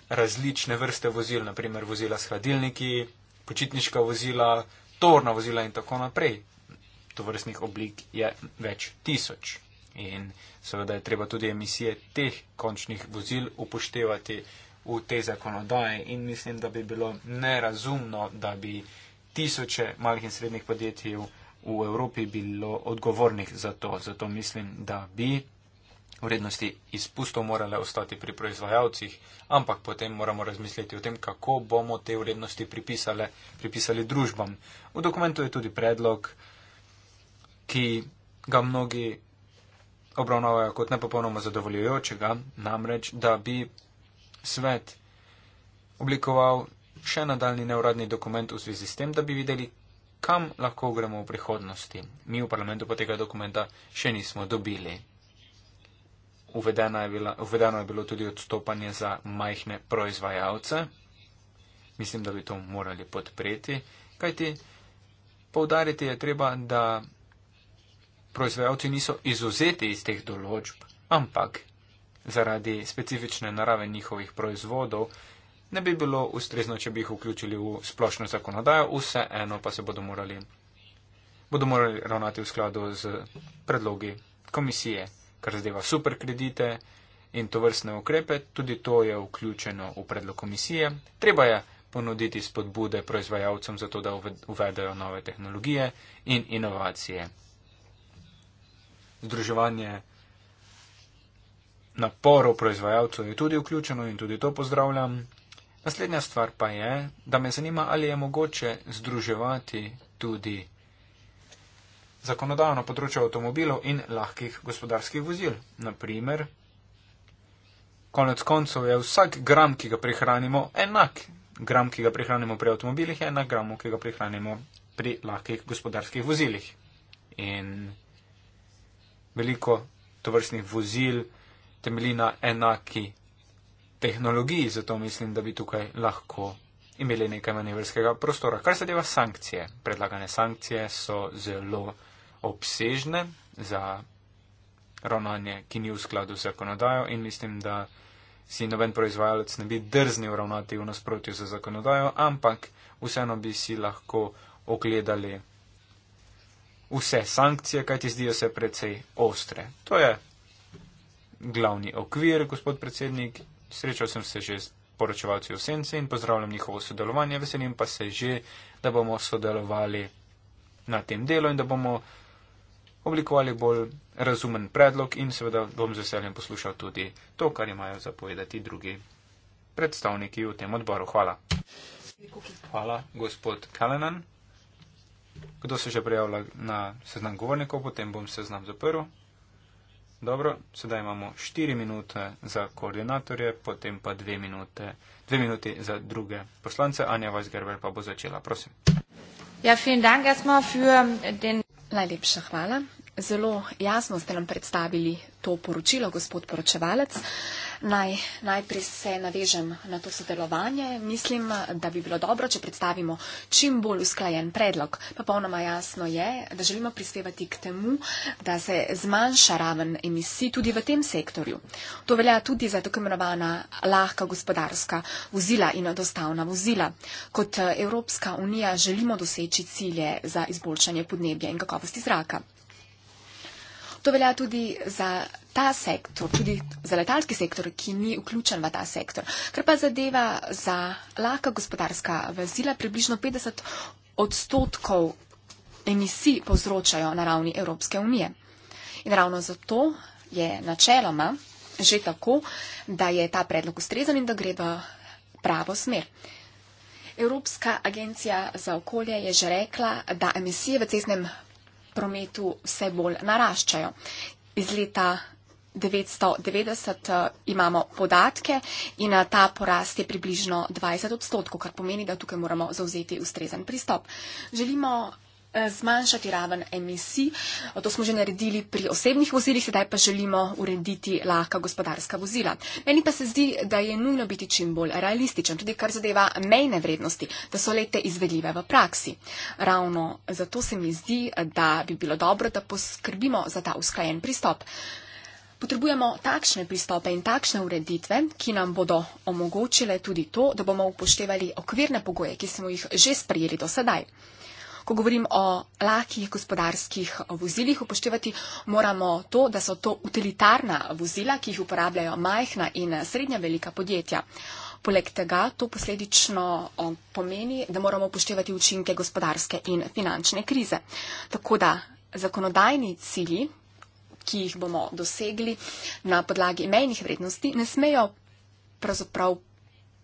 različne vrste vozil, naprimer vozila s hladilniki, počitniška vozila, torna vozila in tako naprej. To vrstnih oblik je več tisoč. In seveda je treba tudi emisije teh končnih vozil upoštevati v te zakonodaje in mislim, da bi bilo nerazumno, da bi tisoče malih in srednjih podjetij v Evropi bilo odgovornih za to. Zato mislim, da bi vrednosti izpustov morale ostati pri proizvajalcih, ampak potem moramo razmisliti o tem, kako bomo te vrednosti pripisale, pripisali družbam. V dokumentu je tudi predlog, ki ga mnogi obravnavajo kot nepopolnoma zadovoljujočega, namreč, da bi svet oblikoval še nadaljni neuradni dokument v zvezi s tem, da bi videli, kam lahko gremo v prihodnosti. Mi v parlamentu pa tega dokumenta še nismo dobili. Uvedeno je, bila, uvedeno je bilo tudi odstopanje za majhne proizvajalce. Mislim, da bi to morali podpreti, kajti poudariti je treba, da proizvajalci niso izuzeti iz teh določb, ampak zaradi specifične narave njihovih proizvodov, ne bi bilo ustrezno, če bi jih vključili v splošno zakonodajo, vseeno pa se bodo morali, bodo morali ravnati v skladu z predlogi komisije, kar zadeva superkredite in to vrstne ukrepe, tudi to je vključeno v predlog komisije. Treba je ponuditi spodbude proizvajalcem za to, da uvedajo nove tehnologije in inovacije. Združevanje naporu proizvajalcev je tudi vključeno in tudi to pozdravljam. Naslednja stvar pa je, da me zanima, ali je mogoče združevati tudi zakonodajno področje avtomobilov in lahkih gospodarskih vozil. Naprimer, konec koncev je vsak gram, ki ga prihranimo, enak. Gram, ki ga prihranimo pri avtomobilih, je enak gramu, ki ga prihranimo pri lahkih gospodarskih vozilih. In veliko tovrstnih vozil, temelji na enaki tehnologiji, zato mislim, da bi tukaj lahko imeli nekaj manevrskega prostora. Kar zadeva sankcije, predlagane sankcije so zelo obsežne za ravnanje, ki ni v skladu z zakonodajo in mislim, da si noben proizvajalec ne bi drznil ravnati v nasprotju z zakonodajo, ampak vseeno bi si lahko ogledali vse sankcije, kajti zdijo se precej ostre. To je glavni okvir, gospod predsednik. Srečal sem se že s poročevalci v Sence in pozdravljam njihovo sodelovanje. Veselim pa se že, da bomo sodelovali na tem delu in da bomo oblikovali bolj razumen predlog in seveda bom z veseljem poslušal tudi to, kar imajo zapovedati drugi predstavniki v tem odboru. Hvala. Hvala, gospod Kalenan. Kdo se že prijavlja na seznam govornikov, potem bom seznam zaprl. Dobro, sedaj imamo 4 minute za koordinatorje, potem pa 2 minute, 2 minute za druge poslance. Anja Vajsgerber pa bo začela, prosim. Ja, vielen Dank erstmal für ähm, den. Najlepša hvala. Zelo jasno ste nam predstavili to poročilo, gospod poročevalec. Uh, Naj, najprej se navežem na to sodelovanje. Mislim, da bi bilo dobro, če predstavimo čim bolj usklajen predlog. Pa polnoma jasno je, da želimo prispevati k temu, da se zmanjša raven emisij tudi v tem sektorju. To velja tudi za tako imenovana lahka gospodarska vozila in dostavna vozila. Kot eh, Evropska unija želimo doseči cilje za izboljšanje podnebja in kakovosti zraka. To velja tudi za ta sektor, tudi za letalski sektor, ki ni vključen v ta sektor. Kar pa zadeva za lahka gospodarska vezila, približno 50 odstotkov emisij povzročajo na ravni Evropske unije. In ravno zato je načeloma že tako, da je ta predlog ustrezan in da gre v pravo smer. Evropska agencija za okolje je že rekla, da emisije v cestnem prometu vse bolj naraščajo. Iz leta 990 eh, imamo podatke in eh, ta porast je približno 20 odstotkov, kar pomeni, da tukaj moramo zauzeti ustrezen pristop. Želimo zmanjšati raven emisij. To smo že naredili pri osebnih vozilih, sedaj pa želimo urediti lahka gospodarska vozila. Meni pa se zdi, da je nujno biti čim bolj realističen, tudi kar zadeva mejne vrednosti, da so lete izvedljive v praksi. Ravno zato se mi zdi, da bi bilo dobro, da poskrbimo za ta usklajen pristop. Potrebujemo takšne pristope in takšne ureditve, ki nam bodo omogočile tudi to, da bomo upoštevali okvirne pogoje, ki smo jih že sprejeli do sedaj ko govorim o lahkih gospodarskih vozilih, upoštevati moramo to, da so to utilitarna vozila, ki jih uporabljajo majhna in srednja velika podjetja. Poleg tega to posledično pomeni, da moramo upoštevati učinke gospodarske in finančne krize. Tako da zakonodajni cilji, ki jih bomo dosegli na podlagi mejnih vrednosti, ne smejo pravzaprav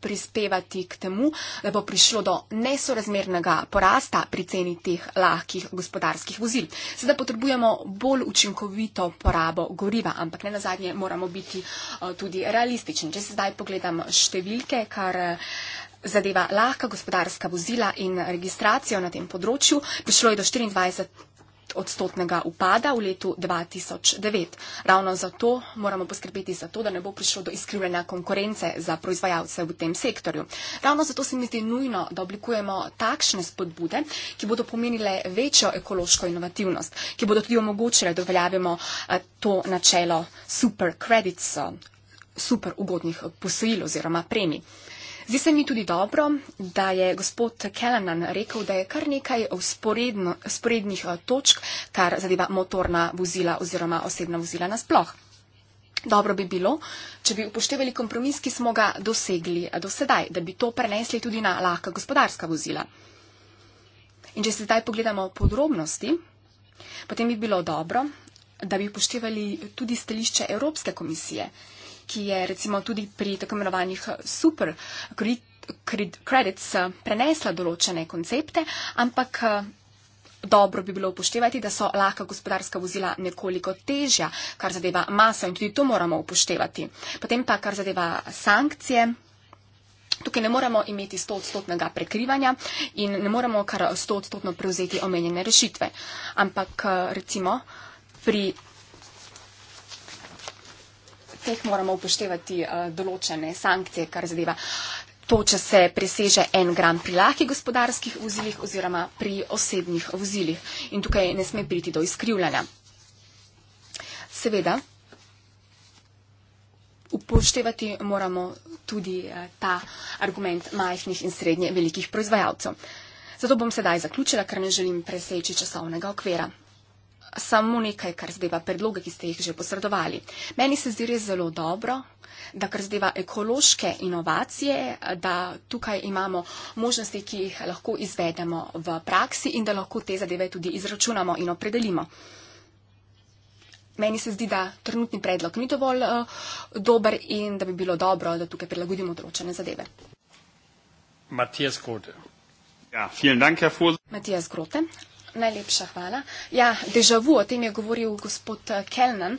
prispevati k temu, da bo prišlo do nesorazmernega porasta pri ceni teh lahkih gospodarskih vozil. Sedaj potrebujemo bolj učinkovito porabo goriva, ampak ne nazadnje moramo biti eh, tudi realistični. Če se zdaj pogledam številke, kar. Eh, zadeva lahka gospodarska vozila in registracijo na tem področju. Prišlo je do 24 odstotnega upada v letu 2009. Ravno zato moramo poskrbeti za to, da ne bo prišlo do izkrivljanja konkurence za proizvajalce v tem sektorju. Ravno zato se mi zdi nujno, da oblikujemo takšne spodbude, ki bodo pomenile večjo ekološko inovativnost, ki bodo tudi omogočile, da uveljavimo eh, to načelo super credits, eh, super ugodnih posojil oziroma premij. Zdi se mi tudi dobro, da je gospod Kellenan rekel, da je kar nekaj sporednih eh, točk, kar zadeva motorna vozila oziroma osebna vozila nasploh. Dobro bi bilo, če bi upoštevali kompromis, ki smo ga dosegli eh, do sedaj, da bi to prenesli tudi na lahka gospodarska vozila. In če se zdaj pogledamo podrobnosti, potem bi bilo dobro, da bi upoštevali tudi stališče Evropske komisije, ki je recimo tudi pri tako imenovanih eh, super credits eh, prenesla določene koncepte, ampak eh, dobro bi bilo upoštevati, da so lahka gospodarska vozila nekoliko težja, kar zadeva maso in tudi to moramo upoštevati. Potem pa, kar zadeva sankcije. Tukaj ne moramo imeti 100-odstotnega prekrivanja in ne moramo kar 100-odstotno prevzeti omenjene rešitve. Ampak recimo pri teh moramo upoštevati uh, določene sankcije, kar zadeva to, če se preseže en gram pri lahkih gospodarskih vozilih oziroma pri osebnih vozilih. In tukaj ne sme priti do izkrivljanja. Seveda, upoštevati moramo tudi eh, ta argument majhnih in srednje velikih proizvajalcev. Zato bom sedaj zaključila, ker ne želim preseči časovnega okvira samo nekaj, kar zdeva predloge, ki ste jih že posredovali. Meni se zdi res zelo dobro, da kar zdeva ekološke inovacije, da tukaj imamo možnosti, ki jih lahko izvedemo v praksi in da lahko te zadeve tudi izračunamo in opredelimo. Meni se zdi, da trenutni predlog ni dovolj uh, dober in da bi bilo dobro, da tukaj prilagodimo določene zadeve. Matijas Grote. Ja, Matijas Grote, Najlepša hvala. Ja, dežavu, o tem je govoril gospod eh, Kelnan.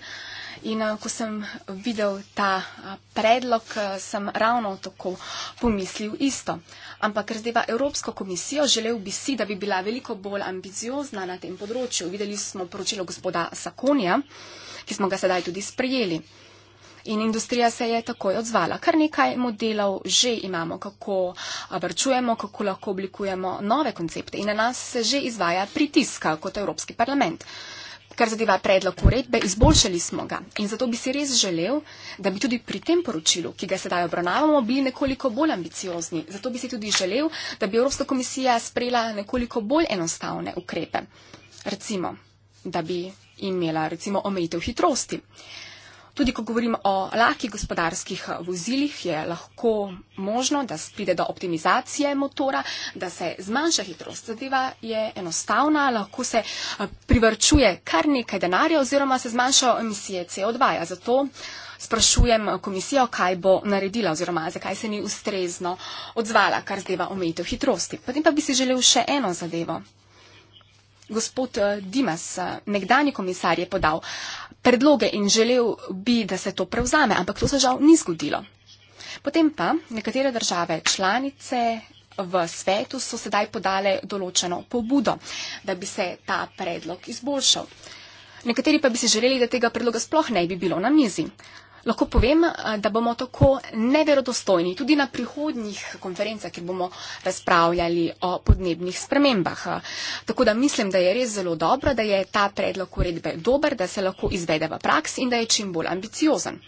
In eh, ko sem videl ta eh, predlog, sem ravno tako pomislil isto. Ampak razdeva Evropsko komisijo, želel bi si, da bi bila veliko bolj ambiciozna na tem področju. Videli smo poročilo gospoda Sakonija, ki smo ga sedaj tudi sprejeli. In industrija se je takoj odzvala. Kar nekaj modelov že imamo, kako vrčujemo, kako lahko oblikujemo nove koncepte. In na nas se že izvaja pritiska kot Evropski parlament. Kar zadeva predlog uredbe, izboljšali smo ga. In zato bi si res želel, da bi tudi pri tem poročilu, ki ga sedaj obravnavamo, bili nekoliko bolj ambiciozni. Zato bi si tudi želel, da bi Evropska komisija sprejela nekoliko bolj enostavne ukrepe. Recimo, da bi imela recimo omejitev hitrosti. Uh, Tudi ko govorimo o lahkih gospodarskih eh, vozilih, je lahko možno, da pride do optimizacije motora, da se zmanjša hitrost. Zadeva je enostavna, lahko se eh, privrčuje kar nekaj denarja oziroma se zmanjšajo emisije CO2. -ja. Zato sprašujem eh, komisijo, kaj bo naredila oziroma zakaj se ni ustrezno odzvala, kar zadeva omejitev hitrosti. Potem pa bi si želel še eno zadevo gospod eh, Dimas, eh, nekdani komisar, je podal predloge in želel bi, da se to prevzame, ampak to se žal ni zgodilo. Potem pa nekatere države članice v svetu so sedaj podale določeno pobudo, da bi se ta predlog izboljšal. Nekateri pa bi si želeli, da tega predloga sploh ne bi bilo na mizi. Lahko povem, eh, da bomo tako neverodostojni tudi na prihodnjih konferencah, kjer bomo razpravljali o podnebnih spremembah. Tako da mislim, da je res zelo dobro, da je ta predlog uredbe dober, da se lahko izvede v praksi in da je čim bolj ambiciozen.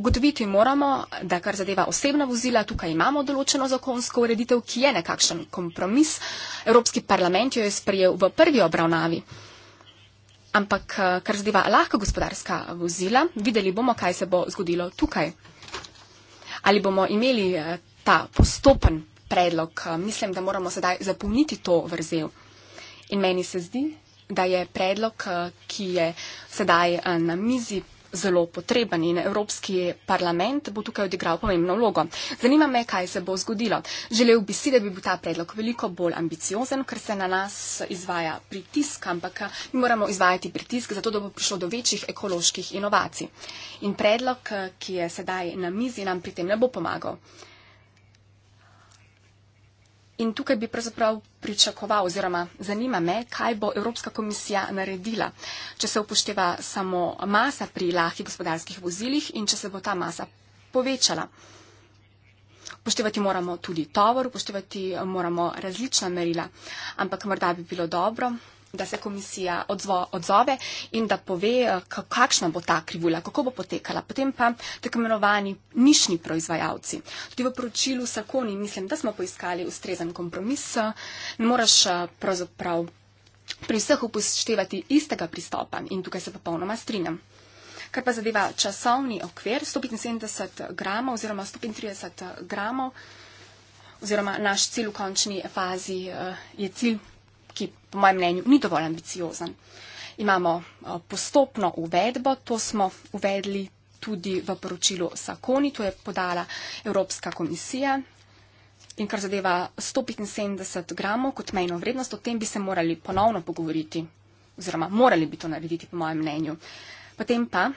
Ugotoviti moramo, da kar zadeva osebna vozila, tukaj imamo določeno zakonsko ureditev, ki je nekakšen kompromis. Evropski parlament jo je sprejel v prvi obravnavi. Ampak, eh, kar zadeva lahka gospodarska vozila, videli bomo, kaj se bo zgodilo tukaj. Ali bomo imeli eh, ta postopen predlog? Eh, mislim, da moramo sedaj zapolniti to vrzel. In meni se zdi, da je predlog, ki je sedaj na mizi zelo potreben in Evropski parlament bo tukaj odigral pomembno vlogo. Zanima me, kaj se bo zgodilo. Želel bi si, da bi bil ta predlog veliko bolj ambiciozen, ker se na nas izvaja pritisk, ampak eh, mi moramo izvajati pritisk, zato da bo prišlo do večjih ekoloških inovacij. In predlog, eh, ki je sedaj na mizi, nam pri tem ne bo pomagal. In tukaj bi pravzaprav pričakoval oziroma zanima me, kaj bo Evropska komisija naredila, če se upošteva samo masa pri lahkih gospodarskih vozilih in če se bo ta masa povečala. Upoštevati moramo tudi tovor, upoštevati moramo različna merila, ampak morda bi bilo dobro, da se komisija odzvo, odzove in da pove, kakšna bo ta krivulja, kako bo potekala. Potem pa tako imenovani nišni proizvajalci. Tudi v poročilu Sarkoni mislim, da smo poiskali ustrezen kompromis. Ne moreš eh, pravzaprav pri vseh upoštevati istega pristopa in tukaj se popolnoma strinjam. Kar pa zadeva časovni okvir, 175 gramov oziroma 130 eh, gramov, oziroma naš cilj v končni fazi eh, je cilj po mojem mnenju, ni dovolj ambiciozen. Imamo eh, postopno uvedbo, to smo uvedli tudi v poročilu Sakoni, to je podala Evropska komisija. In kar zadeva 175 gramov kot mejno vrednost, o tem bi se morali ponovno pogovoriti, oziroma morali bi to narediti, po mojem mnenju. Potem pa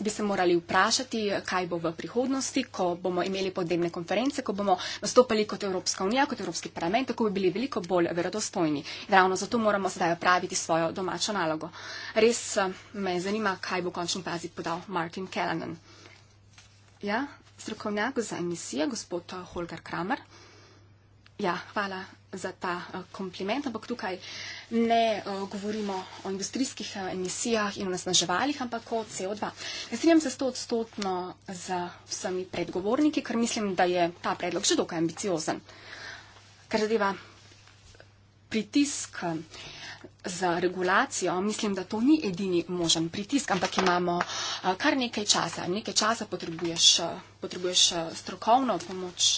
bi se morali vprašati, kaj bo v prihodnosti, ko bomo imeli podnebne konference, ko bomo nastopali kot Evropska unija, kot Evropski parlament, tako bi bili veliko bolj verodostojni. In ravno zato moramo zdaj opraviti svojo domačo nalogo. Res eh, me zanima, kaj bo končno pazi podal Martin Kellanen. Ja, strokovnjak za emisije, gospod eh, Holger Kramer. Ja, hvala za ta eh, kompliment, ampak tukaj ne uh, govorimo o industrijskih eh, emisijah in onesnaževalih, ampak o CO2. Ne strinjam se sto odstotno z vsemi predgovorniki, ker mislim, da je ta predlog že dokaj ambiciozen. Kar zadeva pritisk uh, za regulacijo, mislim, da to ni edini možen pritisk, ampak imamo eh, kar nekaj časa. Nekaj časa potrebuješ, eh, potrebuješ eh, strokovno pomoč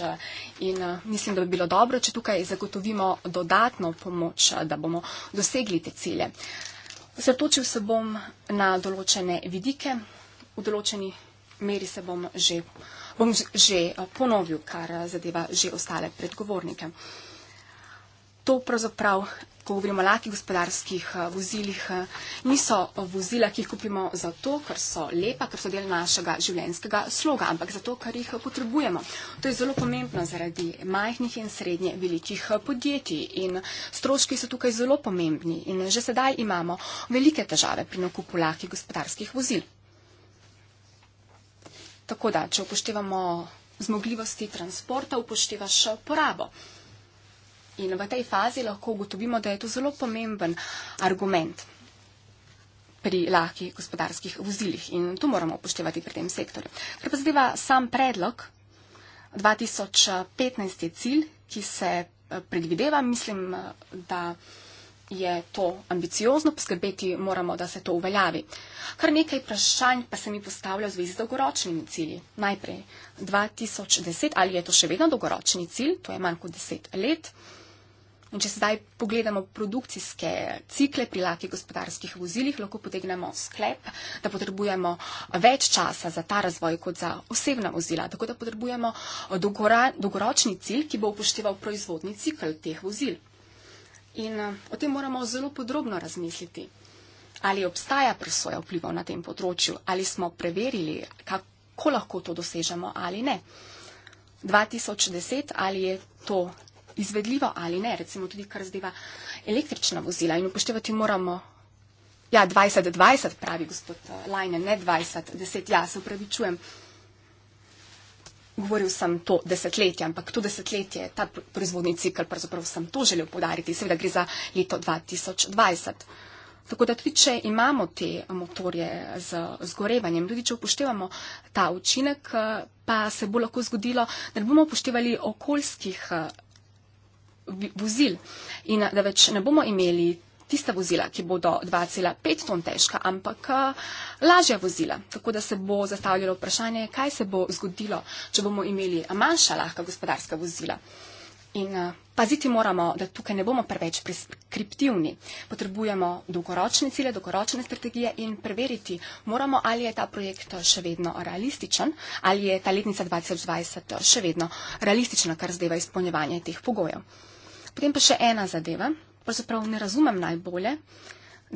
in mislim, da bi bilo dobro, če tukaj zagotovimo dodatno pomoč, da bomo dosegli te cilje. Zatočil se bom na določene vidike, v določeni meri se bom že, bom že ponovil, kar zadeva že ostale predgovornike to pravzaprav, ko govorimo o lakih gospodarskih eh, vozilih, eh, niso vozila, ki jih kupimo zato, ker so lepa, ker so del našega življenjskega sloga, ampak zato, ker jih potrebujemo. To je zelo pomembno zaradi majhnih in srednje velikih eh, podjetij in stroški so tukaj zelo pomembni in že sedaj imamo velike težave pri nakupu lakih gospodarskih vozil. Tako da, če upoštevamo zmogljivosti transporta, upošteva še porabo. In v tej fazi lahko ugotovimo, da je to zelo pomemben argument pri lahkih gospodarskih vozilih in to moramo upoštevati pri tem sektorju. Ker pa zadeva sam predlog, 2015 je cilj, ki se eh, predvideva, mislim, eh, da je to ambiciozno, poskrbeti moramo, da se to uveljavi. Kar nekaj vprašanj pa se mi postavlja v zvezi z dolgoročnimi cilji. Najprej 2010, ali je to še vedno dolgoročni cilj, to je manj kot 10 let. In če sedaj pogledamo produkcijske cikle pri lakih gospodarskih vozilih, lahko potegnemo sklep, da potrebujemo več časa za ta razvoj kot za osebna vozila. Tako da potrebujemo dolgoročni cilj, ki bo upošteval proizvodni cikl teh vozil. In eh, o tem moramo zelo podrobno razmisliti. Ali obstaja presoja vplivov na tem področju, ali smo preverili, kako lahko to dosežemo ali ne. 2010 ali je to izvedljivo ali ne, recimo tudi kar zdeva električna vozila in upoštevati moramo. Ja, 20-20 pravi gospod eh, Lajne, ne 20-10, ja, se upravičujem. Govoril sem to desetletje, ampak to desetletje, ta proizvodni cikl, pravzaprav sem to želel podariti, seveda gre za leto 2020. Tako da tudi, če imamo te motorje z zgorevanjem, tudi če upoštevamo ta učinek, eh, pa se bo lahko zgodilo, da ne bomo upoštevali okoljskih eh, vozil in da več ne bomo imeli tista vozila, ki bodo 2,5 ton težka, ampak lažja vozila. Tako da se bo zastavljalo vprašanje, kaj se bo zgodilo, če bomo imeli manjša lahka gospodarska vozila. In paziti moramo, da tukaj ne bomo preveč preskriptivni. Potrebujemo dolgoročne cilje, dolgoročne strategije in preveriti moramo, ali je ta projekt še vedno realističen, ali je ta letnica 2020 še vedno realistična, kar zdaj v izpolnjevanje teh pogojev. Potem pa še ena zadeva. Pravzaprav ne razumem najbolje,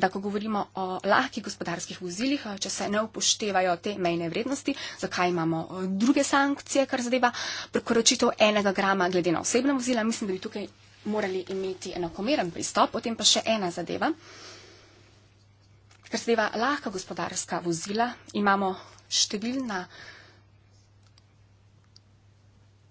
da ko govorimo o lahkih gospodarskih vozilih, če se ne upoštevajo te mejne vrednosti, zakaj imamo eh, druge sankcije, kar zadeva prekoračitev enega grama glede na osebna vozila. Mislim, da bi tukaj morali imeti enakomeren pristop. Potem pa še ena zadeva. Kar zadeva lahka gospodarska vozila, imamo številna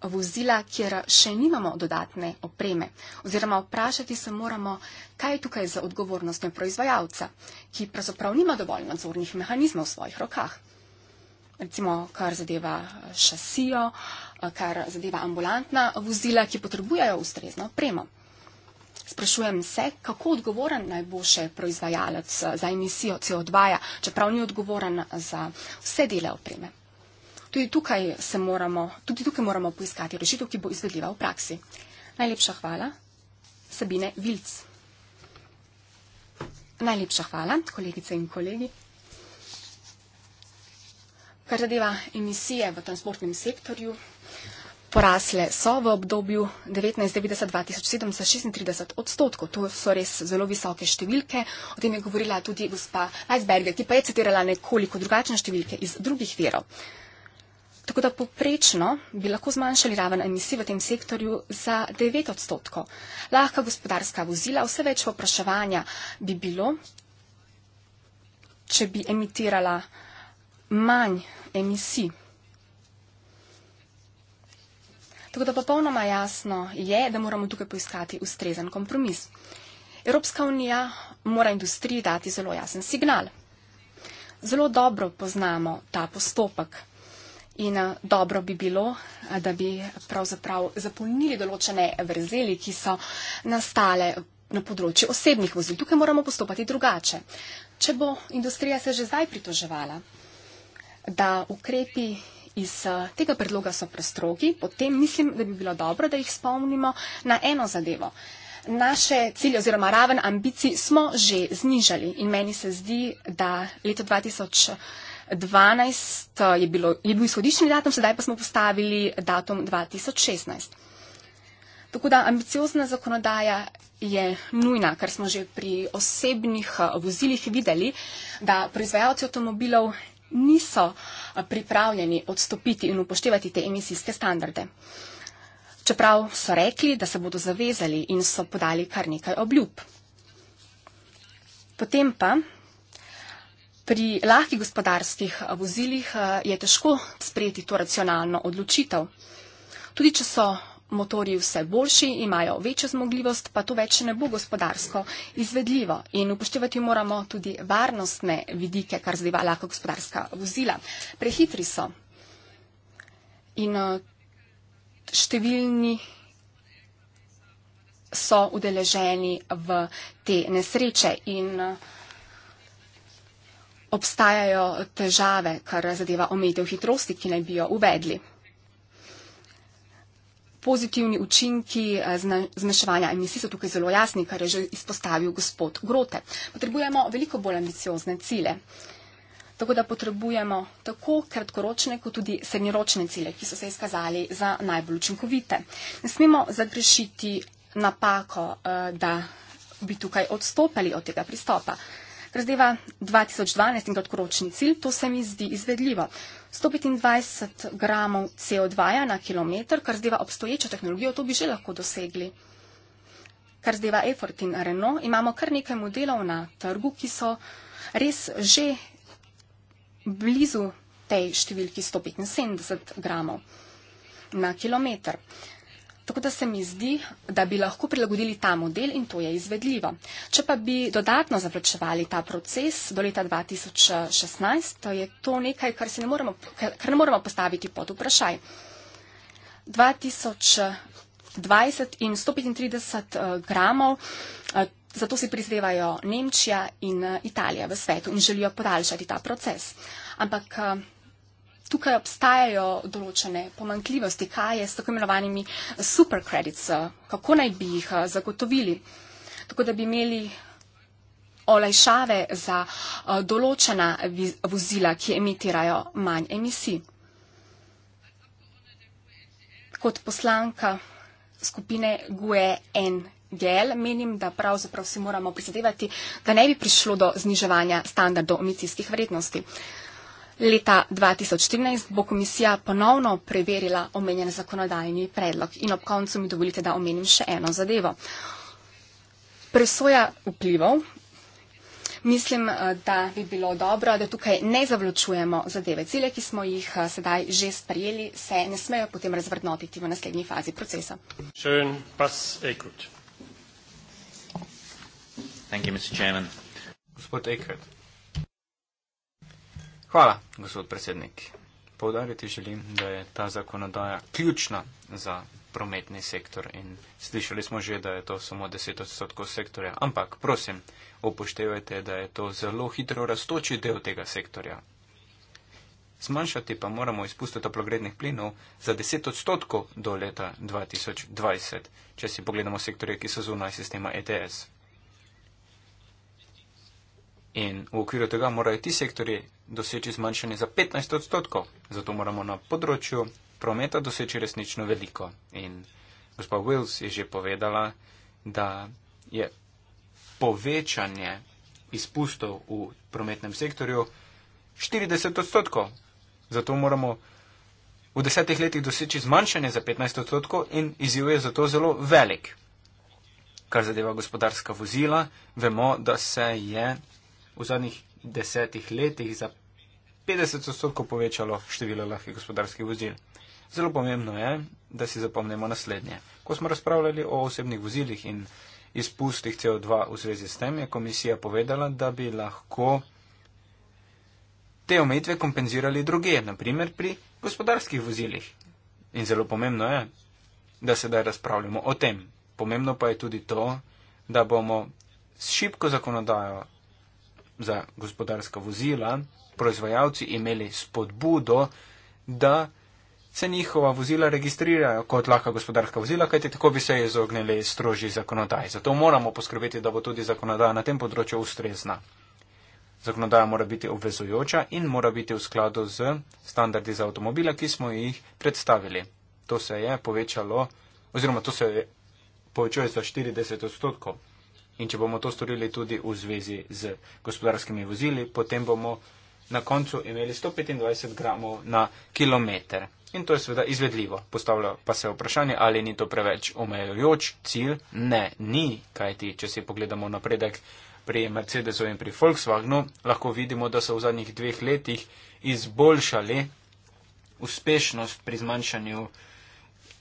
vozila, kjer še nimamo dodatne opreme. Oziroma vprašati se moramo, kaj je tukaj za odgovornost proizvajalca, ki pravzaprav nima dovolj nadzornih mehanizmov v svojih rokah. Recimo, kar zadeva eh, šasijo, eh, kar zadeva ambulantna vozila, ki potrebujejo ustrezno opremo. Sprašujem se, kako odgovoren naj bo še proizvajalec eh, za emisijo CO2, čeprav ni odgovoren za vse dele opreme. Tudi tukaj, moramo, tudi tukaj moramo poiskati rešitev, ki bo izvedljiva v praksi. Najlepša hvala, Sabine Vilc. Najlepša hvala, kolegice in kolegi. Kar zadeva emisije v transportnem sektorju, porasle so v obdobju 1990-2007 za 36 odstotkov. To so res zelo visoke številke. O tem je govorila tudi gospa Weisberger, ki pa je citirala nekoliko drugačne številke iz drugih verov. Tako da poprečno bi lahko zmanjšali raven emisij v tem sektorju za 9 odstotkov. Lahka gospodarska vozila, vse več vprašavanja bi bilo, če bi emitirala manj emisij. Tako da popolnoma jasno je, da moramo tukaj poiskati ustrezen kompromis. Evropska unija mora industriji dati zelo jasen signal. Zelo dobro poznamo ta postopek. In eh, dobro bi bilo, eh, da bi pravzaprav zapolnili določene vrzeli, ki so nastale na področju osebnih vozil. Tukaj moramo postopati drugače. Če bo industrija se že zdaj pritoževala, da ukrepi iz eh, tega predloga so prestrogi, potem mislim, da bi bilo dobro, da jih spomnimo na eno zadevo. Naše cilje oziroma raven ambicij smo že znižali in meni se zdi, da leto 2020 2012 eh, je, bilo, je bil izhodiščni datum, sedaj pa smo postavili datum 2016. Tako da ambiciozna zakonodaja je nujna, ker smo že pri osebnih eh, vozilih videli, da proizvajalci avtomobilov niso eh, pripravljeni odstopiti in upoštevati te emisijske standarde. Čeprav so rekli, da se bodo zavezali in so podali kar nekaj obljub. Potem pa Pri lahkih gospodarskih eh, vozilih eh, je težko sprejeti to racionalno odločitev. Tudi če so motori vse boljši, imajo večjo zmogljivost, pa to več ne bo gospodarsko izvedljivo. In upoštevati moramo tudi varnostne vidike, kar zdaj lahko gospodarska vozila. Prehitri so. In eh, številni so udeleženi v te nesreče. In, uh, obstajajo težave, kar zadeva omejitev hitrosti, ki naj bi jo uvedli. Pozitivni učinki eh, zmanjševanja emisij so tukaj zelo jasni, kar je že izpostavil gospod Grote. Potrebujemo veliko bolj ambiciozne cilje. Tako da potrebujemo tako kratkoročne, kot tudi srednjeročne cilje, ki so se izkazali za najbolj učinkovite. Ne smemo zagrešiti napako, eh, da bi tukaj odstopili od tega pristopa razdeva 2012 in kot kročni cilj, to se mi zdi izvedljivo. 125 gramov CO2 ja na kilometr, kar zdeva obstoječo tehnologijo, to bi že lahko dosegli. Kar zdeva Effort in Renault, imamo kar nekaj modelov na trgu, ki so res že blizu tej številki 175 gramov na kilometr. Tako da se mi zdi, da bi lahko prilagodili ta model in to je izvedljivo. Če pa bi dodatno zavračevali ta proces do leta 2016, to je to nekaj, kar, ne moremo, kar ne moremo postaviti pod vprašaj. 2020 in 135 eh, gramov, eh, zato si prizdevajo Nemčija in eh, Italija v svetu in želijo podaljšati ta proces. Ampak tukaj obstajajo določene pomankljivosti, kaj je s tako imenovanimi supercredits, eh, kako naj bi jih eh, zagotovili, tako da bi imeli olajšave za eh, določena vozila, ki emitirajo manj emisij. Kot poslanka skupine GUE NGL menim, da pravzaprav si moramo prizadevati, da ne bi prišlo do zniževanja standardov emisijskih vrednosti. Leta 2014 bo komisija ponovno preverila omenjen zakonodajni predlog in ob koncu mi dovolite, da omenim še eno zadevo. Presoja vplivov. Mislim, eh, da bi bilo dobro, da tukaj ne zavločujemo zadeve. Cilje, ki smo jih eh, sedaj že sprejeli, se ne smejo potem razvrdnotiti v naslednji fazi procesa. Schön, pas, Thank you, Mr. Chairman. Gospod Eckert. Hvala, gospod predsednik. Povdariti želim, da je ta zakonodaja ključna za prometni sektor in slišali smo že, da je to samo 10 odstotkov sektorja, ampak prosim, upoštevajte, da je to zelo hitro rastoči del tega sektorja. Zmanjšati pa moramo izpuste toplogrednih plinov za 10 odstotkov do leta 2020, če si pogledamo sektorje, ki so zunaj sistema ETS. In v okviru tega morajo ti sektorji doseči zmanjšanje za 15 odstotkov. Zato moramo na področju prometa doseči resnično veliko. In gospa Wills je že povedala, da je povečanje izpustov v prometnem sektorju 40 odstotkov. Zato moramo v desetih letih doseči zmanjšanje za 15 odstotkov in izjiv je zato zelo velik. Kar zadeva gospodarska vozila, vemo, da se je v zadnjih desetih letih za 50 odstotkov povečalo število lahkih gospodarskih vozil. Zelo pomembno je, da si zapomnimo naslednje. Ko smo razpravljali o osebnih vozilih in izpustih CO2 v zvezi s tem, je komisija povedala, da bi lahko te omejitve kompenzirali druge, naprimer pri gospodarskih vozilih. In zelo pomembno je, da sedaj razpravljamo o tem. Pomembno pa je tudi to, da bomo s šibko zakonodajo za gospodarska vozila proizvajalci imeli spodbudo, da se njihova vozila registrirajo kot lahka gospodarska vozila, kajti tako bi se izognili strožji zakonodaji. Zato moramo poskrbeti, da bo tudi zakonodaja na tem področju ustrezna. Zakonodaja mora biti obvezujoča in mora biti v skladu z standardi za avtomobile, ki smo jih predstavili. To se je povečalo, oziroma to se povečuje za 40 odstotkov. In če bomo to storili tudi v zvezi z gospodarskimi vozili, potem bomo na koncu imeli 125 gramov na kilometr. In to je seveda izvedljivo. Postavlja pa se vprašanje, ali ni to preveč omejujoč cilj. Ne, ni, kajti, če si pogledamo napredek pri Mercedesu in pri Volkswagenu, lahko vidimo, da so v zadnjih dveh letih izboljšali uspešnost pri zmanjšanju uh,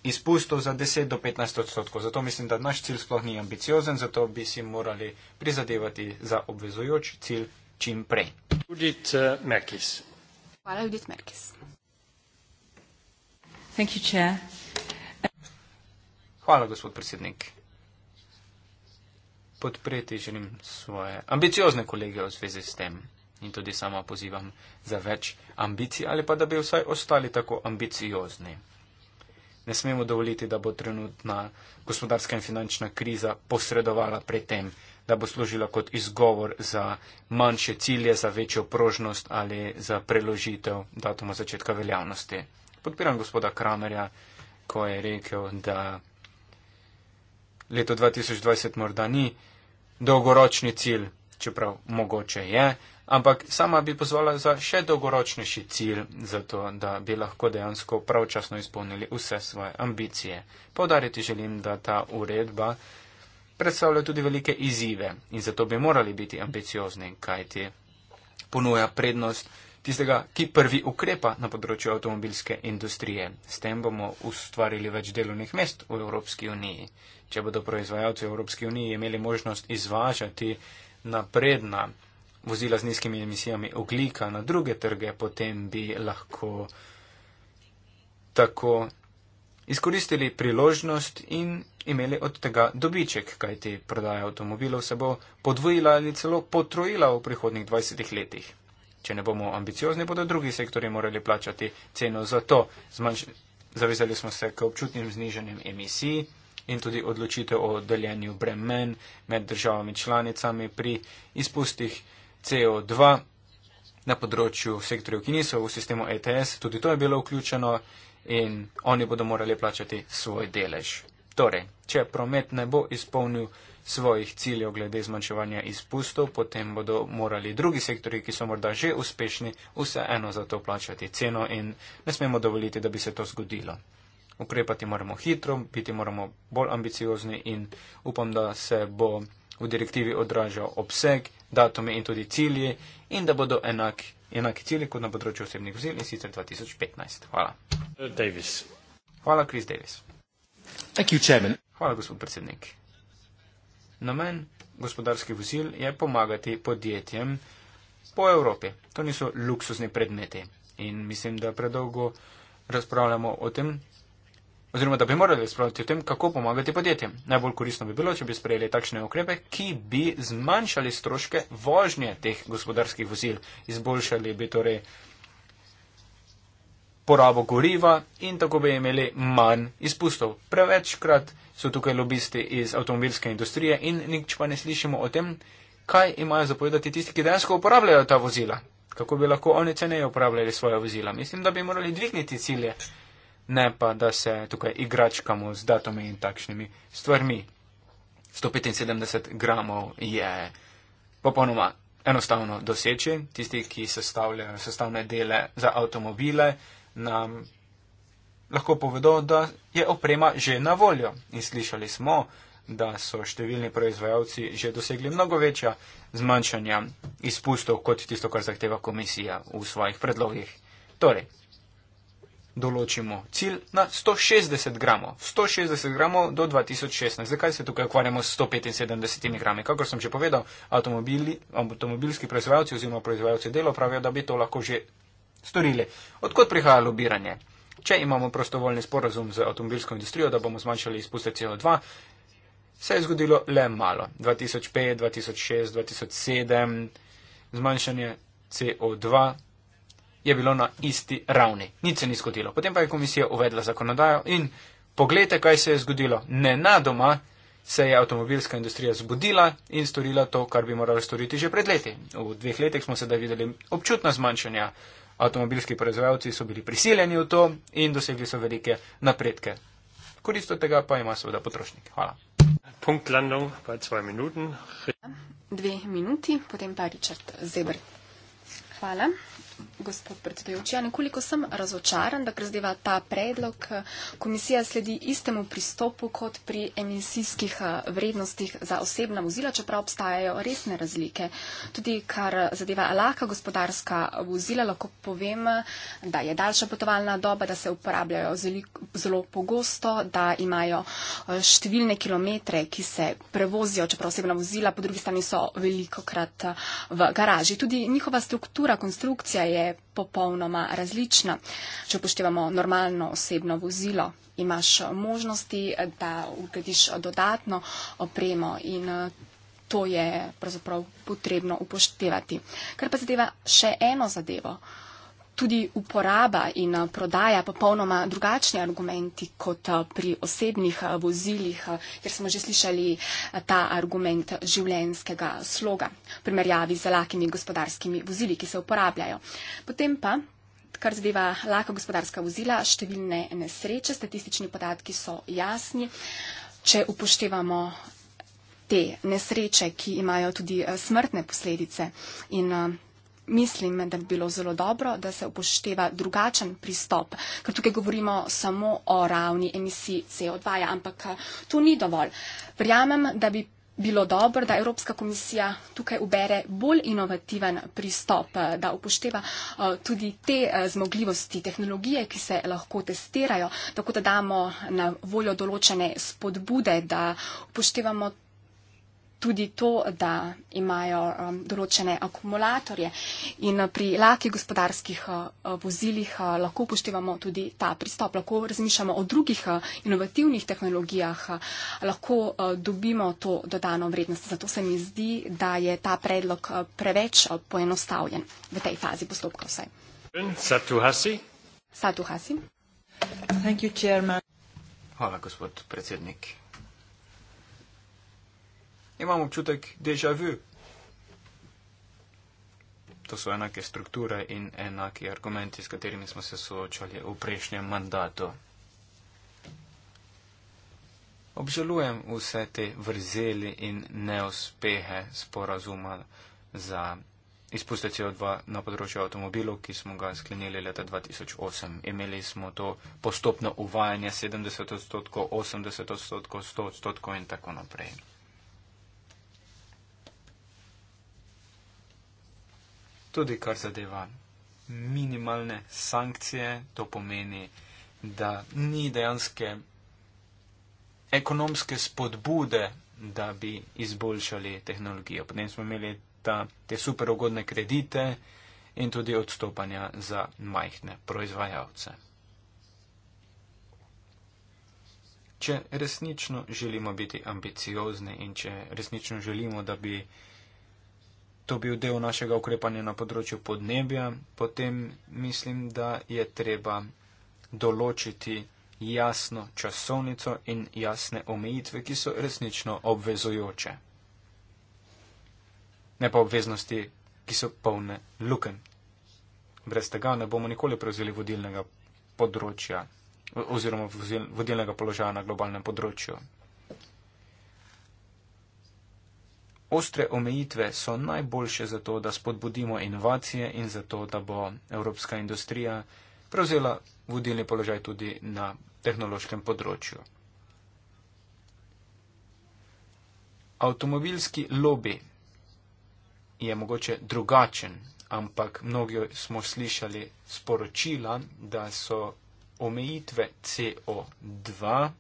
izpustov za 10 do 15 odstotkov. Zato mislim, da naš cilj sploh ni ambiciozen, zato bi si morali prizadevati za obvezujoč cilj čim prej. Judith eh, Merkis. Hvala, Judith Merkis. Hvala, gospod predsednik. Podpreti želim svoje ambiciozne kolege v zvezi s tem in tudi sama pozivam za več ambicij ali pa da bi vsaj ostali tako ambiciozni ne smemo dovoliti, da bo trenutna gospodarska in finančna kriza posredovala pri tem, da bo služila kot izgovor za manjše cilje, za večjo prožnost ali za preložitev datuma začetka veljavnosti. Podpiram gospoda Kramerja, ko je rekel, da leto 2020 morda ni dolgoročni cilj, čeprav mogoče je, ampak sama bi pozvala za še dolgoročnejši cilj, zato da bi lahko dejansko pravčasno izpolnili vse svoje ambicije. Povdariti želim, da ta uredba predstavlja tudi velike izzive in zato bi morali biti ambiciozni, kajti ponuja prednost tistega, ki prvi ukrepa na področju avtomobilske industrije. S tem bomo ustvarili več delovnih mest v Evropski uniji. Če bodo proizvajalci v Evropski uniji imeli možnost izvažati napredna vozila z nizkimi emisijami oglika na druge trge, potem bi lahko tako izkoristili priložnost in imeli od tega dobiček, kajti prodaja avtomobilov se bo podvojila ali celo potrojila v prihodnih 20 letih. Če ne bomo ambiciozni, bodo drugi sektori morali plačati ceno za to. Zmanjš zavezali smo se k občutnim znižanjem emisij in tudi odločitev o deljenju bremen med državami članicami pri izpustih. CO2 na področju sektorjev, ki niso v sistemu ETS, tudi to je bilo vključeno in oni bodo morali plačati svoj delež. Torej, če promet ne bo izpolnil svojih ciljev glede zmanjševanja izpustov, potem bodo morali drugi sektori, ki so morda že uspešni, vseeno za to plačati ceno in ne smemo dovoliti, da bi se to zgodilo. Ukrepati moramo hitro, biti moramo bolj ambiciozni in upam, da se bo v direktivi odražal obseg datumi in tudi cilji in da bodo enaki enak cilji kot na področju osebnih vozil in sicer 2015. Hvala. Davis. Hvala, Chris Davis. You, Hvala, gospod predsednik. Namen gospodarskih vozil je pomagati podjetjem po Evropi. To niso luksuzni predmeti. In mislim, da predolgo razpravljamo o tem, oziroma da bi morali sprožiti v tem, kako pomagati podjetjem. Najbolj korisno bi bilo, če bi sprejeli takšne ukrepe, ki bi zmanjšali stroške vožnje teh gospodarskih vozil, izboljšali bi torej porabo goriva in tako bi imeli manj izpustov. Prevečkrat so tukaj lobisti iz avtomobilske industrije in nič pa ne slišimo o tem, kaj imajo zapovedati tisti, ki dejansko uporabljajo ta vozila. Kako bi lahko oni ceneje uporabljali svoje vozila? Mislim, da bi morali dvigniti cilje ne pa da se tukaj igračkamo z datumi in takšnimi stvarmi. 175 gramov je popolnoma enostavno doseči. Tisti, ki sestavljajo sestavne dele za avtomobile, nam lahko povedo, da je oprema že na voljo. In slišali smo, da so številni proizvajalci že dosegli mnogo večja zmanjšanja izpustov kot tisto, kar zahteva komisija v svojih predlogih. Torej, določimo cilj na 160 gramov. 160 gramov do 2016. Zakaj se tukaj ukvarjamo s 175 grami? Kakor sem že povedal, avtomobilski proizvajalci oziroma proizvajalci delo pravijo, da bi to lahko že storili. Odkot prihaja lobiranje? Če imamo prostovoljni sporazum z avtomobilsko industrijo, da bomo zmanjšali izpuste CO2, se je zgodilo le malo. 2005, 2006, 2007 zmanjšanje CO2 je bilo na isti ravni. Nič se ni zgodilo. Potem pa je komisija uvedla zakonodajo in pogledajte, kaj se je zgodilo. Ne na doma se je avtomobilska industrija zbudila in storila to, kar bi morali storiti že pred leti. V dveh letih smo sedaj videli občutna zmanjšanja. Avtomobilski proizvajalci so bili prisiljeni v to in dosegli so velike napredke. Koristo tega pa ima seveda potrošnik. Hvala. Punkt landov pa je svoje minuten. Dve minuti, potem pa Richard Zebr. Hvala gospod predsedujoči. Ja, nekoliko sem razočaran, da krezdeva ta predlog. Komisija sledi istemu pristopu kot pri emisijskih eh, vrednostih za osebna vozila, čeprav obstajajo resne razlike. Tudi kar zadeva lahka gospodarska vozila, lahko povem, da je daljša potovalna doba, da se uporabljajo zelo, zelo pogosto, da imajo eh, številne kilometre, ki se prevozijo, čeprav osebna vozila, po drugi strani so veliko krat eh, v garaži. Tudi njihova struktura, konstrukcija je popolnoma različna. Če upoštevamo normalno osebno vozilo, imaš možnosti, da ugradiš dodatno opremo in to je pravzaprav potrebno upoštevati. Kar pa zadeva še eno zadevo tudi uporaba in eh, prodaja popolnoma drugačni argumenti kot eh, pri osebnih eh, vozilih, kjer smo že slišali ta argument življenskega sloga v primerjavi z lakimi gospodarskimi vozili, ki se uporabljajo. Potem pa, kar zadeva laka gospodarska vozila, številne nesreče, statistični podatki so jasni. Če upoštevamo te nesreče, ki imajo tudi smrtne posledice in mislim, da bi bilo zelo dobro, da se upošteva drugačen pristop, ker tukaj govorimo samo o ravni emisij CO2, ja, ampak eh, to ni dovolj. Verjamem, da bi bilo dobro, da Evropska komisija tukaj ubere bolj inovativen pristop, eh, da upošteva eh, tudi te zmogljivosti, tehnologije, ki se lahko testirajo, tako da damo na voljo določene spodbude, da upoštevamo tudi to, da imajo um, določene akumulatorje in uh, pri lakih gospodarskih uh, uh, vozilih uh, lahko upoštevamo tudi ta pristop. Lahko razmišljamo o drugih uh, inovativnih tehnologijah, uh, lahko uh, dobimo to dodano vrednost. Zato se mi zdi, da je ta predlog uh, preveč uh, poenostavljen v tej fazi postopka vsaj. Satuhasi. Satuhasi. Hvala, gospod predsednik imam občutek deja vu. To so enake strukture in enake argumenti, s katerimi smo se soočali v prejšnjem mandatu. Obžalujem vse te vrzeli in neuspehe sporazuma za izpuste CO2 na področju avtomobilov, ki smo ga sklenili leta 2008. Imeli smo to postopno uvajanje 70 odstotkov, 80 odstotkov, 100 odstotkov in tako naprej. tudi kar zadeva minimalne sankcije, to pomeni, da ni dejanske ekonomske spodbude, da bi izboljšali tehnologijo. Potem smo imeli ta, te superogodne kredite in tudi odstopanja za majhne proizvajalce. Če resnično želimo biti ambiciozni in če resnično želimo, da bi to bil del našega ukrepanja na področju podnebja, potem mislim, da je treba določiti jasno časovnico in jasne omejitve, ki so resnično obvezujoče. Ne pa obveznosti, ki so polne luken. Brez tega ne bomo nikoli prevzeli vodilnega področja oziroma vodilnega položaja na globalnem področju. ostre omejitve so najboljše za to, da spodbudimo inovacije in za to, da bo evropska industrija prevzela vodilni položaj tudi na tehnološkem področju. Avtomobilski lobby je mogoče drugačen, ampak mnogi smo slišali sporočila, da so omejitve CO2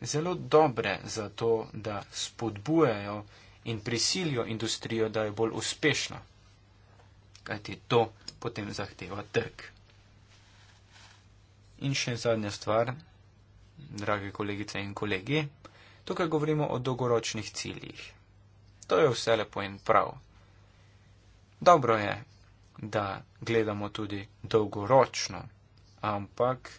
zelo dobre za to, da spodbujajo in prisilijo industrijo, da je bolj uspešna. Kajti to potem zahteva trg. In še zadnja stvar, drage kolegice in kolegi, tukaj govorimo o dolgoročnih ciljih. To je vse lepo in prav. Dobro je, da gledamo tudi dolgoročno, ampak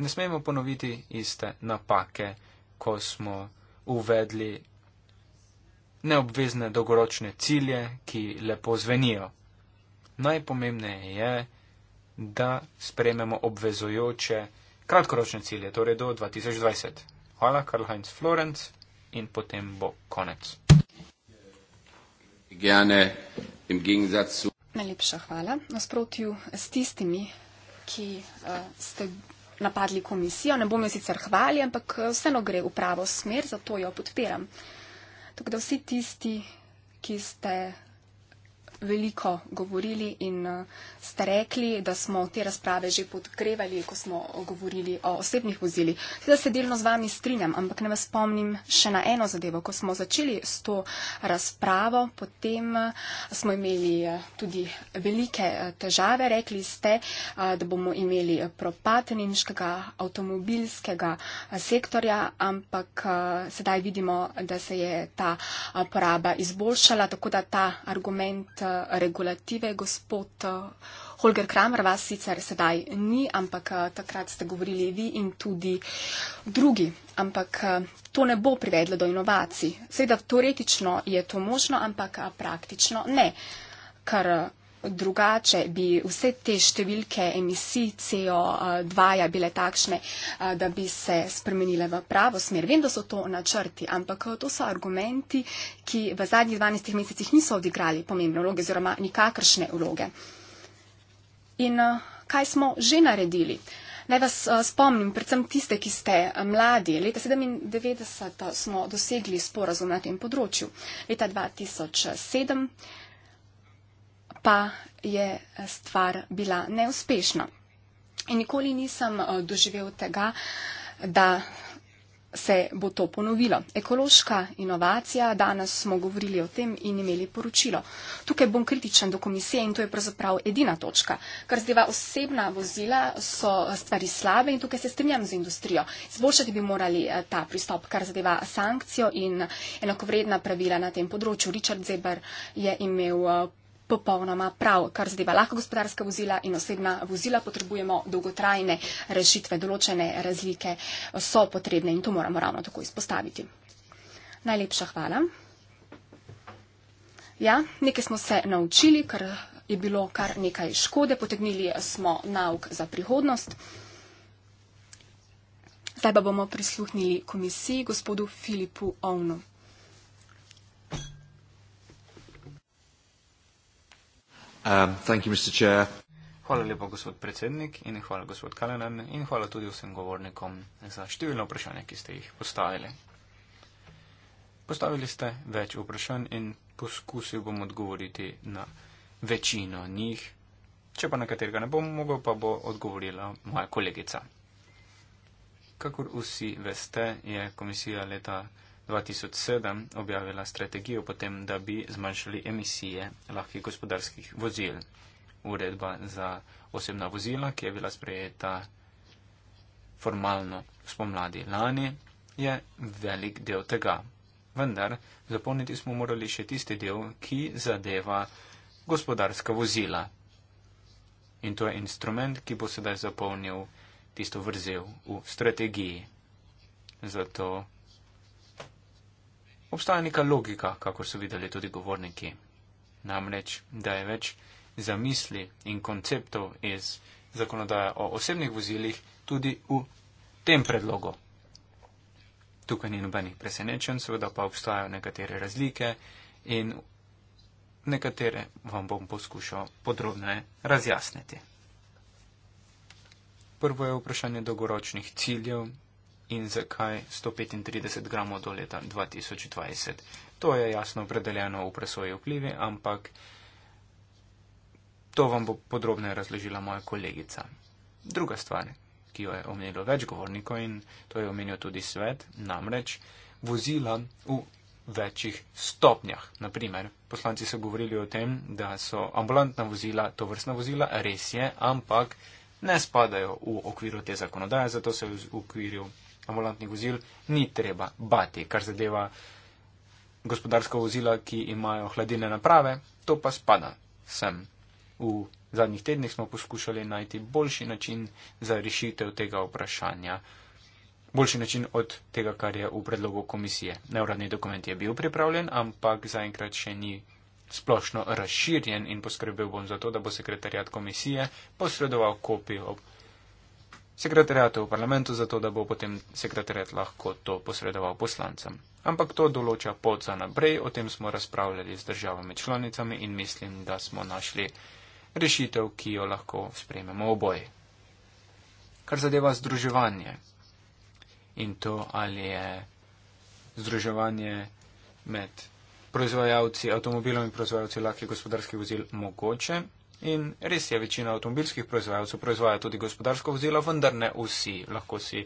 Ne smemo ponoviti iste napake, ko smo uvedli neobvezne dolgoročne cilje, ki lepo zvenijo. Najpomembneje je, da sprememo obvezujoče kratkoročne cilje, torej do 2020. Hvala, Karl Heinz Florenc, in potem bo konec. Najlepša hvala. Nasprotju s tistimi, ki uh, ste napadli komisijo. Ne bom jo sicer hvali, ampak vseeno gre v pravo smer, zato jo podpiram. Tako da vsi tisti, ki ste veliko govorili in eh, ste rekli, da smo te razprave že podkrevali, ko smo govorili o osebnih vozili. Seveda se delno z vami strinjam, ampak ne vas spomnim še na eno zadevo. Ko smo začeli s to razpravo, potem eh, smo imeli eh, tudi velike težave. Rekli ste, da bomo imeli propad nemškega avtomobilskega sektorja, ampak sedaj vidimo, da se je ta poraba izboljšala, tako da ta argument regulative, gospod eh, Holger Kramer, vas sicer sedaj ni, ampak eh, takrat ste govorili vi in tudi drugi. Ampak eh, to ne bo privedlo do inovacij. Seveda, teoretično je to možno, ampak praktično ne. Kar drugače bi vse te številke emisij CO2 eh, ja bile takšne, eh, da bi se spremenile v pravo smer. Vem, da so to načrti, ampak eh, to so argumenti, ki v zadnjih 12 mesecih niso odigrali pomembne vloge oziroma nikakršne vloge. In kaj smo že naredili? Naj vas spomnim, predvsem tiste, ki ste mladi. Leta 1997 smo dosegli sporazum na tem področju. Leta 2007 pa je stvar bila neuspešna. In nikoli nisem eh, doživel tega, da se bo to ponovilo. Ekološka inovacija, danes smo govorili o tem in imeli poročilo. Tukaj bom kritičen do komisije in to je pravzaprav edina točka. Kar zdeva osebna vozila, so stvari slabe in tukaj se strinjam z industrijo. Zboljšati bi morali eh, ta pristop, kar zdeva sankcijo in enakovredna pravila na tem področju. Richard Zeber je imel eh, popolnoma prav, kar zadeva lahko gospodarska vozila in osebna vozila, potrebujemo dolgotrajne rešitve, določene razlike so potrebne in to moramo ravno tako izpostaviti. Najlepša hvala. Ja, nekaj smo se naučili, ker je bilo kar nekaj škode, potegnili smo nauk za prihodnost. Zdaj pa bomo prisluhnili komisiji gospodu Filipu Ovnu. Um, thank you, Mr. Chair. Hvala lepa, gospod predsednik, in hvala, gospod Kalenan, in hvala tudi vsem govornikom za številne vprašanja, ki ste jih postavili. Postavili ste več vprašanj in poskusil bom odgovoriti na večino njih. Če pa na katerega ne bom mogel, pa bo odgovorila moja kolegica. Kakor vsi veste, je komisija leta 2020. 2007 objavila strategijo potem, da bi zmanjšali emisije lahkih gospodarskih vozil. Uredba za osebna vozila, ki je bila sprejeta formalno spomladi lani, je velik del tega. Vendar zapolniti smo morali še tisti del, ki zadeva gospodarska vozila. In to je instrument, ki bo sedaj zapolnil tisto vrzel v strategiji. Zato obstaja neka logika, kako so videli tudi govorniki. Namreč, da je več zamisli in konceptov iz zakonodaje o osebnih vozilih tudi v tem predlogu. Tukaj ni nobenih presenečenj, seveda pa obstajajo nekatere razlike in nekatere vam bom poskušal podrobneje razjasniti. Prvo je vprašanje dolgoročnih ciljev in zakaj 135 gramov do leta 2020. To je jasno opredeljeno v presoji vplivi, ampak to vam bo podrobneje razložila moja kolegica. Druga stvar, ki jo je omenilo več govornikov in to je omenil tudi svet, namreč vozila v večjih stopnjah. Naprimer, poslanci so govorili o tem, da so ambulantna vozila, tovrstna vozila, res je, ampak ne spadajo v okviru te zakonodaje, zato se v okviru ambulantnih vozil, ni treba bati, kar zadeva gospodarska vozila, ki imajo hladilne naprave, to pa spada sem. V zadnjih tednih smo poskušali najti boljši način za rešitev tega vprašanja. Boljši način od tega, kar je v predlogu komisije. Neuradni dokument je bil pripravljen, ampak zaenkrat še ni splošno razširjen in poskrbel bom za to, da bo sekretarjat komisije posredoval kopijo sekretarjatu v parlamentu, zato da bo potem sekretarjat lahko to posredoval poslancem. Ampak to določa pot za naprej, o tem smo razpravljali z državami članicami in mislim, da smo našli rešitev, ki jo lahko sprejmemo oboje. Kar zadeva združevanje in to, ali je združevanje med proizvajalci avtomobilov in proizvajalci lahkih gospodarskih vozil mogoče. In res je, večina avtomobilskih proizvajalcev proizvaja tudi gospodarsko vozilo, vendar ne vsi. Lahko si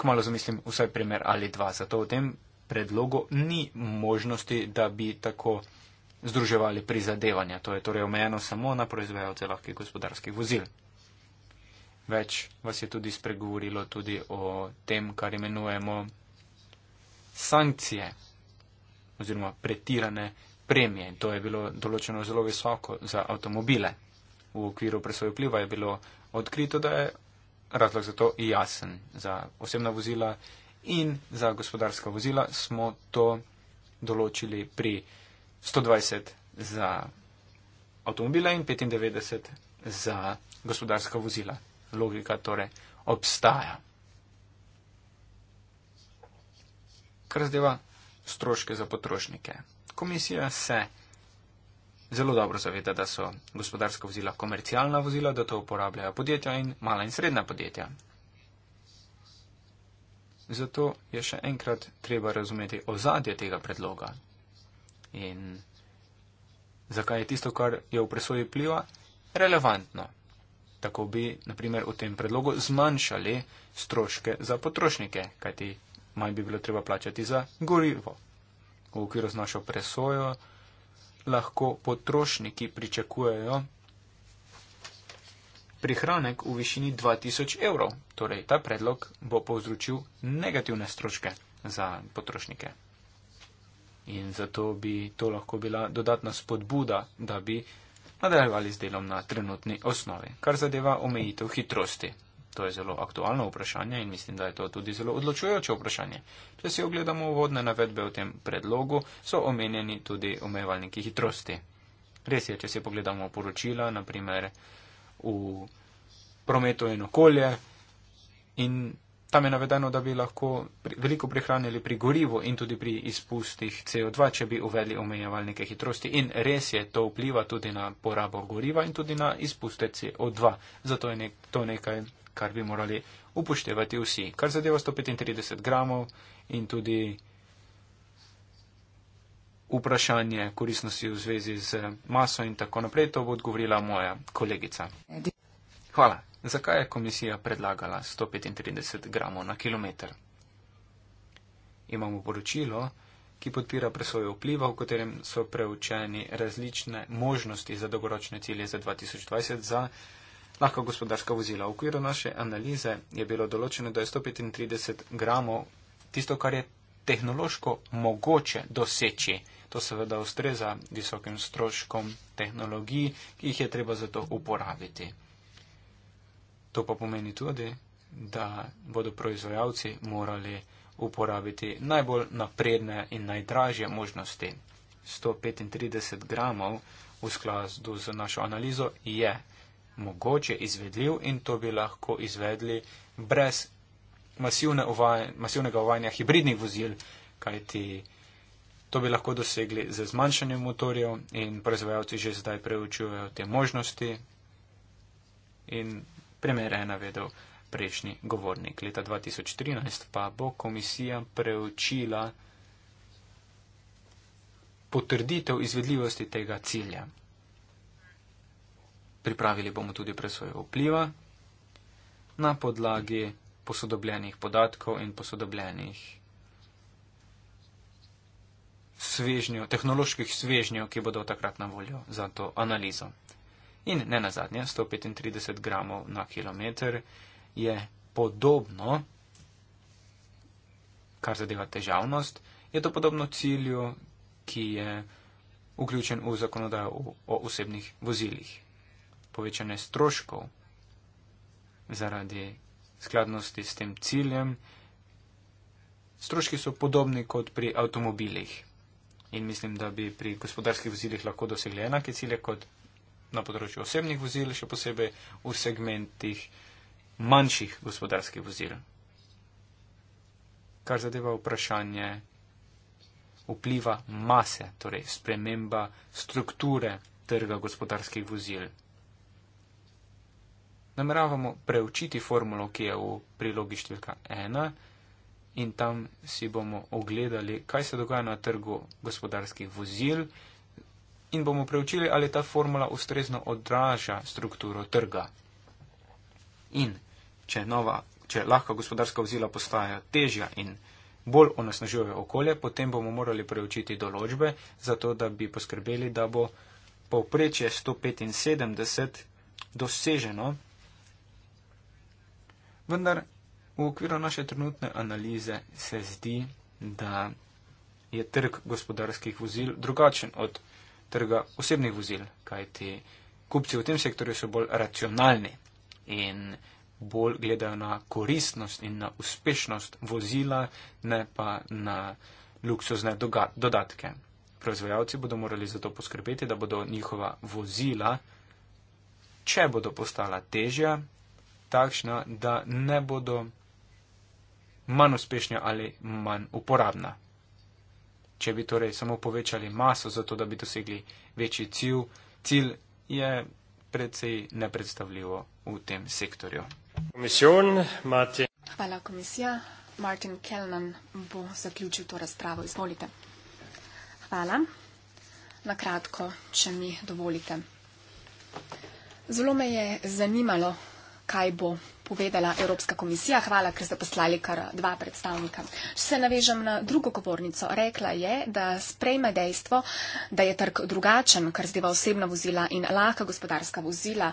kmalo zamislim vsaj primer ali dva. Zato v tem predlogu ni možnosti, da bi tako združevali prizadevanja. To je torej omejeno samo na proizvajalce lahkih gospodarskih vozil. Več vas je tudi spregovorilo tudi o tem, kar imenujemo sankcije oziroma pretirane premije in to je bilo določeno zelo visoko za avtomobile. V okviru presoje vpliva je bilo odkrito, da je razlog za to jasen. Za osebna vozila in za gospodarska vozila smo to določili pri 120 za avtomobile in 95 za gospodarska vozila. Logika torej obstaja. Kar zdaj pa stroške za potrošnike komisija se zelo dobro zaveda, da so gospodarska vozila komercialna vozila, da to uporabljajo podjetja in mala in srednja podjetja. Zato je še enkrat treba razumeti ozadje tega predloga in zakaj je tisto, kar je v presoji pliva, relevantno. Tako bi, naprimer, v tem predlogu zmanjšali stroške za potrošnike, kajti manj bi bilo treba plačati za gorivo, v okviru z našo presojo, lahko potrošniki pričakujejo prihranek v višini 2000 evrov. Torej, ta predlog bo povzročil negativne stroške za potrošnike. In zato bi to lahko bila dodatna spodbuda, da bi nadaljevali z delom na trenutni osnovi, kar zadeva omejitev hitrosti. To je zelo aktualno vprašanje in mislim, da je to tudi zelo odločujoče vprašanje. Če si ogledamo uvodne navedbe v tem predlogu, so omenjeni tudi omejevalniki hitrosti. Res je, če si pogledamo poročila, naprimer v prometu in okolje, in tam je navedeno, da bi lahko pri, veliko prihranili pri gorivu in tudi pri izpustih CO2, če bi uvedli omejevalnike hitrosti. In res je, to vpliva tudi na porabo goriva in tudi na izpuste CO2. Zato je nek, to nekaj kar bi morali upoštevati vsi. Kar zadeva 135 gramov in tudi vprašanje korisnosti v zvezi z maso in tako naprej, to bo odgovorila moja kolegica. Hvala. Zakaj je komisija predlagala 135 gramov na kilometr? Imamo poročilo, ki podpira presojo vpliva, v katerem so preučeni različne možnosti za dolgoročne cilje za 2020 za lahko gospodarska vozila. V okviru naše analize je bilo določeno, da je 135 gramov tisto, kar je tehnološko mogoče doseči. To seveda ustreza visokim stroškom tehnologij, ki jih je treba za to uporabiti. To pa pomeni tudi, da bodo proizvajalci morali uporabiti najbolj napredne in najdražje možnosti. 135 gramov v skladu z našo analizo je mogoče izvedljiv in to bi lahko izvedli brez masivne uvaja, masivnega uvajanja hibridnih vozil, kajti to bi lahko dosegli z zmanjšanjem motorjev in proizvajalci že zdaj preučujejo te možnosti. In primer je navedel prejšnji govornik. Leta 2013 pa bo komisija preučila potrditev izvedljivosti tega cilja. Pripravili bomo tudi presojo vpliva na podlagi posodobljenih podatkov in posodobljenih svežnjo, tehnoloških svežnjev, ki bodo takrat na voljo za to analizo. In ne nazadnje, 135 gramov na kilometr je podobno, kar zadeva težavnost, je to podobno cilju, ki je vključen v zakonodajo o osebnih vozilih povečanje stroškov zaradi skladnosti s tem ciljem. Stroški so podobni kot pri avtomobilih in mislim, da bi pri gospodarskih vozilih lahko dosegli enake cilje kot na področju osebnih vozil, še posebej v segmentih manjših gospodarskih vozil. Kar zadeva vprašanje vpliva mase, torej sprememba strukture trga gospodarskih vozil nameravamo preučiti formulo, ki je v prilogi številka 1 in tam si bomo ogledali, kaj se dogaja na trgu gospodarskih vozil in bomo preučili, ali ta formula ustrezno odraža strukturo trga. In če, nova, če lahko gospodarska vozila postajajo težja in bolj onesnažujejo okolje, potem bomo morali preučiti določbe, zato da bi poskrbeli, da bo povprečje 175 doseženo Vendar v okviru naše trenutne analize se zdi, da je trg gospodarskih vozil drugačen od trga osebnih vozil, kajti kupci v tem sektorju so bolj racionalni in bolj gledajo na koristnost in na uspešnost vozila, ne pa na luksuzne dodatke. Proizvajalci bodo morali zato poskrbeti, da bodo njihova vozila, če bodo postala težja, takšna, da ne bodo manj uspešna ali manj uporabna. Če bi torej samo povečali maso, zato da bi dosegli večji cilj, cilj je predvsej nepredstavljivo v tem sektorju. Komisjon, Martin. Hvala, komisija. Martin Kellnan bo zaključil to razpravo. Izvolite. Hvala. Na kratko, če mi dovolite. Zelo me je zanimalo, kaj bo povedala Evropska komisija. Hvala, ker ste poslali kar dva predstavnika. Če se navežem na drugo govornico, rekla je, da sprejme dejstvo, da je trg drugačen, kar zdeva osebna vozila in lahka gospodarska vozila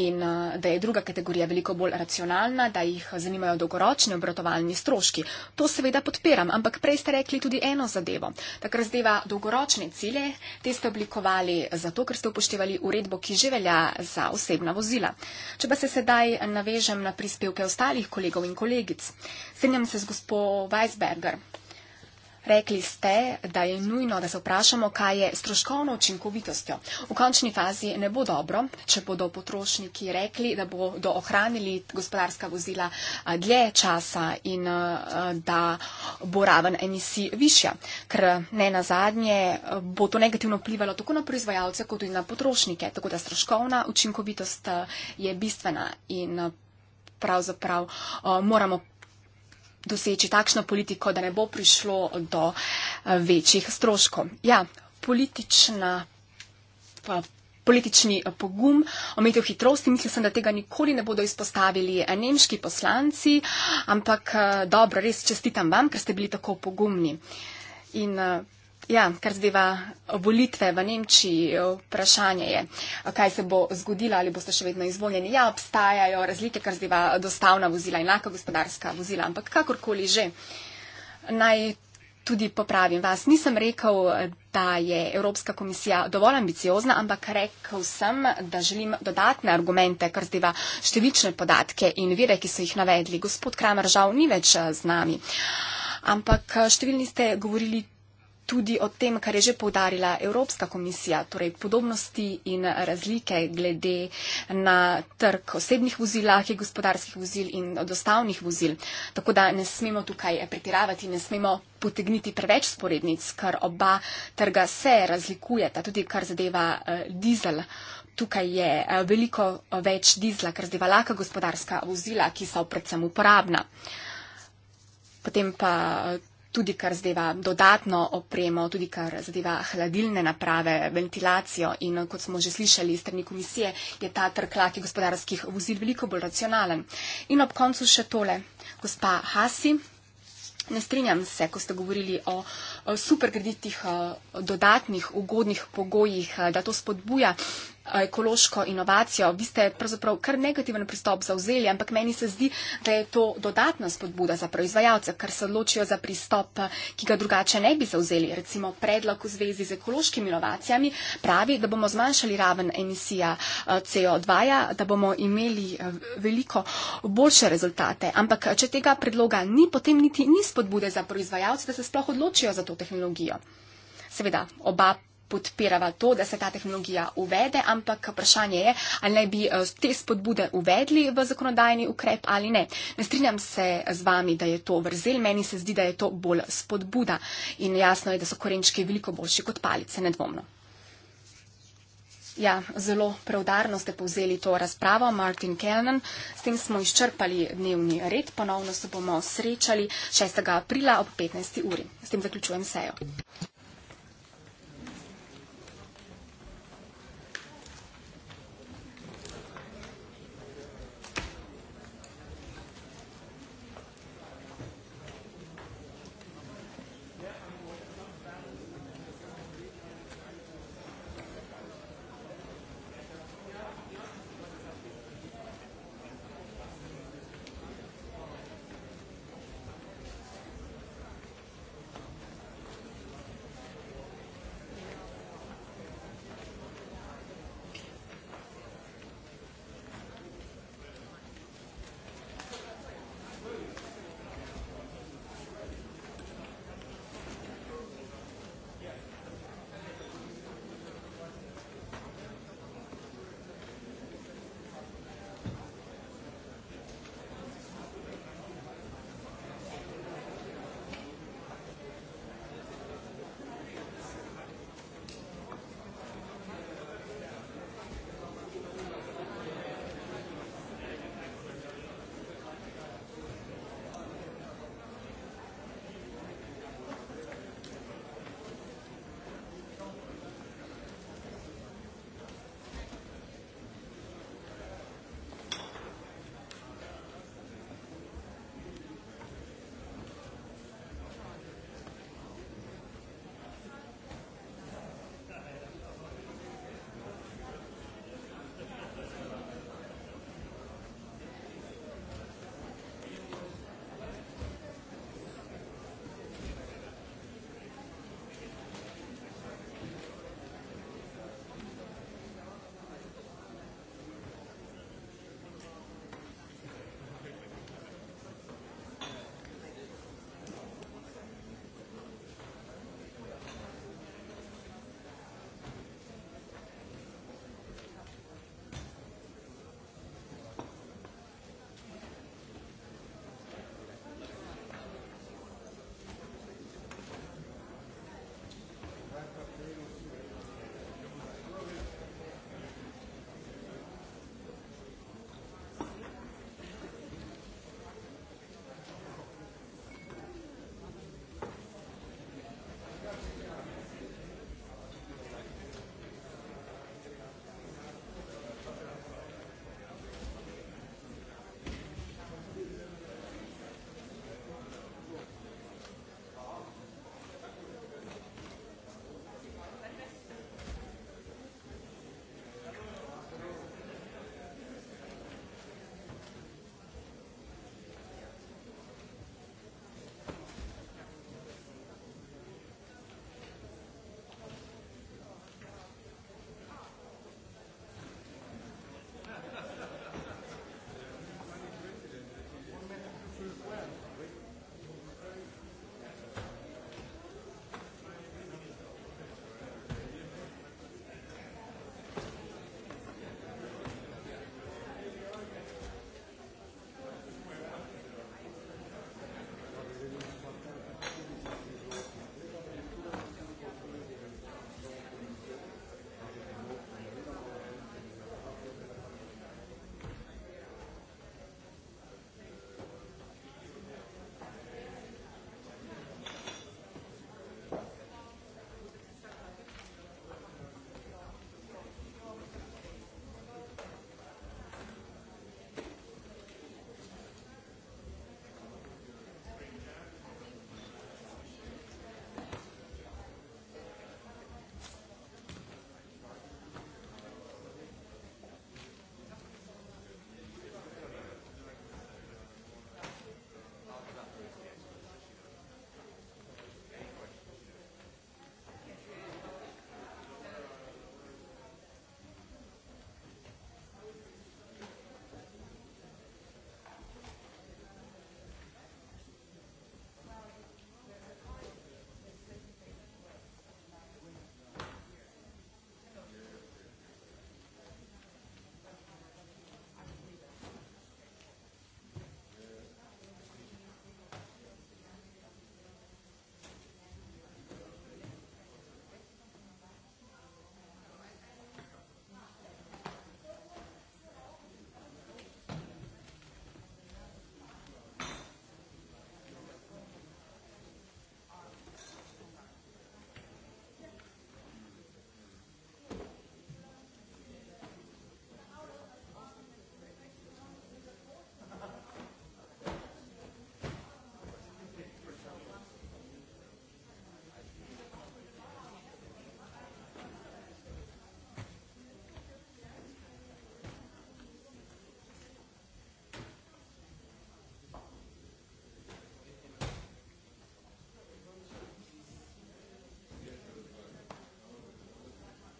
in uh, da je druga kategorija veliko bolj racionalna, da jih zanimajo dolgoročni obratovalni stroški. To seveda podpiram, ampak prej ste rekli tudi eno zadevo. Takrat zdeva dolgoročne cilje, te ste oblikovali zato, ker ste upoštevali uredbo, ki že velja za osebna vozila. Če pa se sedaj navežem na prispevke ostalih kolegov in kolegic. Srednjam se z gospod Weisberger. Rekli ste, da je nujno, da se vprašamo, kaj je stroškovno učinkovitostjo. V končni fazi ne bo dobro, če bodo potrošniki rekli, da bodo ohranili gospodarska vozila dlje časa in da bo raven emisij višja, ker ne na zadnje bo to negativno vplivalo tako na proizvajalce kot tudi na potrošnike. Tako da stroškovna učinkovitost je bistvena in pravzaprav eh, moramo doseči takšno politiko, da ne bo prišlo do eh, večjih stroškov. Ja, politična, pa, politični eh, pogum, omejitev hitrosti, mislim, sem, da tega nikoli ne bodo izpostavili nemški poslanci, ampak dobro, res čestitam vam, ker ste bili tako pogumni. In, Ja, kar zdeva obolitve v Nemčiji, vprašanje je, kaj se bo zgodilo, ali boste še vedno izvoljeni. Ja, obstajajo razlike, kar zdeva dostavna vozila, enaka gospodarska vozila, ampak kakorkoli že. Naj tudi popravim vas. Nisem rekel, da je Evropska komisija dovolj ambiciozna, ampak rekel sem, da želim dodatne argumente, kar zdeva številčne podatke in vire, ki so jih navedli. Gospod Kramer žal ni več eh, z nami. Ampak eh, številni ste govorili tudi o tem, kar je že povdarila Evropska komisija, torej podobnosti in razlike glede na trg osebnih vozil, ki je gospodarskih vozil in dostavnih vozil. Tako da ne smemo tukaj pretiravati, ne smemo potegniti preveč sporednic, ker oba trga se razlikujeta, tudi kar zadeva eh, dizel. Tukaj je eh, veliko več dizla, kar zadeva laka gospodarska vozila, ki so predvsem uporabna. Potem pa eh, tudi kar zadeva dodatno opremo, tudi kar zadeva hladilne naprave, ventilacijo in kot smo že slišali strani komisije, je ta trklati gospodarskih vozil veliko bolj racionalen. In ob koncu še tole, gospa Hasi. Ne strinjam se, ko ste govorili o superkreditih, dodatnih, ugodnih pogojih, da to spodbuja ekološko inovacijo. Vi ste pravzaprav kar negativen pristop zauzeli, ampak meni se zdi, da je to dodatna spodbuda za proizvajalce, ker se odločijo za pristop, ki ga drugače ne bi zauzeli. Recimo predlog v zvezi z ekološkimi inovacijami pravi, da bomo zmanjšali raven emisija eh, CO2, ja, da bomo imeli eh, veliko boljše rezultate. Ampak eh, če tega predloga ni, potem niti ni spodbude za proizvajalce, da se sploh odločijo za to tehnologijo. Seveda, oba podpirava to, da se ta tehnologija uvede, ampak vprašanje je, ali naj bi eh, te spodbude uvedli v zakonodajni ukrep ali ne. Ne strinjam se z vami, da je to vrzel, meni se zdi, da je to bolj spodbuda in jasno je, da so korenčki veliko boljši kot palice, nedvomno. Ja, zelo preudarno ste povzeli to razpravo, Martin Kellnan. S tem smo izčrpali dnevni red. Ponovno se bomo srečali 6. aprila ob 15. uri. S tem zaključujem sejo.